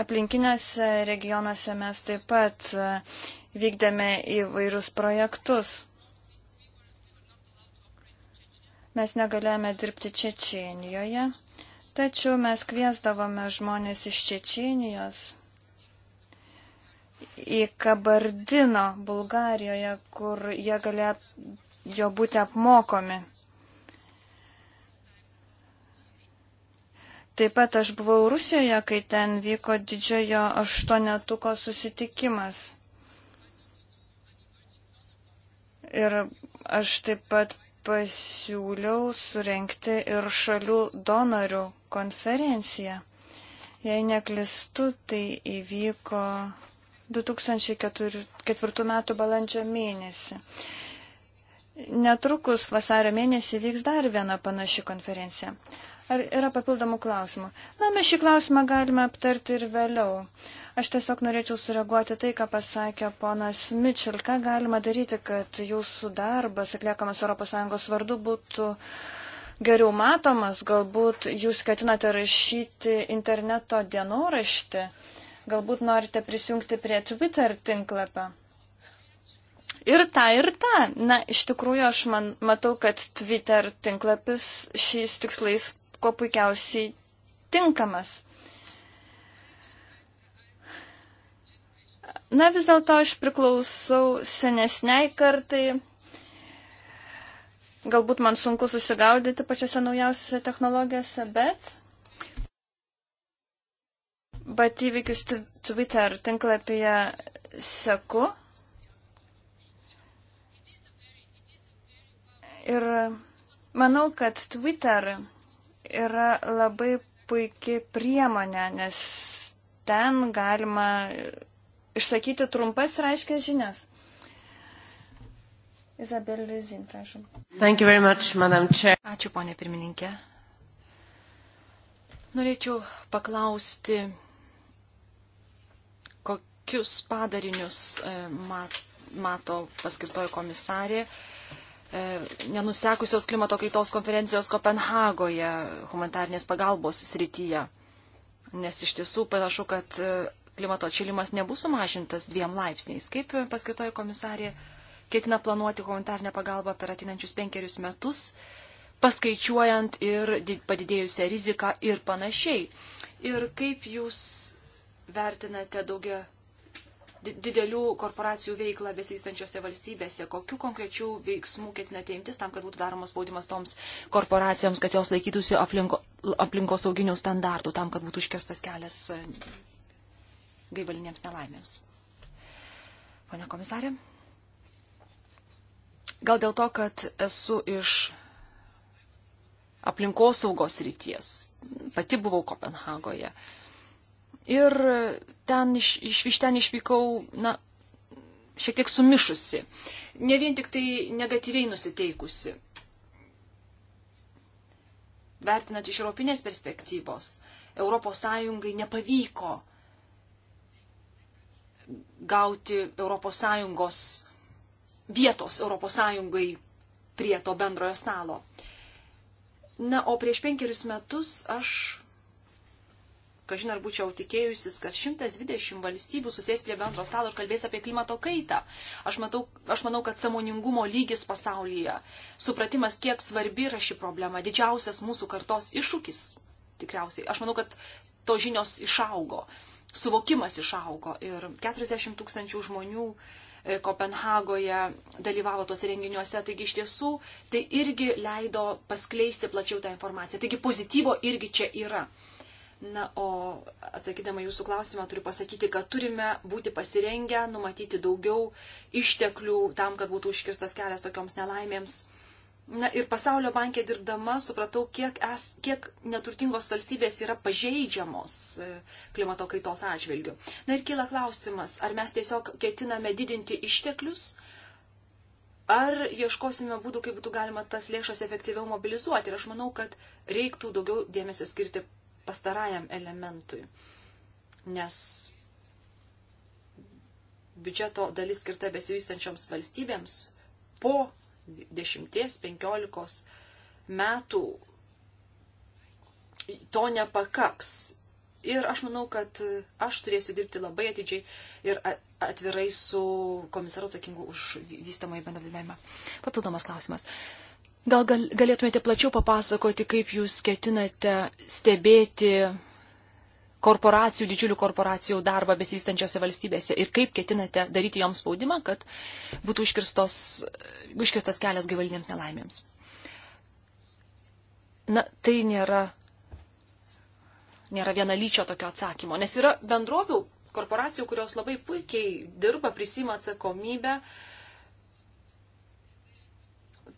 Aplinkinėse regionuose mes taip pat e, vykdėme įvairius projektus. Mes negalėjome dirbti Čečienijoje, tačiau mes kviesdavome žmonės iš Čečienijos į Kabardino, Bulgarijoje, kur jie galėjo būti apmokomi. Taip pat aš buvau Rusijoje, kai ten vyko didžiojo aštuonetuko susitikimas. Ir aš taip pat pasiūliau surenkti ir šalių donorių konferenciją. Jei neklistu, tai įvyko 2004 m. balandžio mėnesį. Netrukus vasario mėnesį vyks dar viena panaši konferencija. Ar yra papildomų klausimų? Na, mes šį klausimą galime aptarti ir vėliau. Aš tiesiog norėčiau sureaguoti tai, ką pasakė ponas Mitchell. Ką galima daryti, kad jūsų darbas atliekamas ES vardu būtų geriau matomas? Galbūt jūs ketinate rašyti interneto dienoraštį? Galbūt norite prisijungti prie Twitter tinklapio? ir tą, ir tą. Na, iš tikrųjų, aš man, matau, kad Twitter tinklapis šiais tikslais kuo puikiausiai tinkamas. Na vis dėlto aš priklausau senesniai kartai. Galbūt man sunku susigaudyti pačiose naujausiose technologijose, bet. Bet įvykius Twitter tinklapyje seku. Ir manau, kad Twitter yra labai puikiai priemonė, nes ten galima išsakyti trumpas ir aiškias žinias. Izabel Liuzin, prašom. Thank you very much, Madam Chair. Ačiū, ponė pirmininkė. Norėčiau paklausti, kokius padarinius e, mato paskirtoji komisarė E, nenusekusios klimato kaitos konferencijos Kopenhagoje humanitarnės pagalbos srityje. Nes iš tiesų panašu, kad e, klimato atšilimas nebus sumažintas dviem laipsniais. Kaip paskaitoja komisarė, ketina planuoti humanitarnę pagalbą per atinančius penkerius metus, paskaičiuojant ir padidėjusią riziką ir panašiai. Ir kaip jūs vertinate daugia didelių korporacijų veiklą besivystančiose valstybėse. Kokių konkrečių veiksmų ketinate imtis tam, kad būtų daromas spaudimas toms korporacijoms, kad jos laikytųsi aplinko, aplinkos sauginių standartų, tam, kad būtų užkestas kelias e, gaivalinėms nelaimėms? Pone komisarė? Gal dėl to, kad esu iš aplinkosaugos ryties. Pati buvau Kopenhagoje. Uh, ir ten iš, iš, iš ten išvykau, na, šiek tiek sumišusi, ne vien tik tai negatyviai nusiteikusi. Vertinant iš europinės perspektyvos, ES nepavyko gauti ES vietos ES prie to bendrojo stalo. Na, o prieš penkerius metus aš kažin ar būčiau tikėjusis, kad 120 valstybių susės prie bendro stalo ir kalbės apie klimato kaitą. Aš, matau, aš manau, kad samoningumo lygis pasaulyje, supratimas, kiek svarbi yra ši problema, didžiausias mūsų kartos iššūkis, tikriausiai. Aš manau, kad to žinios išaugo, suvokimas išaugo ir 40 tūkstančių žmonių e, Kopenhagoje dalyvavo tuose renginiuose, taigi iš tiesų tai irgi leido paskleisti plačiau tą informaciją. Taigi pozityvo irgi čia yra. Na, o atsakydama jūsų klausimą turiu pasakyti, kad turime būti pasirengę numatyti daugiau išteklių tam, kad būtų užkirstas kelias tokioms nelaimėms. Na ir pasaulio bankė dirbdama supratau, kiek, es, kiek neturtingos valstybės yra pažeidžiamos e, klimato kaitos atžvilgių. Na ir kyla klausimas, ar mes tiesiog ketiname didinti išteklius, ar ieškosime būdų, kaip būtų galima tas lėšas efektyviau mobilizuoti. Ir aš manau, kad reiktų daugiau dėmesio skirti pastarajam elementui, nes biudžeto dalis skirta besivystančioms valstybėms po 10-15 metų to nepakaks. Ir aš manau, kad aš turėsiu dirbti labai atidžiai ir atvirai su komisaru atsakingu už vystamąjį bendradarbiavimą. Papildomas klausimas. Uh, Gal, gal galėtumėte plačiau papasakoti, kaip jūs ketinate stebėti korporacijų, didžiulių korporacijų darbą besistančiose valstybėse ir kaip ketinate daryti joms spaudimą, kad būtų užkirstas kelias gaivalinėms nelaimėms. Na, tai nėra, nėra viena lyčio tokio atsakymo, nes yra bendrovių korporacijų, kurios labai puikiai dirba, prisima atsakomybę uh,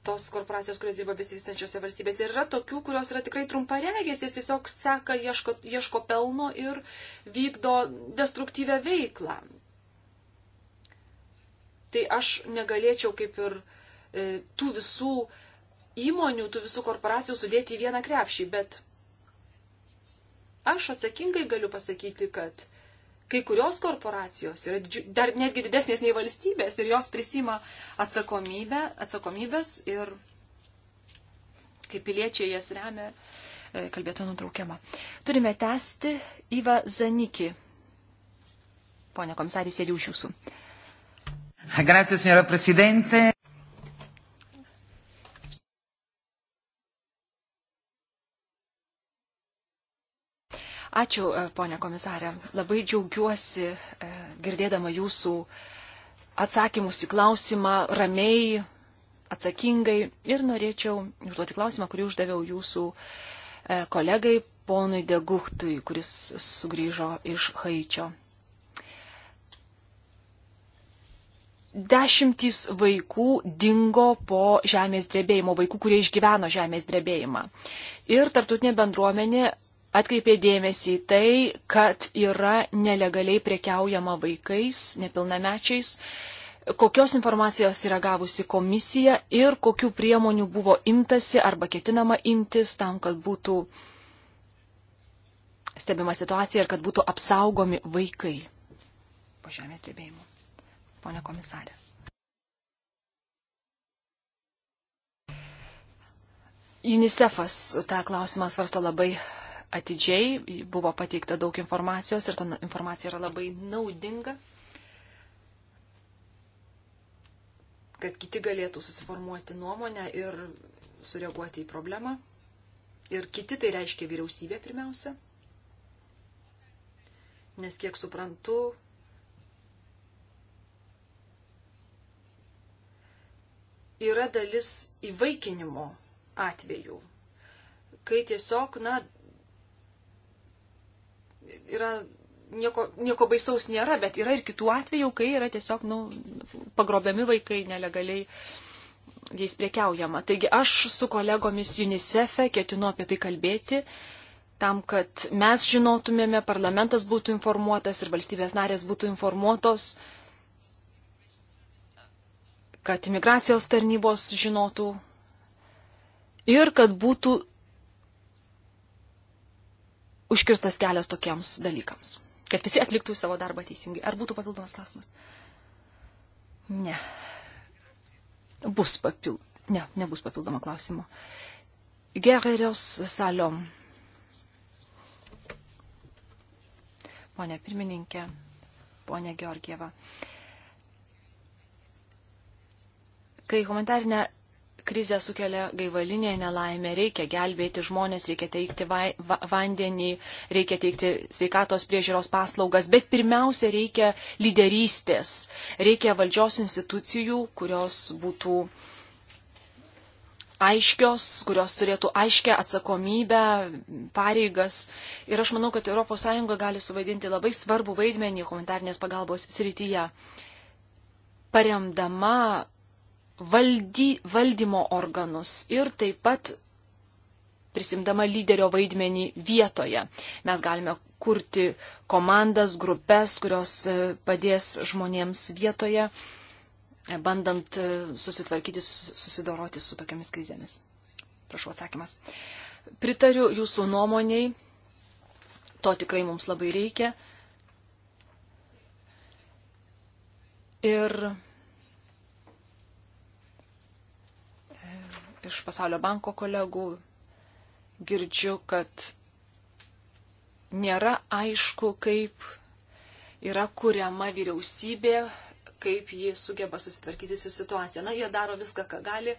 tos korporacijos, kurios dirba besivystančiose valstybėse. Ir yra tokių, kurios yra tikrai trumparegės, jis tiesiog seka, ieško, ieško pelno ir vykdo destruktyvę veiklą. Tai aš negalėčiau kaip ir e, tų visų įmonių, tų visų korporacijų sudėti į vieną krepšį, bet aš atsakingai galiu pasakyti, kad kai kurios korporacijos yra didžiu, dar netgi didesnės nei valstybės ir jos prisima atsakomybę, atsakomybės ir kaip piliečiai jas remia, e, kalbėtų nutraukiama. Turime tęsti Iva Zanikį. Pone komisarys, sėdžiu už jūsų. Grazie, signora Presidente. Ačiū, e, ponė komisarė. Labai džiaugiuosi e, girdėdama jūsų atsakymus į klausimą ramiai, atsakingai ir norėčiau užduoti klausimą, kurį uždaviau jūsų e, kolegai ponui Deguhtui, kuris sugrįžo iš Haičio. Dešimtys vaikų dingo po žemės drebėjimo, vaikų, kurie išgyveno žemės drebėjimą. Ir tartutinė bendruomenė atkreipė dėmesį tai, kad yra nelegaliai prekiaujama vaikais, nepilnamečiais, kokios informacijos yra gavusi komisija ir kokių priemonių buvo imtasi arba ketinama imtis tam, kad būtų stebima situacija ir kad būtų apsaugomi vaikai po žemės drebėjimų. Pone komisarė. UNICEF'as tą klausimą svarsto labai atidžiai, buvo pateikta daug informacijos ir ta informacija yra labai naudinga, kad kiti galėtų susiformuoti nuomonę ir sureaguoti į problemą. Ir kiti tai reiškia vyriausybė pirmiausia. Nes kiek suprantu, yra dalis įvaikinimo atvejų, kai tiesiog, na, yra nieko, nieko baisaus nėra, bet yra ir kitų atvejų, kai yra tiesiog nu, pagrobiami vaikai nelegaliai jais priekiaujama. Taigi aš su kolegomis UNICEF'e ketinu apie tai kalbėti, tam, kad mes žinotumėme, parlamentas būtų informuotas ir valstybės narės būtų informuotos, kad imigracijos tarnybos žinotų ir kad būtų užkirstas kelias tokiems dalykams. Kad visi atliktų savo darbą teisingai. Ar būtų papildomas klausimas? Ne. Bus papil... Ne, nebus papildomo klausimo. Gererios salom. Pone pirmininkė, ponė Georgieva. Kai humanitarinę krizę sukelia gaivalinė nelaimė, reikia gelbėti žmonės, reikia teikti va, va, vandenį, reikia teikti sveikatos priežiūros paslaugas, bet pirmiausia reikia lyderystės, reikia valdžios institucijų, kurios būtų aiškios, kurios turėtų aiškę atsakomybę, pareigas. Ir aš manau, kad ES gali suvaidinti labai svarbų vaidmenį humanitarnės pagalbos srityje, paremdama valdy, valdymo organus ir taip pat prisimdama lyderio vaidmenį vietoje. Mes galime kurti komandas, grupės, kurios e, padės žmonėms vietoje, e, bandant e, susitvarkyti, susidoroti su tokiamis krizėmis. Prašau atsakymas. Pritariu jūsų nuomoniai, to tikrai mums labai reikia. Ir iš Pasaulio banko kolegų girdžiu, kad nėra aišku, kaip yra kuriama vyriausybė, kaip ji sugeba susitvarkyti su situacija. Na, jie daro viską, ką gali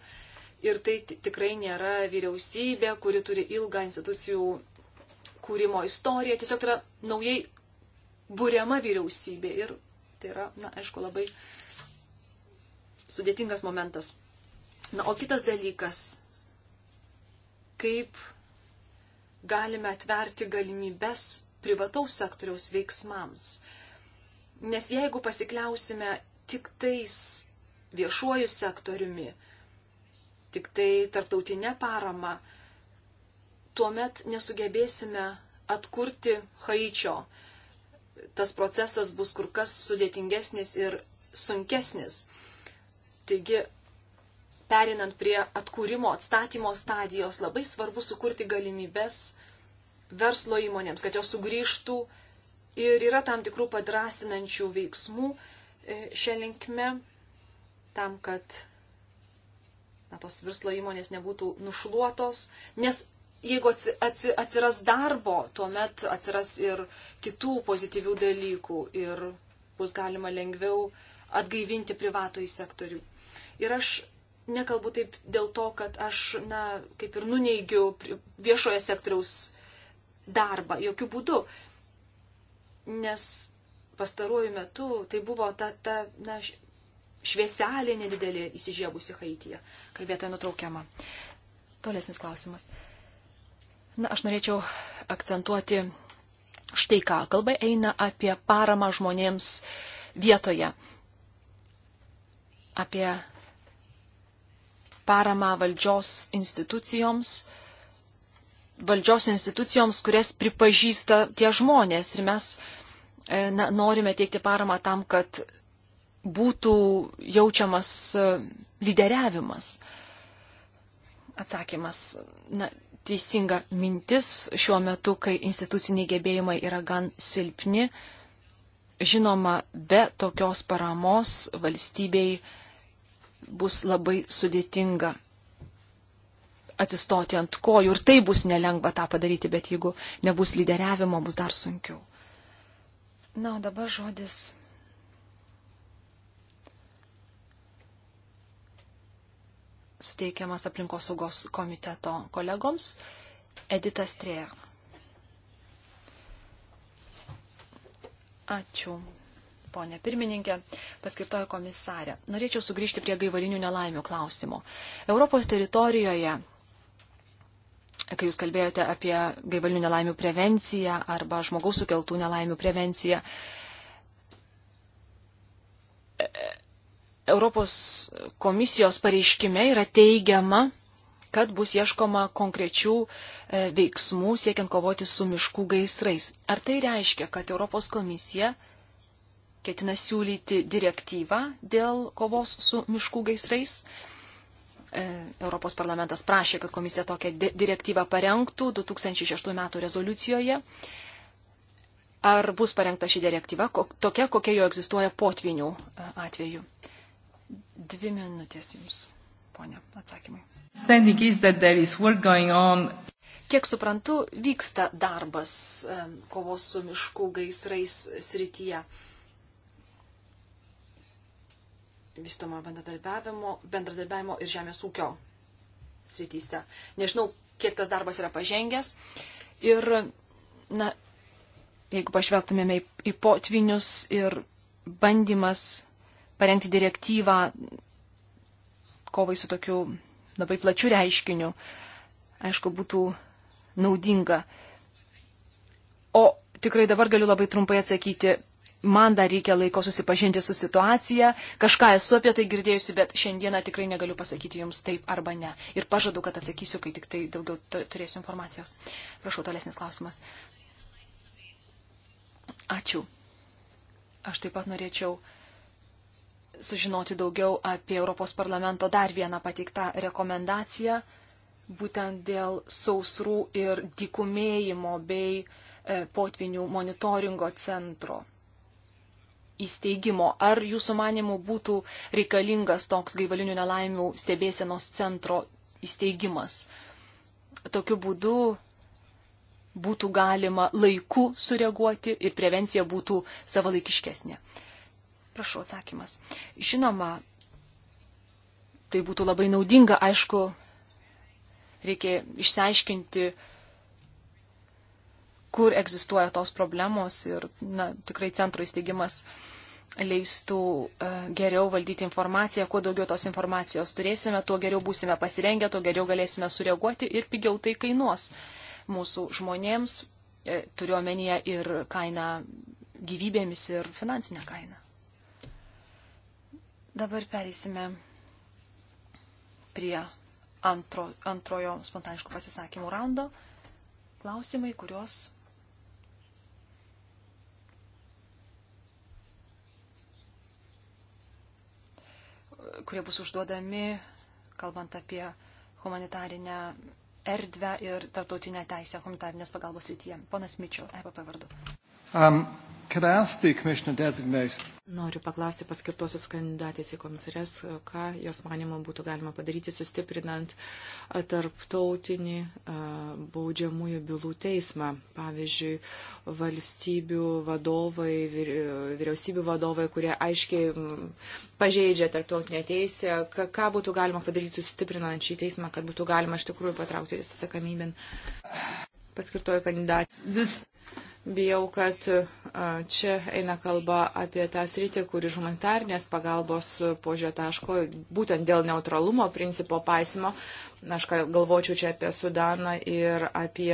ir tai tikrai nėra vyriausybė, kuri turi ilgą institucijų kūrimo istoriją. Tiesiog tai yra naujai būriama vyriausybė ir tai yra, na, aišku, labai sudėtingas momentas. Na, o kitas dalykas, kaip galime atverti galimybes privataus sektoriaus veiksmams. Nes jeigu pasikliausime tik tais viešuoju sektoriumi, tik tai tarptautinė parama, tuomet nesugebėsime atkurti Haičio. Tas procesas bus kur kas sudėtingesnis ir sunkesnis. Taigi perinant prie atkūrimo, atstatymo stadijos, labai svarbu sukurti galimybės verslo įmonėms, kad jos sugrįžtų ir yra tam tikrų padrasinančių veiksmų e, šią linkme, tam, kad na, tos verslo įmonės nebūtų nušluotos, nes jeigu atsi, atsi, atsiras darbo, tuomet atsiras ir kitų pozityvių dalykų ir bus galima lengviau atgaivinti privatojį sektorių. Ir aš nekalbu taip dėl to, kad aš, na, kaip ir nuneigiu viešojo sektoriaus darbą, jokių būdų. Nes pastaruoju metu tai buvo ta, ta na, švieselė nedidelė įsižiebusi Haityje. Kalbėtoja nutraukiama. Tolesnis klausimas. Na, aš norėčiau akcentuoti štai ką. Kalba eina apie paramą žmonėms vietoje. Apie paramą valdžios institucijoms, valdžios institucijoms, kurias pripažįsta tie žmonės. Ir mes e, na, norime teikti paramą tam, kad būtų jaučiamas e, lyderiavimas. Atsakymas. Na, teisinga mintis šiuo metu, kai instituciniai gebėjimai yra gan silpni. Žinoma, be tokios paramos valstybei bus labai sudėtinga atsistoti ant kojų ir tai bus nelengva tą padaryti, bet jeigu nebus lyderiavimo, bus dar sunkiau. Na, o dabar žodis. Suteikiamas aplinkosaugos komiteto kolegoms Edita Strėja. Ačiū, ponė pirmininkė, paskirtojo komisarė. Norėčiau sugrįžti prie gaivalinių nelaimių klausimo. Europos teritorijoje, kai jūs kalbėjote apie gaivalinių nelaimių prevenciją arba žmogaus sukeltų nelaimių prevenciją, Europos komisijos pareiškime yra teigiama, kad bus ieškoma konkrečių e, veiksmų siekiant kovoti su miškų gaisrais. Ar tai reiškia, kad Europos komisija ketina siūlyti direktyvą dėl kovos su miškų gaisrais. E, Europos parlamentas prašė, kad komisija tokią direktyvą parengtų 2006 metų rezoliucijoje. Ar bus parengta ši direktyva tokia, kokia jo egzistuoja potvinių e, atveju? Dvi minutės jums, ponė, atsakymai. Kiek suprantu, vyksta darbas e, kovos su miškų gaisrais srityje vystoma bendradarbiavimo, bendradarbiavimo ir žemės ūkio srityse. Nežinau, kiek tas darbas yra pažengęs. Ir, na, jeigu pažvelgtumėme į, į potvinius ir bandymas parengti direktyvą kovai su tokiu labai plačiu reiškiniu, aišku, būtų naudinga. O tikrai dabar galiu labai trumpai atsakyti man dar reikia laiko susipažinti su situacija, kažką esu apie tai girdėjusi, bet šiandieną tikrai negaliu pasakyti jums taip arba ne. Ir pažadu, kad atsakysiu, kai tik tai daugiau turėsiu informacijos. Prašau, tolesnis klausimas. Ačiū. Aš taip pat norėčiau sužinoti daugiau apie Europos parlamento dar vieną pateiktą rekomendaciją, būtent dėl sausrų ir dikumėjimo bei e, potvinių monitoringo centro įsteigimo. Ar jūsų manimų būtų reikalingas toks gaivalinių nelaimių stebėsenos centro įsteigimas? Tokiu būdu būtų galima laiku sureaguoti ir prevencija būtų savalaikiškesnė. Prašau atsakymas. Žinoma, tai būtų labai naudinga, aišku, reikia išsiaiškinti, kur egzistuoja tos problemos ir na, tikrai centro įsteigimas leistų e, geriau valdyti informaciją, kuo daugiau tos informacijos turėsime, tuo geriau būsime pasirengę, tuo geriau galėsime sureaguoti ir pigiau tai kainuos mūsų žmonėms, e, turiuomenyje ir kainą gyvybėmis ir finansinę kainą. Dabar perėsime prie antro, antrojo spontaniškų pasisakymų raundo. Klausimai, kuriuos kurie bus užduodami, kalbant apie humanitarinę erdvę ir tarptautinę teisę humanitarinės pagalbos rytyje. Ponas Mičel, EPP vardu. Um, Noriu paklausti paskirtosios kandidatės į komisarės, ką jos manimo būtų galima padaryti, sustiprinant tarptautinį baudžiamųjų bylų teismą. Pavyzdžiui, valstybių vadovai, vyriausybių vadovai, kurie aiškiai pažeidžia tarptautinę teisę, ką būtų galima padaryti, sustiprinant šį teismą, kad būtų galima iš tikrųjų patraukti ir atsakomybin. Paskirtojo kandidatės. Bijau, kad čia eina kalba apie tą sritį, kuri humanitarnės pagalbos požio taško, būtent dėl neutralumo principo paisimo. Aš galvočiau čia apie Sudaną ir apie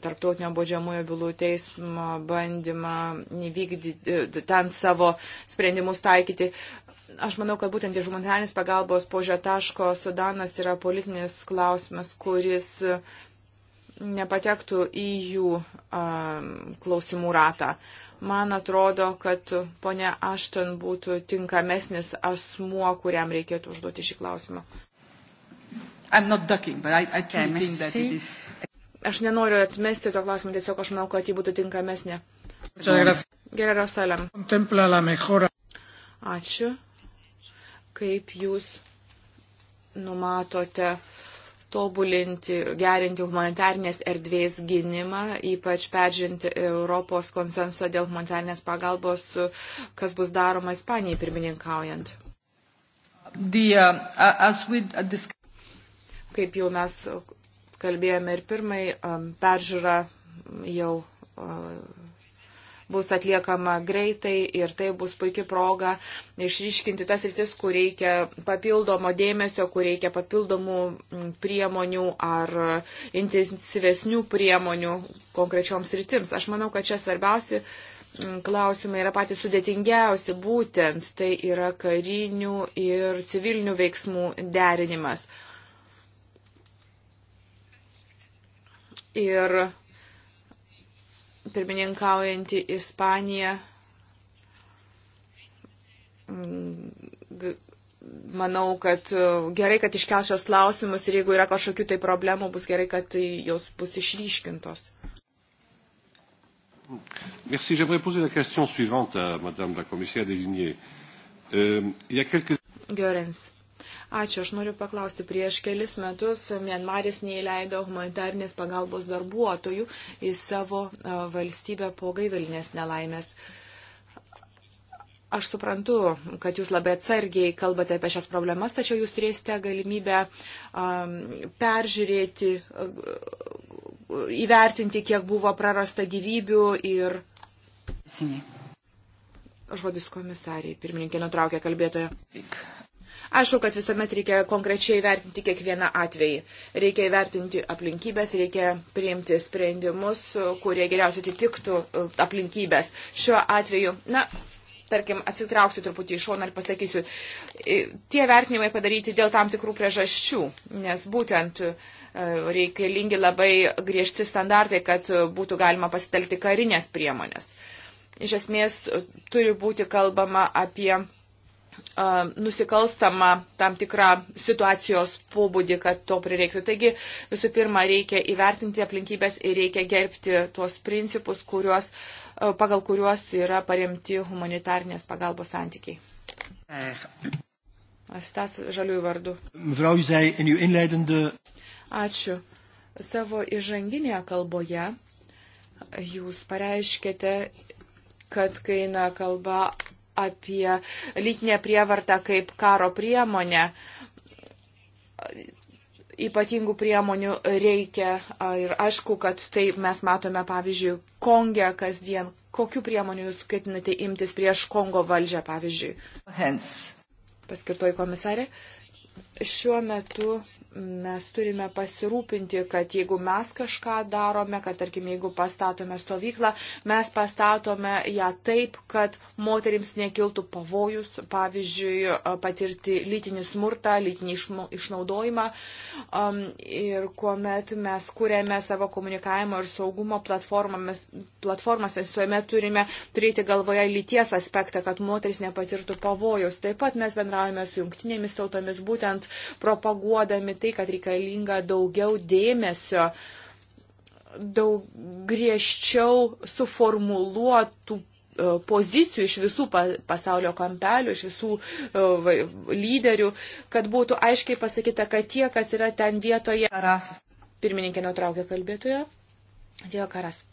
tarptautinio baudžiamųjų bylų teismo bandymą įvykdyti e, ten savo sprendimus taikyti. Aš manau, kad būtent iš humanitarnės pagalbos požio taško Sudanas yra politinis klausimas, kuris uh, nepatektų į jų klausimų ratą. Man atrodo, kad ponia Ašton būtų tinkamesnis asmuo, kuriam reikėtų užduoti šį klausimą. Ducking, I, I okay, is... Aš nenoriu atmesti to klausimą, tiesiog aš manau, kad jį būtų tinkamesnė. Gerai, Rosalem. Ačiū. Kaip jūs numatote uh, tobulinti, gerinti humanitarnės erdvės gynimą, ypač peržinti Europos konsenso dėl humanitarnės pagalbos, kas bus daroma Ispanijai pirmininkaujant. The, uh, with, uh, this... Kaip jau mes kalbėjome ir pirmai, um, peržiūra jau uh, bus atliekama greitai ir tai bus puikia proga išryškinti tas rytis, kur reikia papildomo dėmesio, kur reikia papildomų mm, priemonių ar intensyvesnių priemonių konkrečioms rytims. Aš manau, kad čia svarbiausia mm, klausimai yra patys sudėtingiausi, būtent tai yra karinių ir civilinių veiksmų derinimas. Ir pirmininkaujantį Ispaniją manau, kad e, gerai, kad iškel šios klausimus ir jeigu yra kažkokių tai problemų, bus gerai, kad jos bus išryškintos. Merci. J'aimerais poser la question suivante à Madame la commissaire désignée. Euh, il y a quelques... Görens. Ačiū, aš noriu paklausti, prieš kelis metus Mienmaris neįleido humanitarnės pagalbos darbuotojų į savo e, valstybę po gaivalinės nelaimės. Aš suprantu, kad jūs labai atsargiai kalbate apie šias problemas, tačiau jūs turėsite galimybę um, peržiūrėti, e, įvertinti, kiek buvo prarasta gyvybių ir. Žodis komisariai, pirmininkė nutraukė kalbėtoje. Vyk. Aišku, kad visuomet reikia konkrečiai vertinti kiekvieną atvejį. Reikia įvertinti aplinkybės, reikia priimti sprendimus, kurie geriausiai atitiktų e, aplinkybės. Šiuo atveju, na, tarkim, atsitrauksiu truputį iš šoną ir pasakysiu, e, tie vertinimai padaryti dėl tam tikrų priežasčių, nes būtent e, reikalingi labai griežti standartai, kad būtų galima pasitelkti karinės priemonės. Iš esmės turi būti kalbama apie nusikalstama tam tikrą situacijos pobūdį, kad to prireiktų. Taigi visų pirma reikia įvertinti aplinkybės ir reikia gerbti tuos principus, kuriuos, pagal kuriuos yra paremti humanitarnės pagalbos santykiai. Astas žaliųjų vardu. Ačiū. Savo įžanginėje kalboje jūs pareiškėte, kad kai eina kalba apie lytinę prievartą kaip karo priemonę ypatingų priemonių reikia ir aišku, kad tai mes matome, pavyzdžiui, Kongę kasdien. Kokiu priemoniu jūs ketinate imtis prieš Kongo valdžią, pavyzdžiui? Hence. Paskirtoji komisarė. Šiuo metu mes turime pasirūpinti, kad jeigu mes kažką darome, kad tarkim, jeigu pastatome stovyklą, mes pastatome ją taip, kad moterims nekiltų pavojus, pavyzdžiui, patirti lytinį smurtą, lytinį išnaudojimą. Um, ir kuomet mes kūrėme savo komunikavimo ir saugumo platformas, platformas visuomet turime turėti galvoje lyties aspektą, kad moteris nepatirtų pavojus. Taip pat mes bendraujame su jungtinėmis tautomis, būtent propaguodami tai, kad reikalinga daugiau dėmesio, daug griežčiau suformuluotų e, pozicijų iš visų pasaulio kampelių, iš visų e, lyderių, kad būtų aiškiai pasakyta, kad tie, kas yra ten vietoje. Karas. Pirmininkė nutraukė kalbėtojo. Atėjo karas.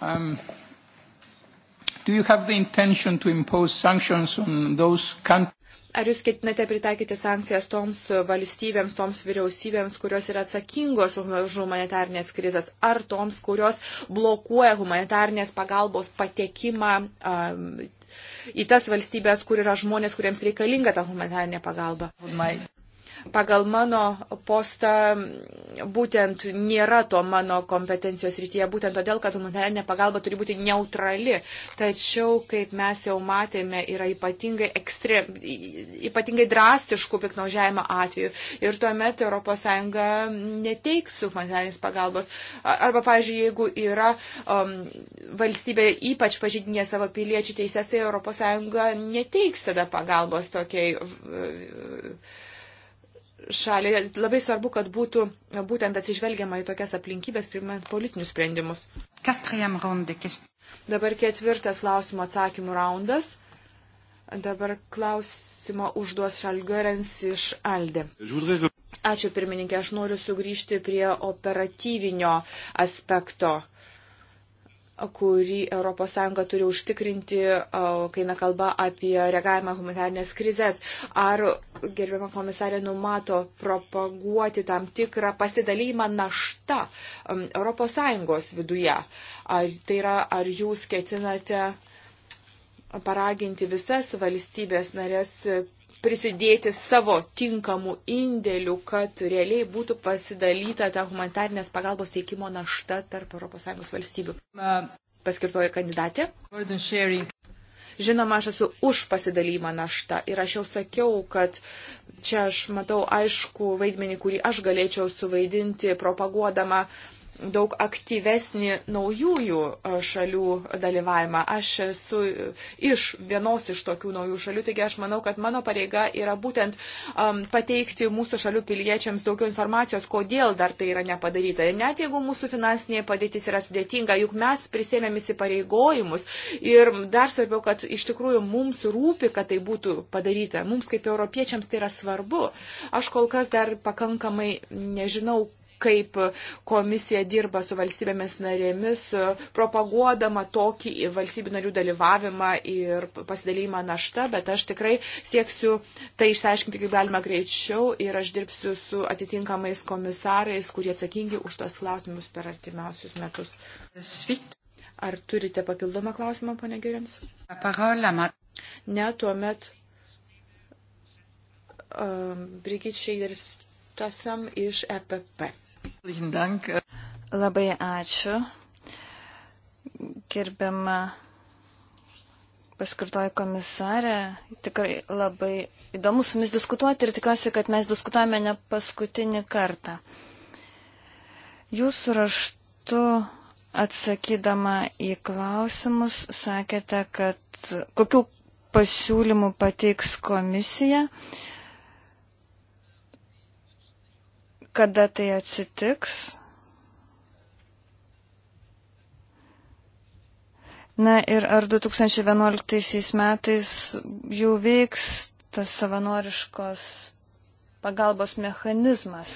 Um, Do you have the intention to impose sanctions on those countries? Ar jūs ketinate pritaikyti sankcijas toms valstybėms, toms vyriausybėms, kurios yra atsakingos už humanitarnės krizas, ar toms, kurios blokuoja humanitarnės pagalbos patekimą um, į tas valstybės, kur yra žmonės, kuriems reikalinga ta humanitarnė pagalba? My pagal mano postą būtent nėra to mano kompetencijos rytyje, būtent todėl, kad humanitarinė pagalba turi būti neutrali. Tačiau, kaip mes jau matėme, yra ypatingai, ekstre, ypatingai drastiškų piknaužiavimo atvejų. Ir tuomet ES neteiks humanitarinės pagalbos. Arba, pavyzdžiui, jeigu yra um, valstybė ypač pažydinė savo piliečių teises, tai ES neteiks tada pagalbos tokiai. Uh, šaliai. Labai svarbu, kad būtų būtent atsižvelgiama į tokias aplinkybės, primant politinius sprendimus. Dabar ketvirtas klausimo atsakymų raundas. Dabar klausimą užduos Šalgerens iš Aldė. Ačiū pirmininkė, aš noriu sugrįžti prie operatyvinio aspekto kurį ES turi užtikrinti, kai na kalba apie reagavimą humanitarnės krizės. Ar gerbiama komisarė numato propaguoti tam tikrą pasidalymą naštą ES viduje? Ar, tai yra, ar jūs ketinate paraginti visas valstybės narės prisidėti savo tinkamų indėlių, kad realiai būtų pasidalyta ta humanitarnės pagalbos teikimo našta tarp ES valstybių. Paskirtoji kandidatė. Žinoma, aš esu už pasidalymą naštą ir aš jau sakiau, kad čia aš matau aišku vaidmenį, kurį aš galėčiau suvaidinti propaguodama uh, daug aktyvesnį naujųjų e, šalių dalyvavimą. Aš esu iš vienos iš tokių naujų šalių, taigi aš manau, kad mano pareiga yra būtent um, pateikti mūsų šalių piliečiams daugiau informacijos, kodėl dar tai yra nepadaryta. Ir net jeigu mūsų finansinė padėtis yra sudėtinga, juk mes prisėmėm įsipareigojimus ir dar svarbiau, kad iš tikrųjų mums rūpi, kad tai būtų padaryta. Mums kaip europiečiams tai yra svarbu. Aš kol kas dar pakankamai nežinau, kaip komisija dirba su valstybėmis narėmis, propaguodama tokį valstybių narių dalyvavimą ir pasidalymą naštą, bet aš tikrai sieksiu tai išsiaiškinti kaip galima greičiau ir aš dirbsiu su atitinkamais komisarais, kurie atsakingi už tos klausimus per artimiausius metus. Svit. Ar turite papildomą klausimą, ponė Geriams? Ne, tuomet um, Brigit Šeiderstasam iš EPP. Labai ačiū. Gerbiama paskirtoji komisarė, tikrai labai įdomu su jumis diskutuoti ir tikiuosi, kad mes diskutuojame ne paskutinį kartą. Jūsų raštu atsakydama į klausimus sakėte, kad kokių pasiūlymų pateiks komisija. Uh, kada tai atsitiks. Na ir ar 2011 metais jau veiks tas savanoriškos pagalbos mechanizmas?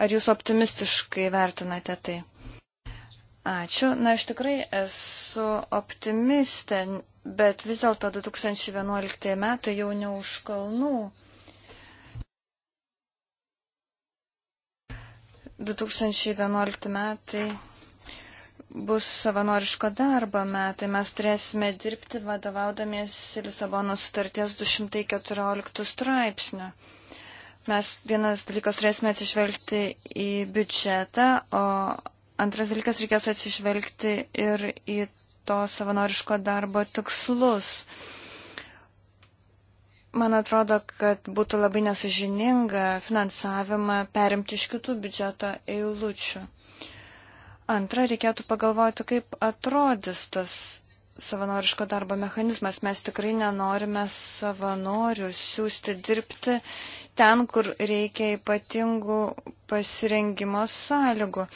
Ar jūs optimistiškai vertinate tai? Ačiū. Na, aš tikrai esu optimistė, bet vis dėlto 2011 metai jau ne už kalnų. 2011 metai bus savanoriško darbo metai. Mes turėsime dirbti vadovaudamiesi Lisabono sutarties 214 straipsnio. Mes vienas dalykas turėsime atsižvelgti į biudžetą, o antras dalykas reikės atsižvelgti ir į to savanoriško darbo tikslus. Uh, Man atrodo, kad būtų labai nesažininga finansavimą perimti iš kitų biudžeto eilučių. Antra, reikėtų pagalvoti, kaip atrodys tas savanoriško darbo mechanizmas. Mes tikrai nenorime savanorių siūsti dirbti ten, kur reikia ypatingų pasirengimo sąlygų.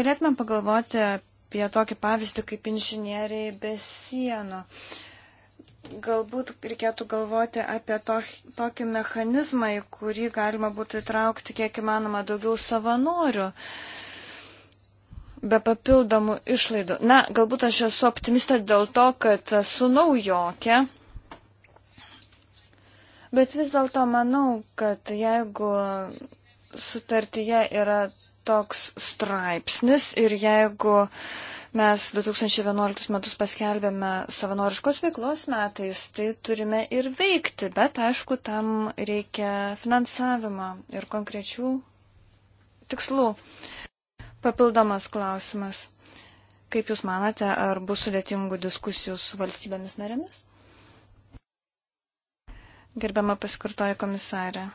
Galėtume pagalvoti apie tokį pavyzdį kaip inžinieriai be sienų. Uh, Galbūt reikėtų galvoti apie to, tokį mechanizmą, į kurį galima būtų įtraukti kiek įmanoma daugiau savanorių be papildomų išlaidų. Na, galbūt aš esu optimistė dėl to, kad esu naujokė, bet vis dėlto manau, kad jeigu sutartyje yra toks straipsnis ir jeigu Mes 2011 metus paskelbėme savanoriškos veiklos metais, tai turime ir veikti, bet aišku, tam reikia finansavimo ir konkrečių tikslų. Papildomas klausimas. Kaip Jūs manate, ar bus sudėtingų diskusijų su valstybėmis narėmis? Gerbiama pasikartoja komisarė.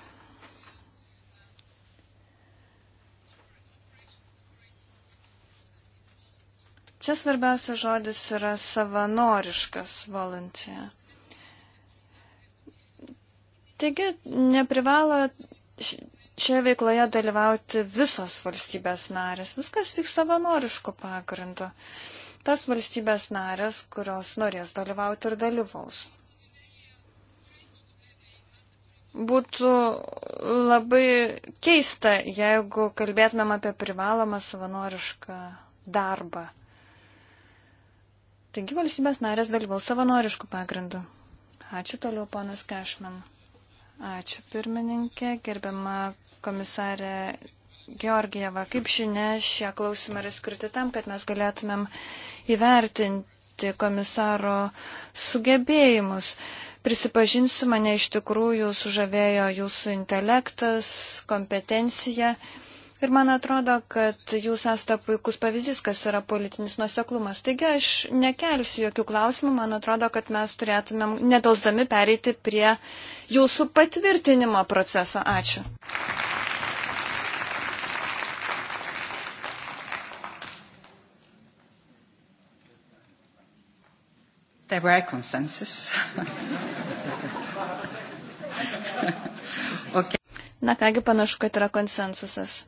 Čia svarbiausia žodis yra savanoriškas volunteer. Taigi neprivalo čia veikloje dalyvauti visos valstybės narės. Viskas vyks savanoriškų pagrindų. Tas valstybės narės, kurios norės dalyvauti ir dalyvaus. Būtų labai keista, jeigu kalbėtumėm apie privalomą savanorišką darbą Taigi valstybės narės dalyvaus savanoriškų pagrindų. Ačiū toliau, ponas Kešman. Ačiū pirmininkė, gerbiama komisarė Georgieva. Kaip žinia, šie klausimai yra skirti tam, kad mes galėtumėm įvertinti komisaro sugebėjimus. Prisipažinsiu, mane iš tikrųjų sužavėjo jūsų intelektas, kompetencija. Ir man atrodo, kad jūs esate puikus pavyzdys, kas yra politinis nuseklumas. Taigi aš nekelsiu jokių klausimų, man atrodo, kad mes turėtumėm nedalsdami pereiti prie jūsų patvirtinimo proceso. Ačiū. There were consensus. *laughs* okay. Na kągi, panašu, kad yra konsensusas.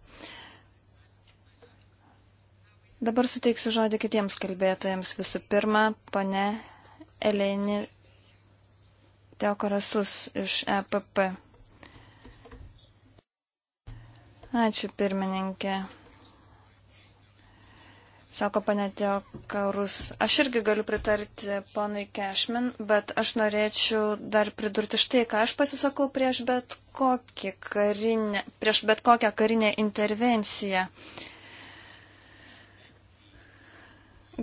Dabar suteiksiu žodį kitiems kalbėtojams. Visų pirma, pane Eleni Teokorasus iš EPP. Ačiū pirmininkė. Sako panetio Karus, aš irgi galiu pritarti ponui Kešmin, bet aš norėčiau dar pridurti štai, ką aš pasisakau prieš bet, karinę, prieš bet kokią karinę intervenciją. Uh,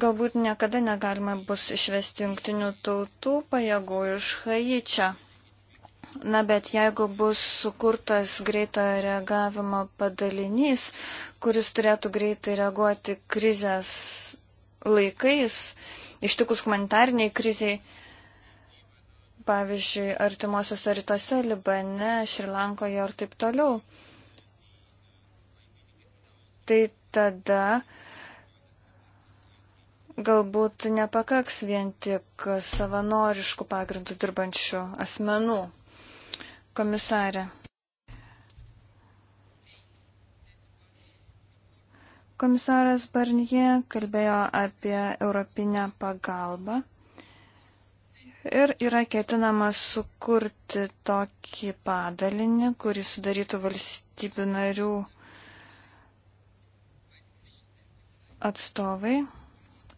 Galbūt niekada negalima bus išvesti jungtinių tautų pajėgų iš Haičio. Na bet jeigu bus sukurtas greito reagavimo padalinys, kuris turėtų greitai reaguoti krizės laikais, ištikus humanitarniai kriziai, pavyzdžiui, artimuosiuose rytuose, Libane, Šrilankoje ir taip toliau, tai tada galbūt nepakaks vien tik savanoriškų pagrindų dirbančių asmenų. Komisarė. Komisaras Barnie kalbėjo apie europinę pagalbą ir yra ketinama sukurti tokį padalinį, kurį sudarytų valstybių narių atstovai.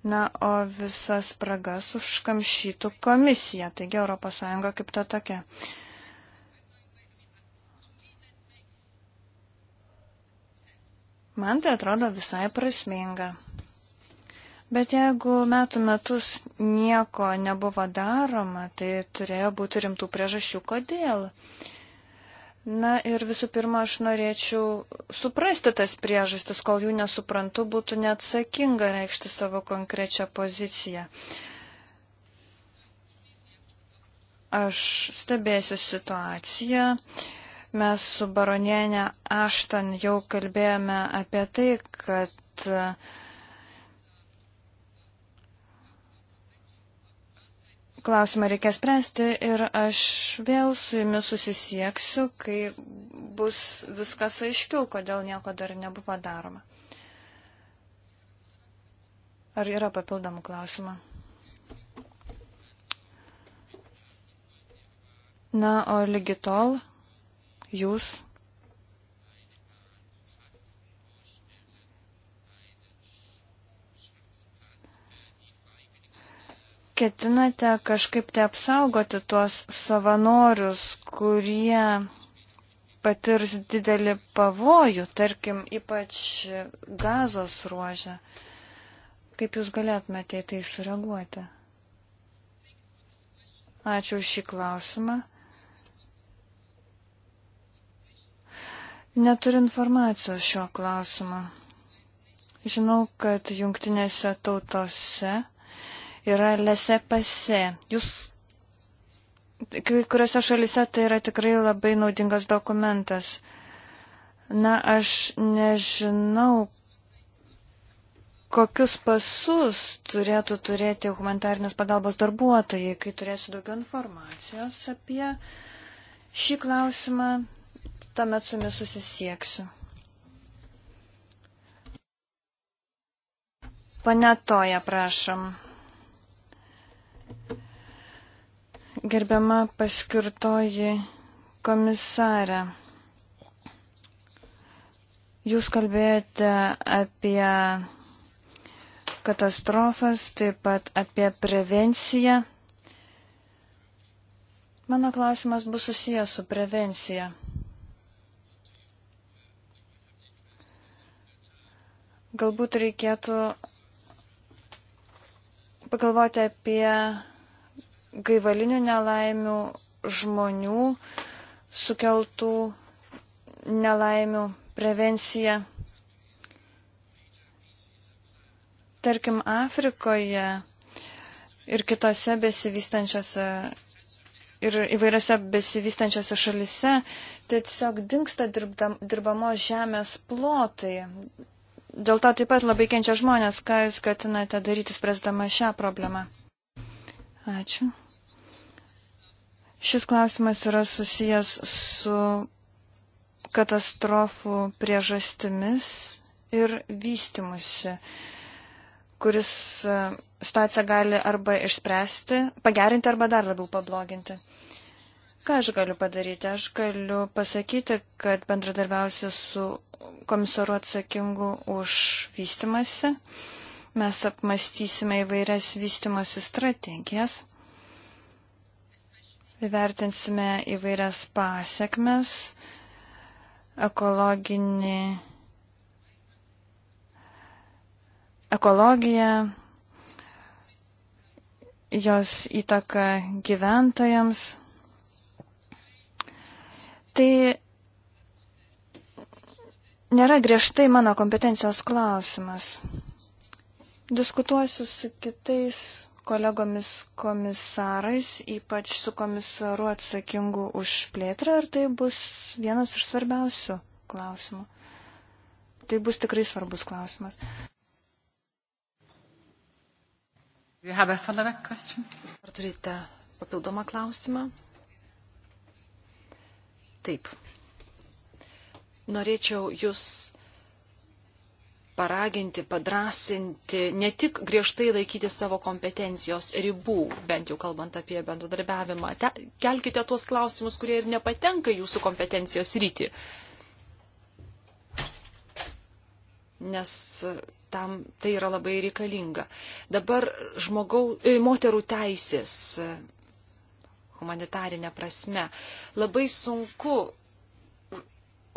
Na, o visas spragas užkamšytų komisija, taigi ES kaip ta tokia. Man tai atrodo visai prasminga. Bet jeigu metų metus nieko nebuvo daroma, tai turėjo būti rimtų priežasčių, kodėl. Uh, Na ir visų pirma, aš norėčiau suprasti tas priežastis, kol jų nesuprantu, būtų neatsakinga reikšti savo konkrečią poziciją. Aš stebėsiu situaciją. Mes su baronienė Ašton jau kalbėjome apie tai, kad uh, klausimą reikia spręsti ir aš vėl su jumis susisieksiu, kai bus viskas aiškiau, kodėl nieko dar nebuvo daroma. Ar yra papildomų klausimų? Na, o lygi tol jūs ketinate kažkaip tai apsaugoti tuos savanorius, kurie patirs didelį pavojų, tarkim, ypač gazos ruožę? Kaip jūs galėtumėte į tai sureaguoti? Ačiū už šį klausimą. Neturiu informacijos šio klausimo. Žinau, kad jungtinėse tautose yra lese pase. Jūs, kai kuriuose šalise tai yra tikrai labai naudingas dokumentas. Na, aš nežinau, kokius pasus turėtų turėti humanitarnės pagalbos darbuotojai, kai turėsiu daugiau informacijos apie šį klausimą, tuomet su jumis susisieksiu. Pane Toja, prašom. Gerbiama paskirtoji komisarė, jūs kalbėjote apie katastrofas, taip pat apie prevenciją. Mano klausimas bus susijęs su prevencija. Galbūt reikėtų pagalvoti apie gaivalinių nelaimių, žmonių sukeltų nelaimių prevencija. Tarkim, Afrikoje ir kitose besivystančiose ir įvairiose besivystančiose šalise tai tiesiog dinksta dirbdam, dirbamos žemės plotai. Dėl to taip pat labai kenčia žmonės, ką jūs skatinate daryti, spręsdama šią problemą. Ačiū. Šis klausimas yra susijęs su katastrofų priežastimis ir vystimusi, kuris e, situaciją gali arba išspręsti, pagerinti arba dar labiau pabloginti. Ką aš galiu padaryti? Aš galiu pasakyti, kad bendradarbiausiu su komisaru atsakingu už vystimasi. Uh, Mes apmastysime įvairias vystimosi strategijas, įvertinsime įvairias pasiekmes, ekologinį, ekologiją, jos įtaka gyventojams. Tai nėra griežtai mano kompetencijos klausimas. Diskutuosiu su kitais kolegomis komisarais, ypač su komisaru atsakingu už plėtrą, ir tai bus vienas iš svarbiausių klausimų. Tai bus tikrai svarbus klausimas. Ar turite papildomą klausimą? Taip. Norėčiau Jūs paraginti, padrasinti, ne tik griežtai laikyti savo kompetencijos ribų, bent jau kalbant apie bendradarbiavimą. Te, kelkite tuos klausimus, kurie ir nepatenka jūsų kompetencijos rytį. Nes tam tai yra labai reikalinga. Dabar žmogau, e, moterų teisės e, humanitarinė prasme. Labai sunku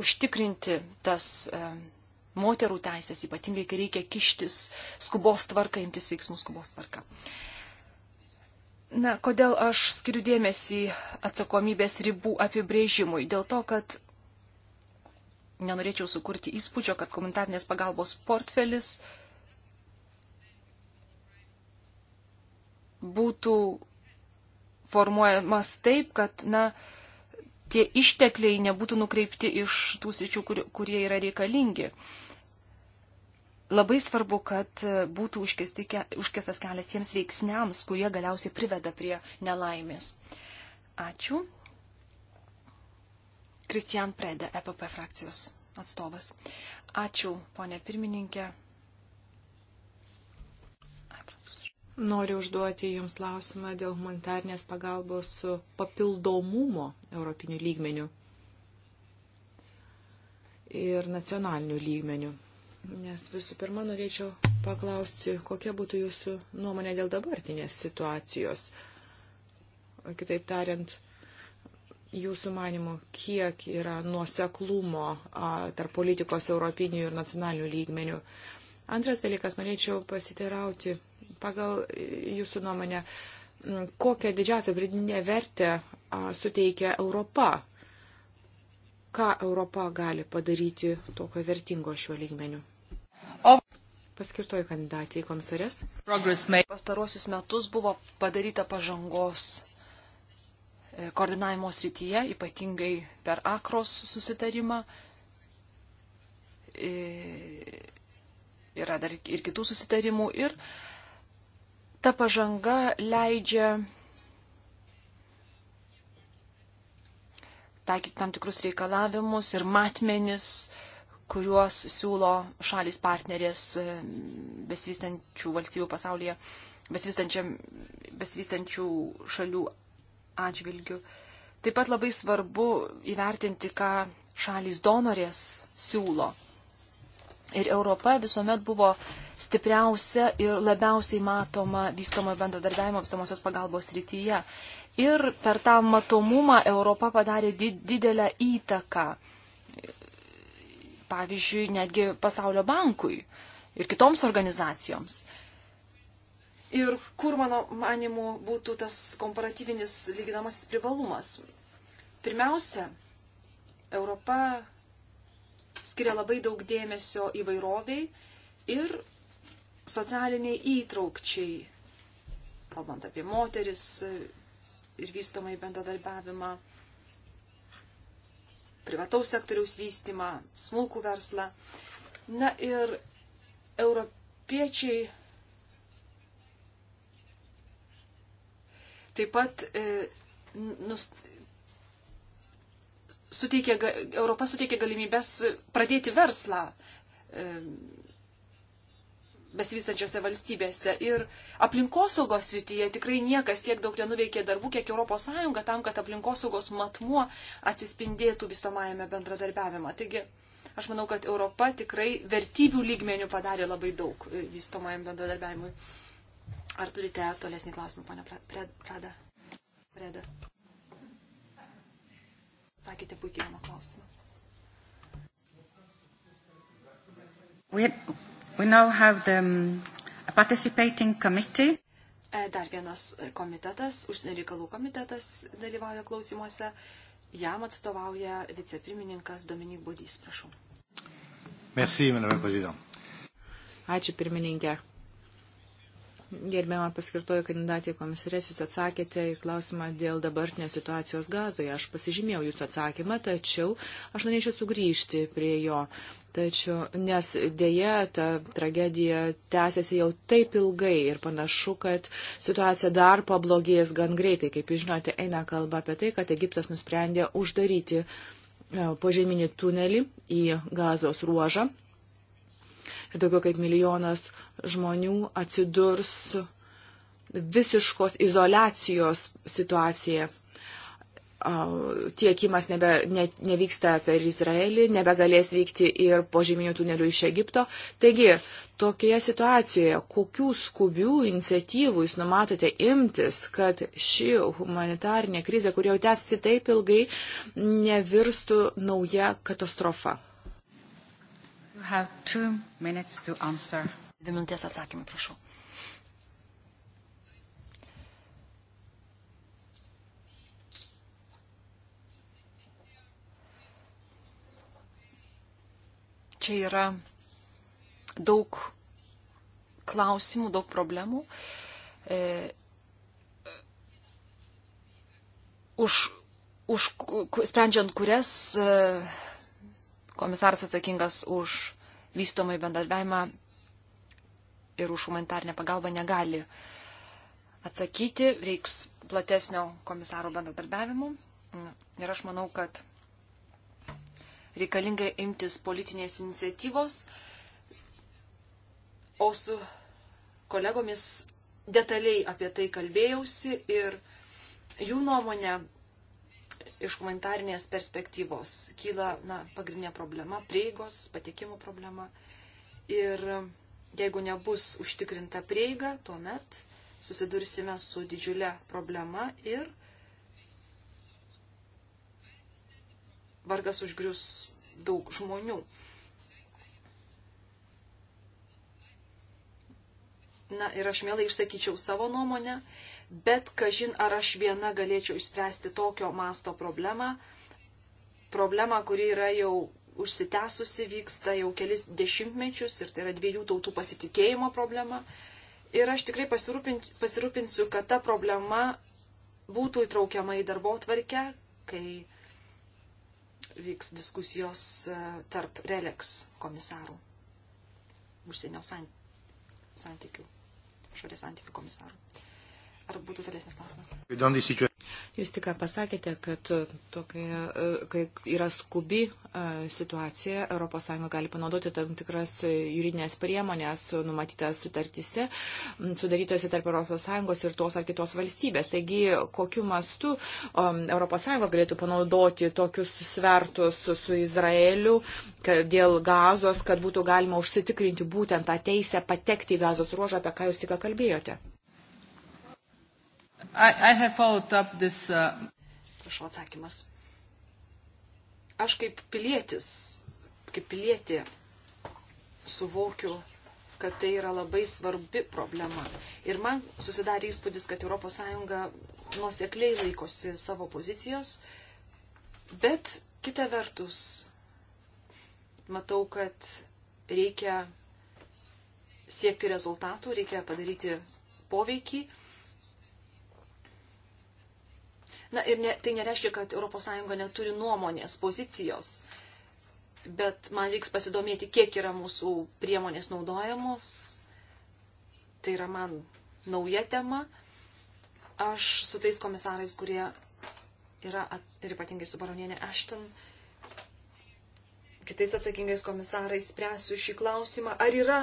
užtikrinti tas e, moterų teisės, ypatingai kai reikia kištis skubos tvarka, imtis veiksmų skubos tvarka. Na, kodėl aš skiriu dėmesį atsakomybės ribų apibrėžimui? Dėl to, kad nenorėčiau sukurti įspūdžio, kad komunitarnės pagalbos portfelis būtų formuojamas taip, kad, na, tie ištekliai nebūtų nukreipti iš tų sričių, kur, kurie yra reikalingi. Labai svarbu, kad būtų užkesti, užkestas kelias tiems veiksniams, kurie galiausiai priveda prie nelaimės. Ačiū. Kristian Prede, EPP frakcijos atstovas. Ačiū, ponė pirmininkė. Noriu užduoti Jums klausimą dėl humanitarnės pagalbos papildomumo europinių lygmenių ir nacionalinių lygmenių. Nes visų pirma, norėčiau paklausti, kokia būtų jūsų nuomonė dėl dabartinės situacijos. Kitaip tariant, jūsų manimo, kiek yra nuoseklumo a, tarp politikos europinių ir nacionalinių lygmenių. Antras dalykas, norėčiau pasiteirauti pagal jūsų nuomonę, kokią didžiausią pridinę vertę suteikia Europa? Ką Europa gali padaryti tokio vertingo šiuo lygmeniu? O paskirtoji kandidatė į komisarės. Pastaruosius metus buvo padaryta pažangos e, koordinavimo srityje, ypatingai per akros susitarimą. E, yra dar ir kitų susitarimų. Ir uh, ta pažanga leidžia taikyti tam tikrus reikalavimus ir matmenis, kuriuos siūlo šalis partnerės e, besivystančių valstybių pasaulyje, besivystančių šalių atžvilgių. Taip pat labai svarbu įvertinti, ką šalis donorės siūlo Ir Europa visuomet buvo stipriausia ir labiausiai matoma vystomo bendradarbiavimo vystomosios pagalbos rytyje. Ir per tą matomumą Europa padarė didelę įtaką, pavyzdžiui, netgi pasaulio bankui ir kitoms organizacijoms. Ir kur, mano manimu, būtų tas komparatyvinis lyginamasis privalumas? Pirmiausia, Europa skiria labai daug dėmesio įvairoviai ir socialiniai įtraukčiai, kalbant apie moteris ir vystomai bendradarbiavimą, privataus sektoriaus vystimą, smulkų verslą. Na ir europiečiai taip pat e, nus, suteikė, Europa suteikė galimybės pradėti verslą e, besivystančiose valstybėse. Ir aplinkosaugos srityje tikrai niekas tiek daug nenuveikė darbų, kiek ES tam, kad aplinkosaugos matmuo atsispindėtų vystomajame bendradarbiavime. Taigi, aš manau, kad Europa tikrai vertybių lygmenių padarė labai daug e, vystomajam bendradarbiavimui. Ar turite tolesnį klausimą, ponia Preda? Preda. Sakėte puikiai mano klausimą. We, we now have the um, participating committee. E, dar vienas e, komitetas, užsienio reikalų komitetas dalyvauja klausimuose. Jam atstovauja vicepirmininkas Dominik Budys, prašau. Merci, Ačiū pirmininkė. Gerbiamą paskirtojų kandidatį komisarės, jūs atsakėte į klausimą dėl dabartinės situacijos gazoje. Aš pasižymėjau jūsų atsakymą, tačiau aš norėčiau sugrįžti prie jo. Tačiau, nes dėja, ta tragedija tęsiasi jau taip ilgai ir panašu, kad situacija dar pablogės gan greitai. Kaip jūs žinote, eina kalba apie tai, kad Egiptas nusprendė uždaryti e, požeminį tunelį į gazos ruožą ir daugiau kaip milijonas žmonių atsidurs visiškos izolacijos situacija. Tiekimas nebe, ne, nevyksta per Izraelį, nebegalės vykti ir požeminių tunelių iš Egipto. Taigi, tokioje situacijoje, kokių skubių iniciatyvų jūs numatote imtis, kad ši humanitarinė krizė, kuri jau tęsiasi taip ilgai, nevirstų nauja katastrofa? Dvi minutės atsakymai, prašau. Čia yra daug klausimų, daug problemų. E, už, už, sprendžiant kurias. E, komisaras atsakingas už vystomą bendradarbiavimą ir už humanitarnę pagalbą negali atsakyti, reiks platesnio komisaro bendradarbiavimo. Ir aš manau, kad reikalinga imtis politinės iniciatyvos, o su kolegomis detaliai apie tai kalbėjausi ir jų nuomonė iš humanitarnės perspektyvos kyla na, pagrindinė problema - prieigos, patekimo problema. Ir jeigu nebus užtikrinta prieiga, tuomet susidursime su didžiulė problema ir vargas užgrius daug žmonių. Na ir aš mielai išsakyčiau savo nuomonę bet kažin ar aš viena galėčiau išspręsti tokio masto problemą, problemą, kuri yra jau užsitęsusi, vyksta jau kelis dešimtmečius ir tai yra dviejų tautų pasitikėjimo problema. Ir aš tikrai pasirūpinsiu, pasirūpinsiu kad ta problema būtų įtraukiama į darbo tvarkę, kai vyks diskusijos e, tarp RELEX komisarų, užsienio santykių, šalies santykių komisarų ar būtų tolesnis klausimas? Jūs tik pasakėte, kad tokia, e, kai yra skubi e, situacija, ES gali panaudoti tam tikras e, juridinės priemonės numatytas sutartise, sudarytose tarp ES ir tos ar kitos valstybės. Taigi, kokiu mastu ES galėtų panaudoti tokius svertus su Izraeliu dėl gazos, kad būtų galima užsitikrinti būtent tą teisę patekti į gazos ruožą, apie ką jūs tik kalbėjote? I, I have followed up this. Uh... Prašau atsakymas. Aš kaip pilietis, kaip pilietė suvokiu, kad tai yra labai svarbi problema. Ir man susidarė įspūdis, kad ES nuosekliai laikosi savo pozicijos, bet kita vertus matau, kad reikia siekti rezultatų, reikia padaryti poveikį Na ir ne, tai nereiškia, kad ES neturi nuomonės, pozicijos, bet man reiks pasidomėti, kiek yra mūsų priemonės naudojamos. Tai yra man nauja tema. Aš su tais komisarais, kurie yra, at, ir ypatingai su baronienė Ashton, kitais atsakingais komisarais spręsiu šį klausimą, ar yra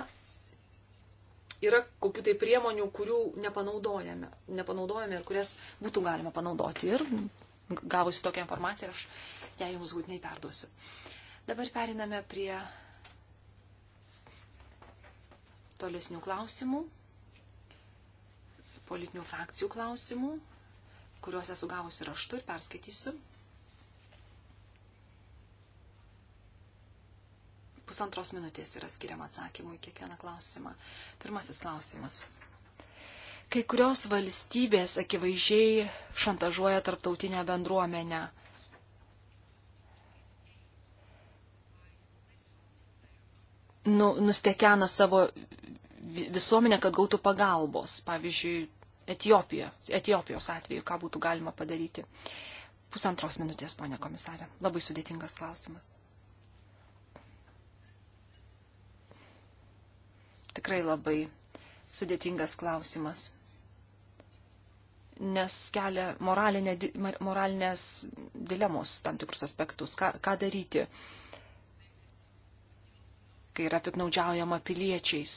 yra kokių tai priemonių, kurių nepanaudojame, nepanaudojame ir kurias būtų galima panaudoti. Ir gavusi tokią informaciją, aš ją jums būtinai perduosiu. Dabar periname prie tolesnių klausimų, politinių frakcijų klausimų, kuriuos esu gavusi raštu ir perskaitysiu. pusantros minutės yra skiriama atsakymui į kiekvieną klausimą. Pirmasis klausimas. Kai kurios valstybės akivaizdžiai šantažuoja tarptautinę bendruomenę. Nu, nustekena savo visuomenę, kad gautų pagalbos. Pavyzdžiui, Etijopija, Etijopijos atveju, ką būtų galima padaryti. Pusantros minutės, ponė komisarė. Labai sudėtingas klausimas. tikrai labai sudėtingas klausimas, nes kelia moralinė, moralinės dilemos tam tikrus aspektus, ką, ką daryti, kai yra piknaudžiaujama piliečiais.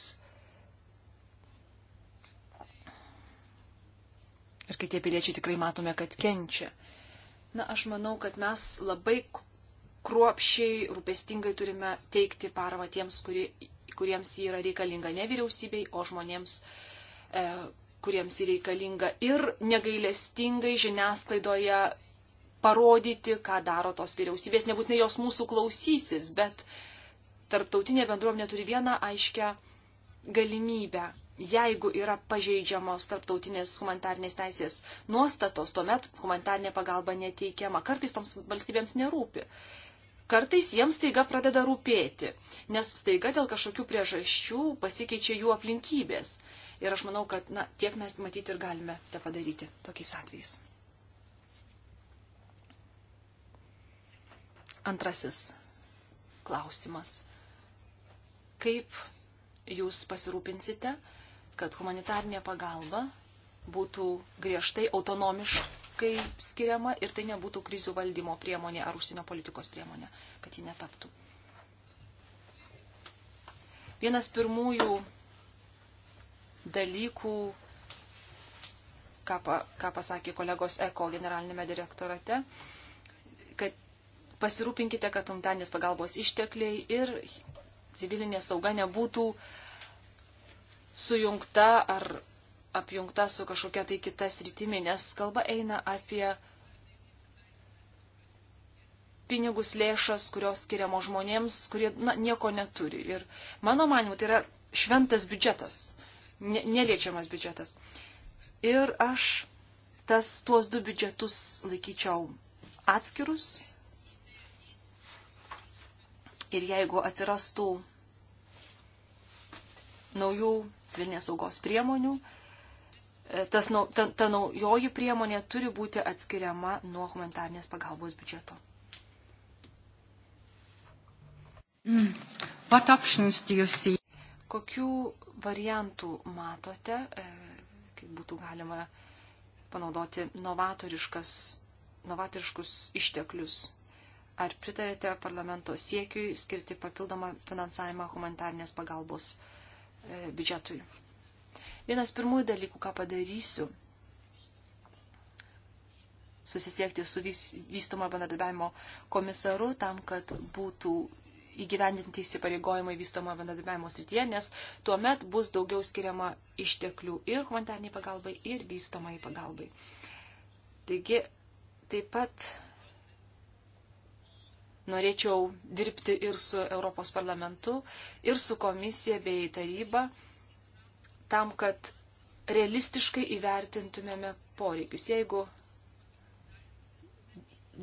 Ir kai tie piliečiai tikrai matome, kad kenčia. Na, aš manau, kad mes labai kruopšiai, rūpestingai turime teikti paramą tiems, kurie kuriems ji yra reikalinga ne vyriausybei, o žmonėms, e, kuriems ji reikalinga ir negailestingai žiniasklaidoje parodyti, ką daro tos vyriausybės. Nebūtinai jos mūsų klausysis, bet tarptautinė bendruomenė turi vieną aiškę galimybę. Jeigu yra pažeidžiamos tarptautinės humanitarnės teisės nuostatos, tuomet humanitarnė pagalba neteikiama. Kartais toms valstybėms nerūpi kartais jiems staiga pradeda rūpėti, nes staiga dėl kažkokių priežasčių pasikeičia jų aplinkybės. Ir aš manau, kad na, tiek mes matyti ir galime tą padaryti tokiais atvejais. Antrasis klausimas. Kaip jūs pasirūpinsite, kad humanitarnė pagalba būtų griežtai autonomiška? kai skiriama ir tai nebūtų krizių valdymo priemonė ar užsienio politikos priemonė, kad ji netaptų. Vienas pirmųjų dalykų, ką, pa, ką pasakė kolegos ECO generalinėme direktorate, kad pasirūpinkite, kad humanitarnės pagalbos ištekliai ir civilinė sauga nebūtų sujungta ar apjungta su kažkokia tai kita sritimi, nes kalba eina apie pinigus lėšas, kurios skiriamo žmonėms, kurie na, nieko neturi. Ir mano manimu, tai yra šventas biudžetas, ne, neliečiamas biudžetas. Ir aš tas, tuos du biudžetus laikyčiau atskirus. Ir jeigu atsirastų naujų civilinės saugos priemonių, tas, ta, ta naujoji priemonė turi būti atskiriama nuo humanitarnės pagalbos biudžeto. Mm. Kokių variantų matote, e, kaip būtų galima panaudoti novatoriškus išteklius? Ar pritarėte parlamento siekiui skirti papildomą finansavimą humanitarnės pagalbos e, biudžetui? Vienas pirmųjų dalykų, ką padarysiu, susisiekti su vystomo bendradarbiavimo komisaru tam, kad būtų įgyvendinti įsipareigojimai vystomo bendradarbiavimo srityje, nes tuo met bus daugiau skiriama išteklių ir humanitarniai pagalbai, ir vystomai pagalbai. Taigi, taip pat norėčiau dirbti ir su Europos parlamentu, ir su komisija bei taryba, tam, kad realistiškai įvertintumėme poreikius. Jeigu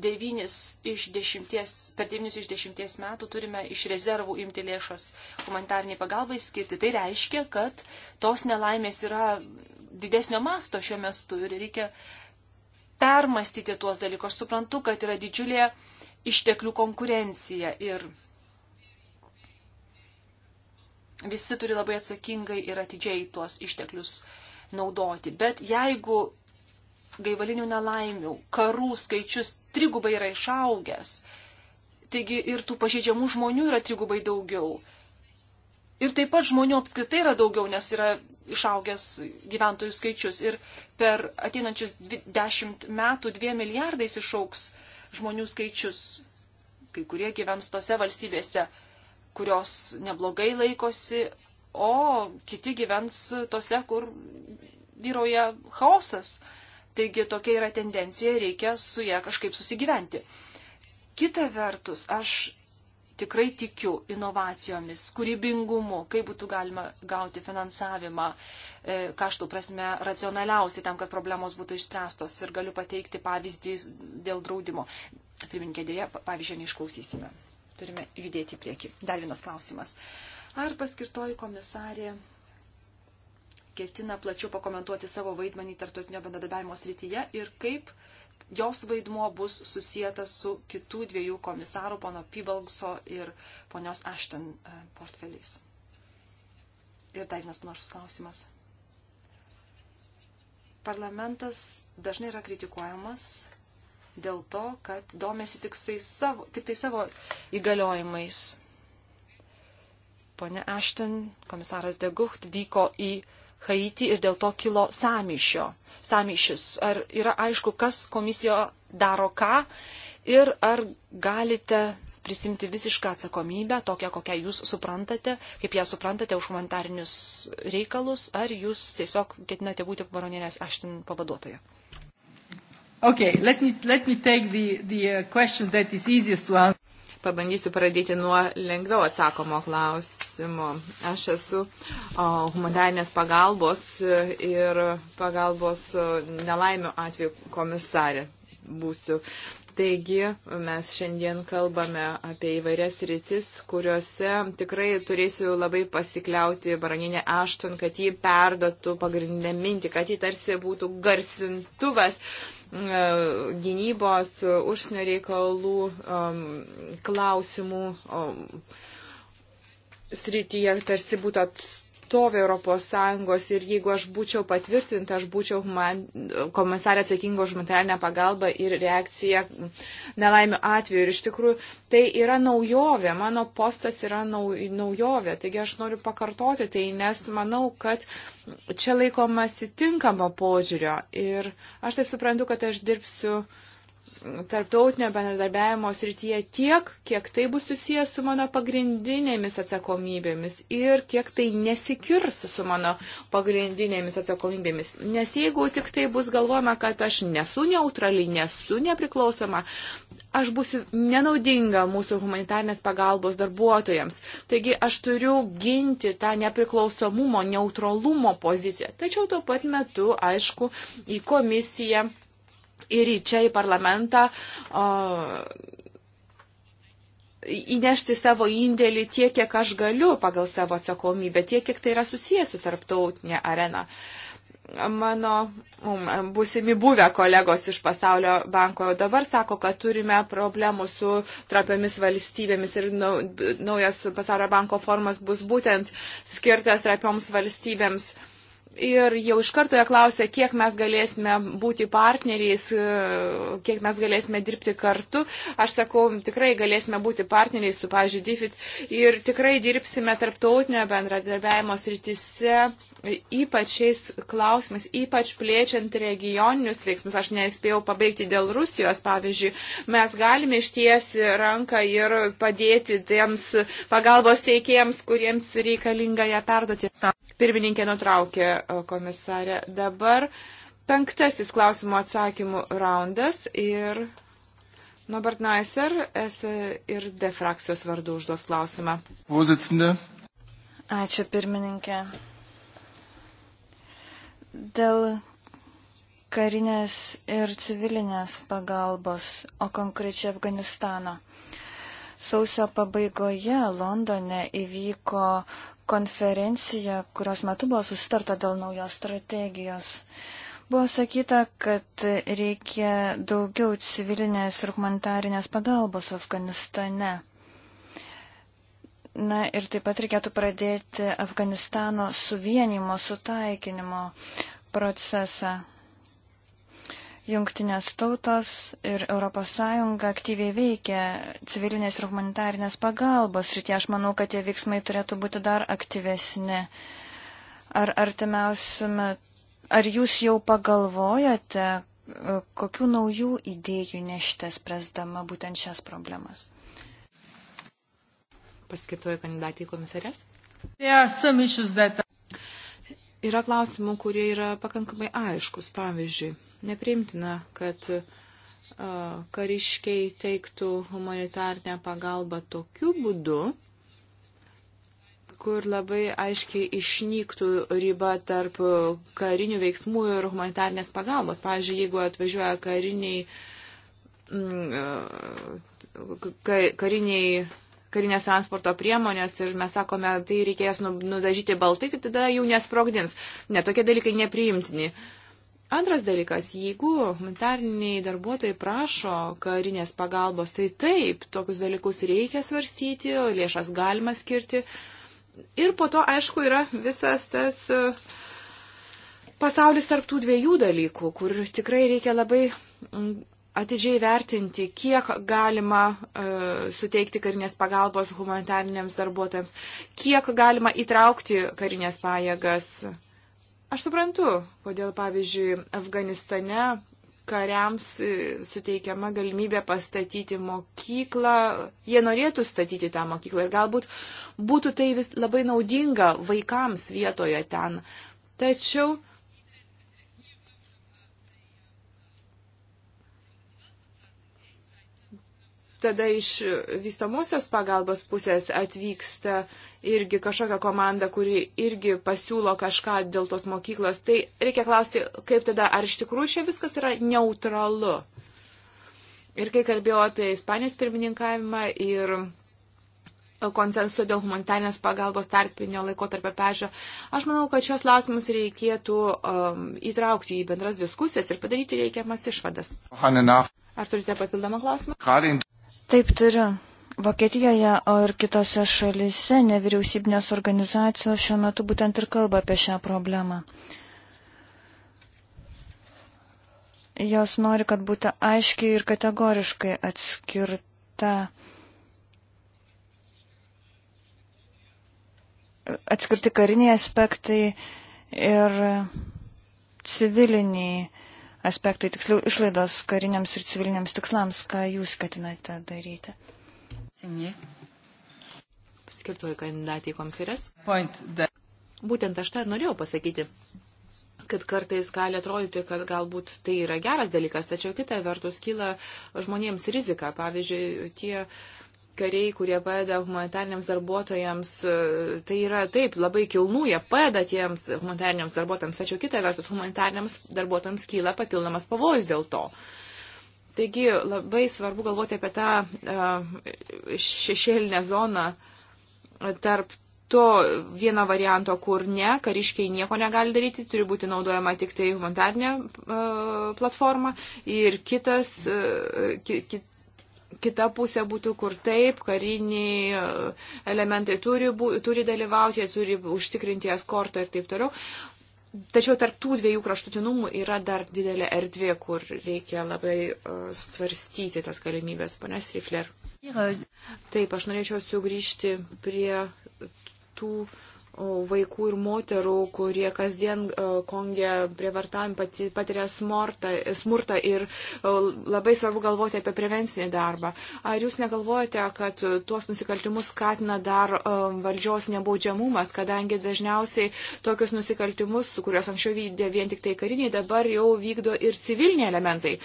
9 iš 10, per 9 iš 10 metų turime iš rezervų imti lėšas humanitarniai pagalbai skirti, tai reiškia, kad tos nelaimės yra didesnio masto šiuo mestu ir reikia permastyti tuos dalykus. Aš suprantu, kad yra didžiulė išteklių konkurencija ir visi turi labai atsakingai ir atidžiai tuos išteklius naudoti. Bet jeigu gaivalinių nelaimių, karų skaičius trigubai yra išaugęs, taigi ir tų pažeidžiamų žmonių yra trigubai daugiau. Ir taip pat žmonių apskritai yra daugiau, nes yra išaugęs gyventojų skaičius. Ir per ateinančius dešimt metų dviem milijardais išauks žmonių skaičius, kai kurie gyvens tose valstybėse, kurios neblogai laikosi, o kiti gyvens tose, kur vyroja chaosas. Taigi tokia yra tendencija, reikia su ją kažkaip susigyventi. Kita vertus, aš tikrai tikiu inovacijomis, kūrybingumu, kaip būtų galima gauti finansavimą, e, kaštų prasme racionaliausiai tam, kad problemos būtų išspręstos. Ir galiu pateikti pavyzdį dėl draudimo. Priminkė dėja, pavyzdžio neišklausysime turime judėti į priekį. Dar vienas klausimas. Ar paskirtoji komisarė ketina plačiau pakomentuoti savo vaidmenį tarptautinio bendradarbiavimo srityje ir kaip jos vaidmuo bus susijęs su kitų dviejų komisarų, pono Pibalgso ir ponios Ashton e, portfeliais. Ir dar vienas panašus klausimas. Parlamentas dažnai yra kritikuojamas dėl to, kad domėsi tik, tai savo, tik tai savo įgaliojimais. Pone Ashton, komisaras Degucht vyko į Haiti ir dėl to kilo samyšio. Samyšis. Ar yra aišku, kas komisijo daro ką ir ar galite prisimti visišką atsakomybę, tokią, kokią jūs suprantate, kaip ją suprantate už humanitarinius reikalus, ar jūs tiesiog ketinate būti baronienės aštin pavaduotoje? Okay, let me, let me take the, the uh, question that is easiest to answer. Pabandysiu pradėti nuo lengviau atsakomo klausimo. Aš esu humanitarinės pagalbos e, ir pagalbos e, nelaimių atveju komisarė būsiu. Taigi mes šiandien kalbame apie įvairias rytis, kuriuose tikrai turėsiu labai pasikliauti baraninę aštun, kad jį perdotų pagrindinę mintį, kad jį tarsi būtų garsintuvas gynybos, užsienio reikalų um, klausimų um, srityje tarsi būtų atstovų tvirtovė ES ir jeigu aš būčiau patvirtinta, aš būčiau human... komisarė atsakinga už humanitarinę pagalbą ir reakciją nelaimių atveju. Ir iš tikrųjų tai yra naujovė, mano postas yra nau... naujovė, taigi aš noriu pakartoti tai, nes manau, kad čia laikomasi tinkamo požiūrio. Ir aš taip suprantu, kad aš dirbsiu uh, tarptautinio bendradarbiavimo srityje tiek, kiek tai bus susijęs su mano pagrindinėmis atsakomybėmis ir kiek tai nesikirs su mano pagrindinėmis atsakomybėmis. Nes jeigu tik tai bus galvojama, kad aš nesu neutrali, nesu nepriklausoma, aš būsiu nenaudinga mūsų humanitarnės pagalbos darbuotojams. Taigi aš turiu ginti tą nepriklausomumo, neutralumo poziciją. Tačiau tuo pat metu, aišku, į komisiją ir į čia į parlamentą o, įnešti savo indėlį tiek, kiek aš galiu pagal savo atsakomybę, tiek, kiek tai yra susijęs su tarptautinė arena. Mano mm, būsimi buvę kolegos iš pasaulio banko dabar sako, kad turime problemų su trapiamis valstybėmis ir naujas pasaulio banko formas bus būtent skirtas trapioms valstybėms. Uh, Ir jau iš karto jie klausė, kiek mes galėsime būti partneriais, e, kiek mes galėsime dirbti kartu. Aš sakau, tikrai galėsime būti partneriais su, pavyzdžiui, DFIT ir tikrai dirbsime tarptautinio bendradarbiavimo srityse ypač šiais klausimais, ypač plėčiant regioninius veiksmus. Aš nespėjau pabaigti dėl Rusijos, pavyzdžiui, mes galime ištiesi ranką ir padėti tiems pagalbos teikėjams, kuriems reikalinga ją perduoti. Pirmininkė nutraukė komisarę. Dabar penktasis klausimų atsakymų raundas ir Norbert Neiser ir D frakcijos vardu užduos klausimą. Pozicinė. Ačiū pirmininkė. Dėl karinės ir civilinės pagalbos, o konkrečiai Afganistano. Sausio pabaigoje Londone įvyko konferencija, kurios metu buvo susitarta dėl naujos strategijos. Buvo sakyta, kad reikia daugiau civilinės ir humanitarinės pagalbos Afganistane. Na ir taip pat reikėtų pradėti Afganistano suvienimo, sutaikinimo procesą. Jungtinės tautos ir ES aktyviai veikia civilinės ir humanitarinės pagalbos rytie. Aš manau, kad tie veiksmai turėtų būti dar aktyvesni. Ar artimiausiame, ar jūs jau pagalvojate, kokių naujų idėjų neštės presdama būtent šias problemas? paskirtoji kandidatė į komisarės? That... Yra klausimų, kurie yra pakankamai aiškus. Pavyzdžiui, nepriimtina, kad kariškiai teiktų humanitarnę pagalbą tokiu būdu, kur labai aiškiai išnyktų riba tarp karinių veiksmų ir humanitarnės pagalbos. Pavyzdžiui, jeigu atvažiuoja kariniai, mm, kariniai karinės transporto priemonės ir mes sakome, tai reikės nu, nudažyti baltai, tai tada jų nesprogdins. Ne, tokie dalykai nepriimtini. Antras dalykas, jeigu humanitariniai darbuotojai prašo karinės pagalbos, tai taip, tokius dalykus reikia svarstyti, lėšas galima skirti. Ir po to, aišku, yra visas tas e, pasaulis tarptų dviejų dalykų, kur tikrai reikia labai atidžiai vertinti, kiek galima e, suteikti karinės pagalbos humanitariniams darbuotojams, kiek galima įtraukti karinės pajėgas. Aš suprantu, kodėl, pavyzdžiui, Afganistane kariams e, suteikiama galimybė pastatyti mokyklą, jie norėtų statyti tą mokyklą ir galbūt būtų tai vis labai naudinga vaikams vietoje ten. Tačiau tada iš vystamosios pagalbos pusės atvyksta irgi kažkokia komanda, kuri irgi pasiūlo kažką dėl tos mokyklos. Tai reikia klausti, kaip tada, ar iš tikrųjų čia viskas yra neutralu. Ir kai kalbėjau apie Ispanijos pirmininkavimą ir konsensuso dėl humanitarnės pagalbos tarpinio laiko tarp pežio. Aš manau, kad šios lausimus reikėtų um, įtraukti į bendras diskusijas ir padaryti reikiamas išvadas. Ar turite papildomą klausimą? Taip turiu. Vokietijoje, o ir kitose šalise nevyriausybinės organizacijos šiuo metu būtent ir kalba apie šią problemą. Jos nori, kad būtų aiškiai ir kategoriškai atskirta atskirti kariniai aspektai ir civiliniai aspektai, tiksliau išlaidos kariniams ir civiliniams tikslams, ką jūs ketinate daryti? Sinė. Paskirtuoju kandidatį į komisirės. Būtent aš tą norėjau pasakyti kad kartais gali atrodyti, kad galbūt tai yra geras dalykas, tačiau kita vertus kyla žmonėms rizika. Pavyzdžiui, tie uh, kariai, kurie padeda humanitariniams darbuotojams, e, tai yra taip, labai kilnų, jie padeda tiems humanitariniams darbuotojams, tačiau kita vertus humanitariniams darbuotojams kyla papildomas pavojus dėl to. Taigi labai svarbu galvoti apie tą e, šešėlinę zoną tarp to vieno varianto, kur ne, kariškiai nieko negali daryti, turi būti naudojama tik tai humanitarinė e, platforma ir kitas, ki, ki, kita pusė būtų, kur taip, kariniai e, elementai turi, bū, turi dalyvauti, jie turi užtikrinti eskortą ir taip toliau. Tačiau tarp tų dviejų kraštutinumų yra dar didelė erdvė, kur reikia labai uh, svarstyti tas galimybės, panes Rifler. Taip, aš norėčiau sugrįžti prie tų uh, vaikų ir moterų, kurie kasdien e, Kongė prievartavim patiria smurtą, smurtą ir e, labai svarbu galvoti apie prevencinį darbą. Ar jūs negalvojate, kad tuos nusikaltimus skatina dar e, valdžios nebaudžiamumas, kadangi dažniausiai tokius nusikaltimus, kuriuos anksčiau vykdė vien tik tai kariniai, dabar jau vykdo ir civiliniai elementai.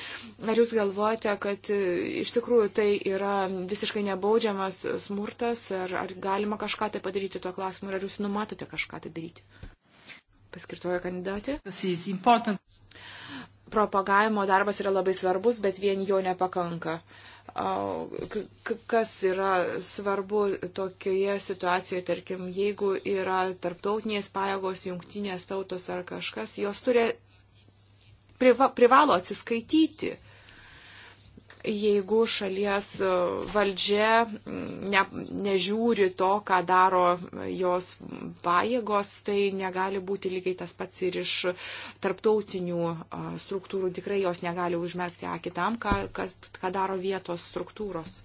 Ar jūs galvojate, kad iš tikrųjų tai yra visiškai nebaudžiamas smurtas, ar, ar galima kažką tai padaryti tuo klausimu, ar jūs numatote? numatote kažką tai daryti? Paskirtojo kandidatė. Propagavimo darbas yra labai svarbus, bet vien jo nepakanka kas yra svarbu tokioje situacijoje, tarkim, jeigu yra tarptautinės pajėgos, jungtinės tautos ar kažkas, jos turi priva, privalo atsiskaityti jeigu šalies e, valdžia mm, ne, nežiūri to, ką daro jos pajėgos, tai negali būti lygiai tas pats ir iš tarptautinių e, struktūrų. Tikrai jos negali užmerkti akį tam, ką, kas, ką daro vietos struktūros.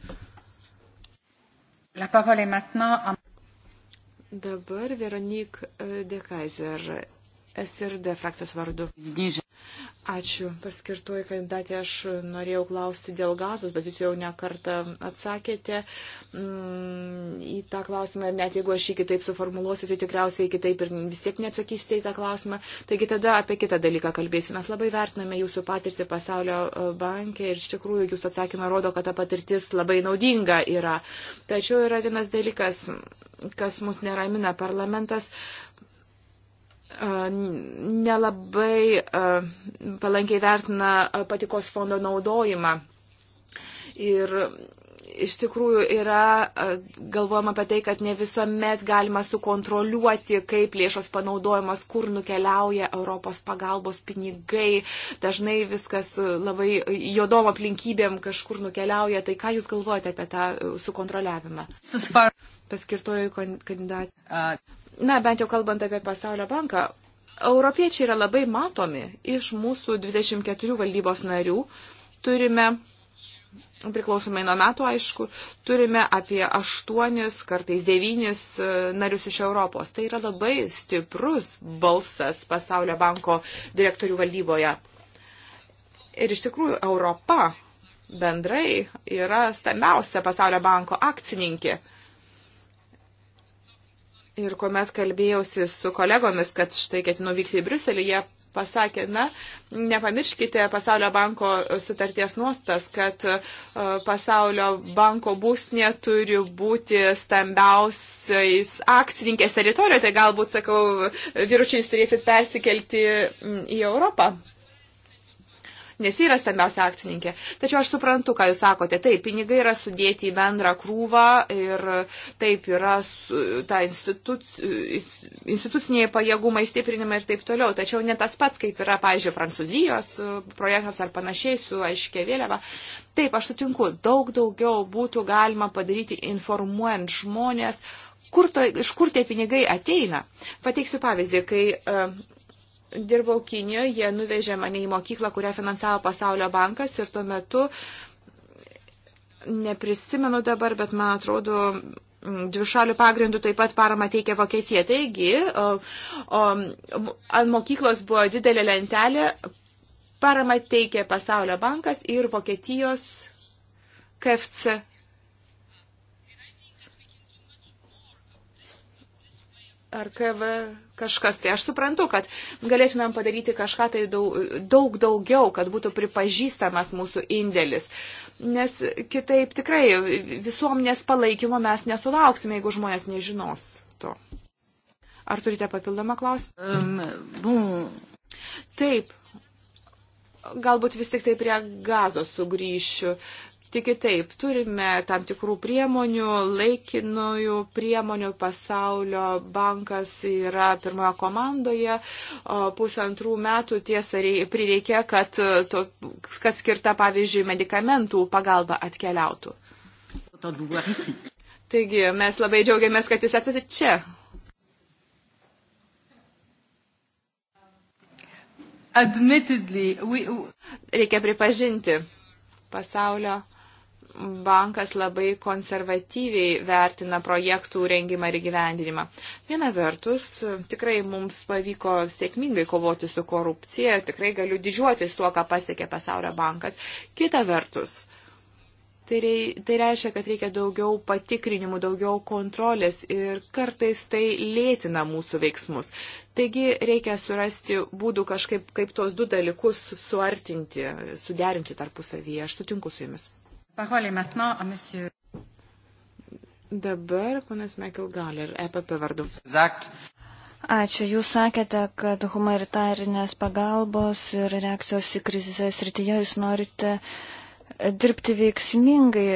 Dabar Veronik e, Dekaiser SRD frakcijos vardu. Ačiū, paskirtuoju kandidatė, aš norėjau klausti dėl gazos, bet jūs jau nekartą atsakėte mm, į tą klausimą ir net jeigu aš jį kitaip suformuluosiu, tai tikriausiai kitaip ir vis tiek neatsakysite į tą klausimą. Taigi tada apie kitą dalyką kalbėsiu. Mes labai vertiname jūsų patirtį pasaulio bankė ir iš tikrųjų jūsų atsakymą rodo, kad ta patirtis labai naudinga yra. Tačiau yra vienas dalykas kas mus neramina. Parlamentas nelabai palankiai vertina patikos fondo naudojimą. Ir iš tikrųjų yra galvojama apie tai, kad ne visuomet galima sukontroliuoti, kaip lėšos panaudojamos, kur nukeliauja Europos pagalbos pinigai. Dažnai viskas labai jodom aplinkybėm kažkur nukeliauja. Tai ką Jūs galvojate apie tą sukontroliavimą? Paskirtojų kandidatą na, bent jau kalbant apie Pasaulio banką, europiečiai yra labai matomi. Iš mūsų 24 valdybos narių turime, priklausomai nuo metų, aišku, turime apie 8, kartais 9 e, narius iš Europos. Tai yra labai stiprus balsas Pasaulio banko direktorių valdyboje. Ir iš tikrųjų Europa bendrai yra stambiausia Pasaulio banko akcininkė. Ir kuomet kalbėjausi su kolegomis, kad štai ketinu vykti į Briuselį, jie pasakė, na, nepamirškite Pasaulio banko sutarties nuostas, kad e, Pasaulio banko būstinė turi būti stambiausiais akcininkės teritorijoje, tai galbūt, sakau, vyručiais turėsit persikelti į Europą nes jis yra stambiausia akcininkė. Tačiau aš suprantu, ką jūs sakote. Taip, pinigai yra sudėti į bendrą krūvą ir taip yra ta instituc, instituciniai pajėgumai stiprinimai ir taip toliau. Tačiau ne tas pats, kaip yra, pavyzdžiui, Prancūzijos e, projektas ar panašiai su aiškia vėliava. Taip, aš sutinku, daug daugiau būtų galima padaryti informuojant žmonės, kur to, iš kur tie pinigai ateina. Pateiksiu pavyzdį, kai uh, dirbau Kinijoje, jie nuvežė mane į mokyklą, kurią finansavo Pasaulio bankas ir tuo metu, neprisimenu dabar, bet man atrodo, mm, dvišalių pagrindų taip pat parama teikia Vokietija. Taigi, o, o, ant mokyklos buvo didelė lentelė, parama teikia Pasaulio bankas ir Vokietijos KFC ar KV kažkas. Tai aš suprantu, kad galėtumėm padaryti kažką tai daug, daug daugiau, kad būtų pripažįstamas mūsų indėlis. Nes kitaip tikrai visuomenės palaikymo mes nesulauksime, jeigu žmonės nežinos to. Ar turite papildomą klausimą? Um, bum. Taip. Galbūt vis tik tai prie gazo sugrįšiu. Uh, tik kitaip. Turime tam tikrų priemonių, laikinojų priemonių. Pasaulio bankas yra pirmoje komandoje. Pusantrų metų tiesa prireikė, kad, to, kad skirta, pavyzdžiui, medikamentų pagalba atkeliautų. Taigi, mes labai džiaugiamės, kad jūs esate čia. Admittedly, we... Reikia pripažinti, pasaulio bankas labai konservatyviai vertina projektų rengimą ir gyvendinimą. Viena vertus, tikrai mums pavyko sėkmingai kovoti su korupcija, tikrai galiu didžiuotis tuo, ką pasiekė pasaulio bankas. Kita vertus, tai, rei, tai reiškia, kad reikia daugiau patikrinimų, daugiau kontrolės ir kartais tai lėtina mūsų veiksmus. Taigi reikia surasti būdų kažkaip, kaip tuos du dalykus suartinti, suderinti tarpusavyje. Aš sutinku su jumis. Dabar panas Mekilgaler, EPP vardu. Zakt. Ačiū. Jūs sakėte, kad humanitarinės pagalbos ir reakcijos į krizės rytyje jūs norite dirbti veiksmingai,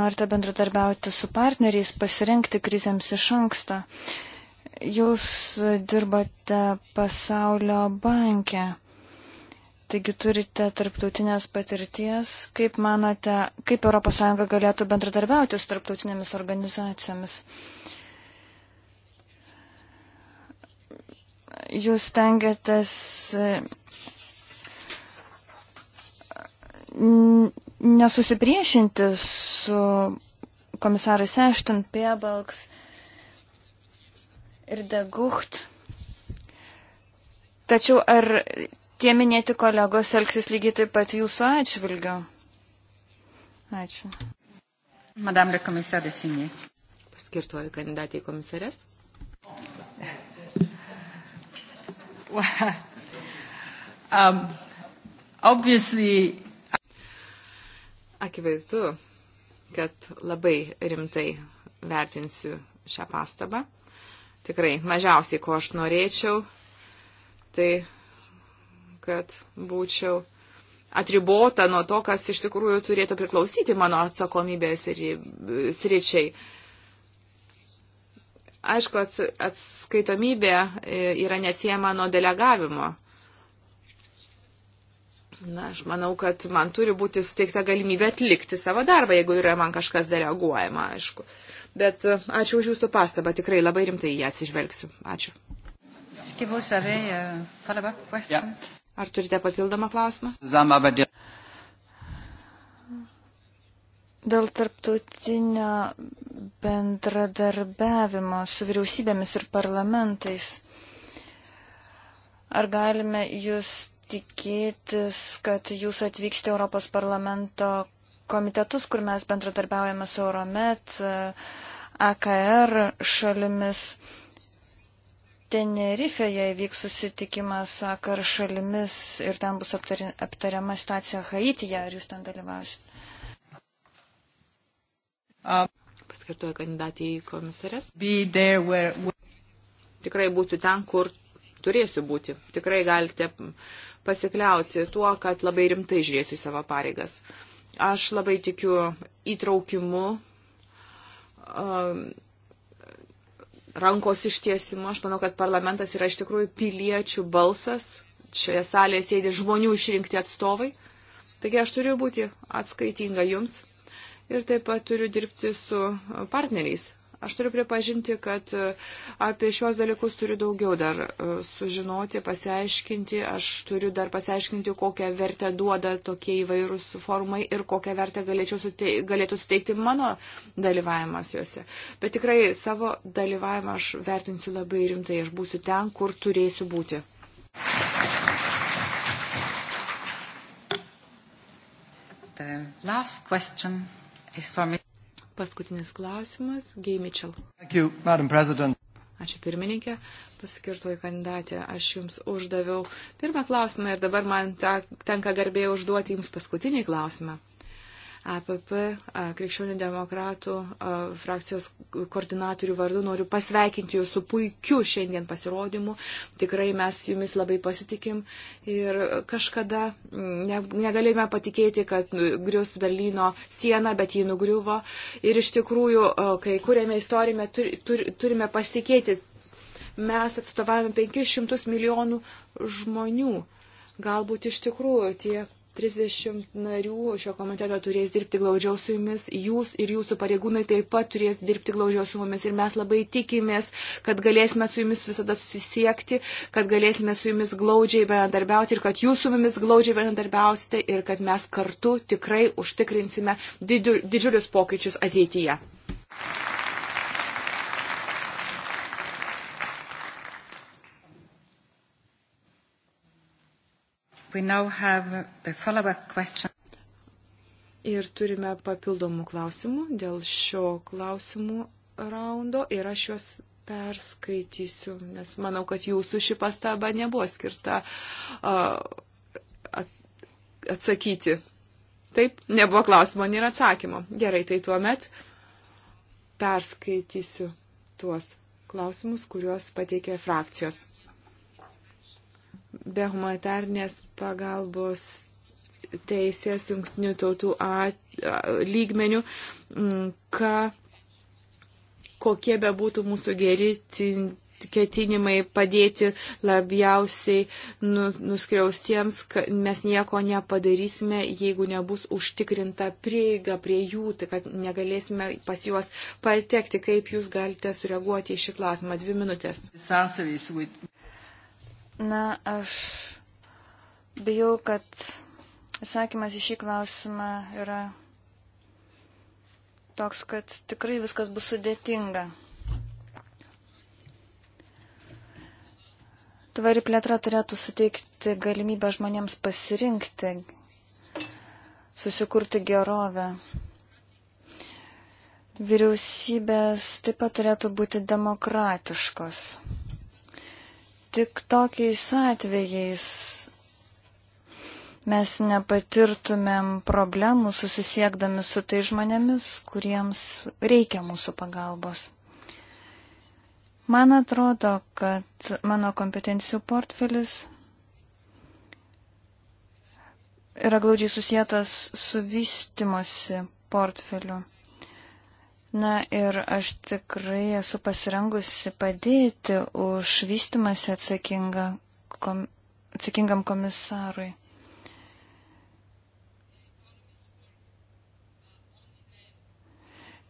norite bendradarbiauti su partneriais, pasirengti krizėms iš anksto. Jūs dirbote pasaulio banke. Taigi turite tarptautinės patirties. Kaip manote, kaip ES galėtų bendradarbiauti su tarptautinėmis organizacijomis? Jūs tengiatės nesusipriešinti su komisarais Ešton, Piebalks ir Degucht. Tačiau ar tie minėti kolegos elgsis lygiai taip pat jūsų atžvilgiu. Ačiū. Madame la komisarė Sinė. Paskirtoju kandidatė į komisarės. *laughs* um, obviously... Akivaizdu, kad labai rimtai vertinsiu šią pastabą. Tikrai mažiausiai, ko aš norėčiau, tai kad būčiau atribota nuo to, kas iš tikrųjų turėtų priklausyti mano atsakomybės e, sričiai. Aišku, atskaitomybė e, yra neatsiema nuo delegavimo. Na, aš manau, kad man turi būti suteikta galimybė atlikti savo darbą, jeigu yra man kažkas deleguojama, aišku. Bet e, ačiū už jūsų pastabą, tikrai labai rimtai ją atsižvelgsiu. Ačiū. Est-ce que vous savez, euh, follow-up question? Yeah. Ar turite papildomą klausimą? Zamabadė. Dėl tarptautinio bendradarbiavimo su vyriausybėmis ir parlamentais, ar galime jūs tikėtis, kad jūs atvyksite Europos parlamento komitetus, kur mes bendradarbiaujame su Euromet, AKR šalimis? Tenerifeje vyks susitikimas su akar šalimis ir ten bus aptari, aptariama situacija Haityje. Ar jūs ten dalyvausite? Paskirtoja kandidatė į komisarės. Where... Tikrai būsiu ten, kur turėsiu būti. Tikrai galite pasikliauti tuo, kad labai rimtai žiūrėsiu į savo pareigas. Aš labai tikiu įtraukimu rankos ištiesimo. Aš manau, kad parlamentas yra iš tikrųjų piliečių balsas. Šioje salėje sėdi žmonių išrinkti atstovai. Taigi aš turiu būti atskaitinga jums ir taip pat turiu dirbti su partneriais. Aš turiu pripažinti, kad e, apie šios dalykus turiu daugiau dar e, sužinoti, pasiaiškinti. Aš turiu dar pasiaiškinti, kokią vertę duoda tokie įvairūs formai ir kokią vertę sutei, galėtų suteikti mano dalyvavimas juose. Bet tikrai savo dalyvavimą aš vertinsiu labai rimtai. Aš būsiu ten, kur turėsiu būti. The last question is for me. Paskutinis klausimas, Gay Mitchell. You, Ačiū pirmininkė, paskirtoji kandidatė, aš jums uždaviau pirmą klausimą ir dabar man ta, tenka garbė užduoti jums paskutinį klausimą. APP Krikščionių demokratų frakcijos koordinatorių vardu noriu pasveikinti jūsų puikiu šiandien pasirodymu. Tikrai mes jumis labai pasitikim ir kažkada mm, negalėjome patikėti, kad grius Berlyno siena, bet jį nugriuvo. Ir iš tikrųjų, kai kūrėme istoriją, turime pasitikėti. Mes atstovavome 500 milijonų žmonių. Galbūt iš tikrųjų tie 30 narių šio komiteto turės dirbti glaudžiau su jumis, jūs ir jūsų pareigūnai taip pat turės dirbti glaudžiau su mumis ir mes labai tikimės, kad galėsime su jumis visada susisiekti, kad galėsime su jumis glaudžiai bendarbiauti ir kad jūs su mumis glaudžiai bendarbiausite ir kad mes kartu tikrai užtikrinsime didžiulius pokyčius ateityje. Thank you. Ir turime papildomų klausimų dėl šio klausimų raundo ir aš juos perskaitysiu, nes manau, kad jūsų ši pastaba nebuvo skirta uh, atsakyti. Taip, nebuvo klausimo, nėra atsakymo. Gerai, tai tuomet perskaitysiu tuos klausimus, kuriuos pateikė frakcijos be humanitarnės pagalbos teisės jungtinių tautų at, lygmenių, ką, kokie be būtų mūsų geri ketinimai padėti labiausiai nu, nuskriaustiems, kad mes nieko nepadarysime, jeigu nebus užtikrinta prieiga prie jų, tai kad negalėsime pas juos patekti. Kaip jūs galite sureaguoti į šį klausimą? Dvi minutės. Na, aš bijau, kad atsakymas į šį klausimą yra toks, kad tikrai viskas bus sudėtinga. Tvari plėtra turėtų suteikti galimybę žmonėms pasirinkti, susikurti gerovę. Vyriausybės taip pat turėtų būti demokratiškos tik tokiais atvejais mes nepatirtumėm problemų susisiekdami su tai žmonėmis, kuriems reikia mūsų pagalbos. Man atrodo, kad mano kompetencijų portfelis yra glaudžiai susijęs su vystimosi portfeliu. Na ir aš tikrai esu pasirengusi padėti už vystimąsi atsakingą, kom, atsakingam komisarui.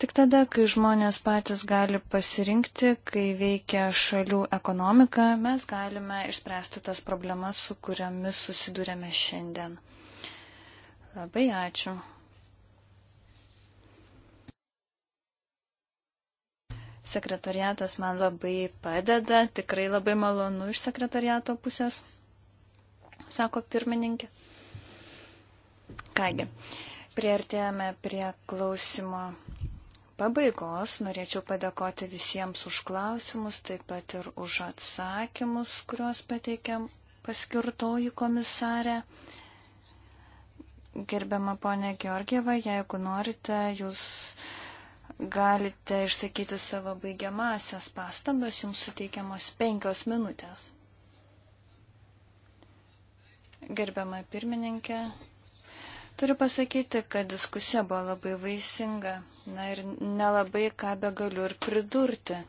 Tik tada, kai žmonės patys gali pasirinkti, kai veikia šalių ekonomika, mes galime išspręsti tas problemas, su kuriamis susidurėme šiandien. Labai ačiū. Sekretariatas man labai padeda, tikrai labai malonu iš sekretariato pusės, sako pirmininkė. Kągi, prieartėjame prie klausimo pabaigos. Norėčiau padėkoti visiems už klausimus, taip pat ir už atsakymus, kuriuos pateikėm paskirtoji komisarė. Gerbiama ponė Georgieva, jeigu norite, jūs galite išsakyti savo baigiamasias pastabas, jums suteikiamos penkios minutės. Gerbiama pirmininkė, turiu pasakyti, kad diskusija buvo labai vaisinga, na ir nelabai ką be galiu ir pridurti.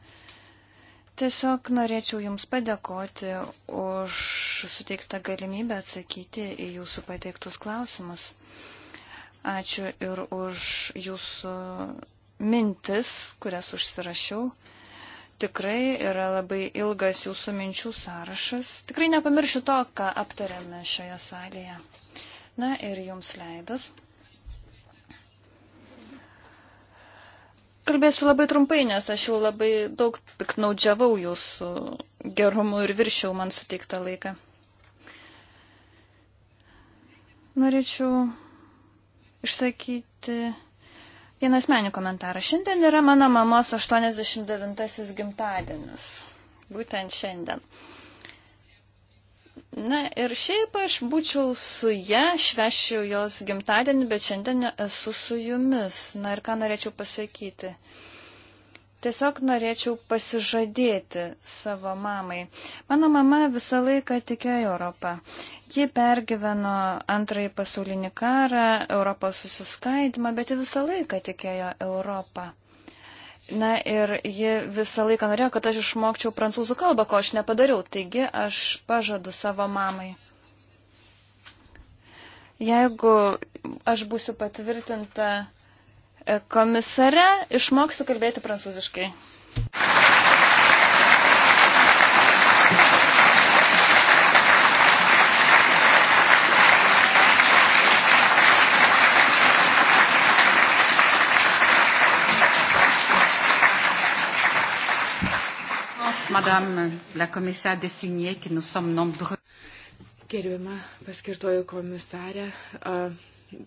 Tiesiog norėčiau Jums padėkoti už suteiktą galimybę atsakyti į Jūsų pateiktus klausimus. Ačiū ir už Jūsų mintis, kurias užsirašiau. Tikrai yra labai ilgas jūsų minčių sąrašas. Tikrai nepamiršiu to, ką aptarėme šioje salėje. Na ir jums leidas. Kalbėsiu labai trumpai, nes aš jau labai daug piknaudžiavau jūsų gerumu ir viršiau man suteiktą laiką. Norėčiau išsakyti Vieną asmenį komentarą. Šiandien yra mano mamos 89-asis gimtadienis. Būtent šiandien. Na ir šiaip aš būčiau su ja, švešiu jos gimtadienį, bet šiandien esu su jumis. Na ir ką norėčiau pasakyti. Uh, Tiesiog norėčiau pasižadėti savo mamai. Mano mama visą laiką tikėjo Europą. Ji pergyveno antrąjį pasaulinį karą, Europos susiskaidimą, bet ji visą laiką tikėjo Europą. Na ir ji visą laiką norėjo, kad aš išmokčiau prancūzų kalbą, ko aš nepadariau. Taigi aš pažadu savo mamai. Jeigu aš būsiu patvirtinta komisare, išmoksiu kalbėti prancūziškai. Madame la commissaire désignée, que nous sommes nombreux. Gerbiama paskirtojo komisarė, uh,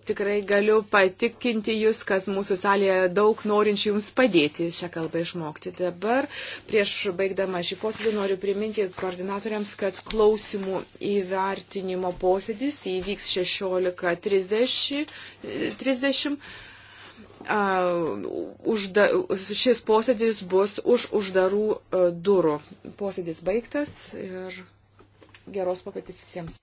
tikrai galiu patikinti Jūs, kad mūsų salėje daug norinčių Jums padėti šią kalbą išmokti. Dabar, prieš baigdama šį posėdį, noriu priminti koordinatoriams, kad klausimų įvertinimo posėdis įvyks 16.30. 30, uh, užda, šis posėdis bus už uždarų uh, durų. Posėdis baigtas ir geros pakatis visiems.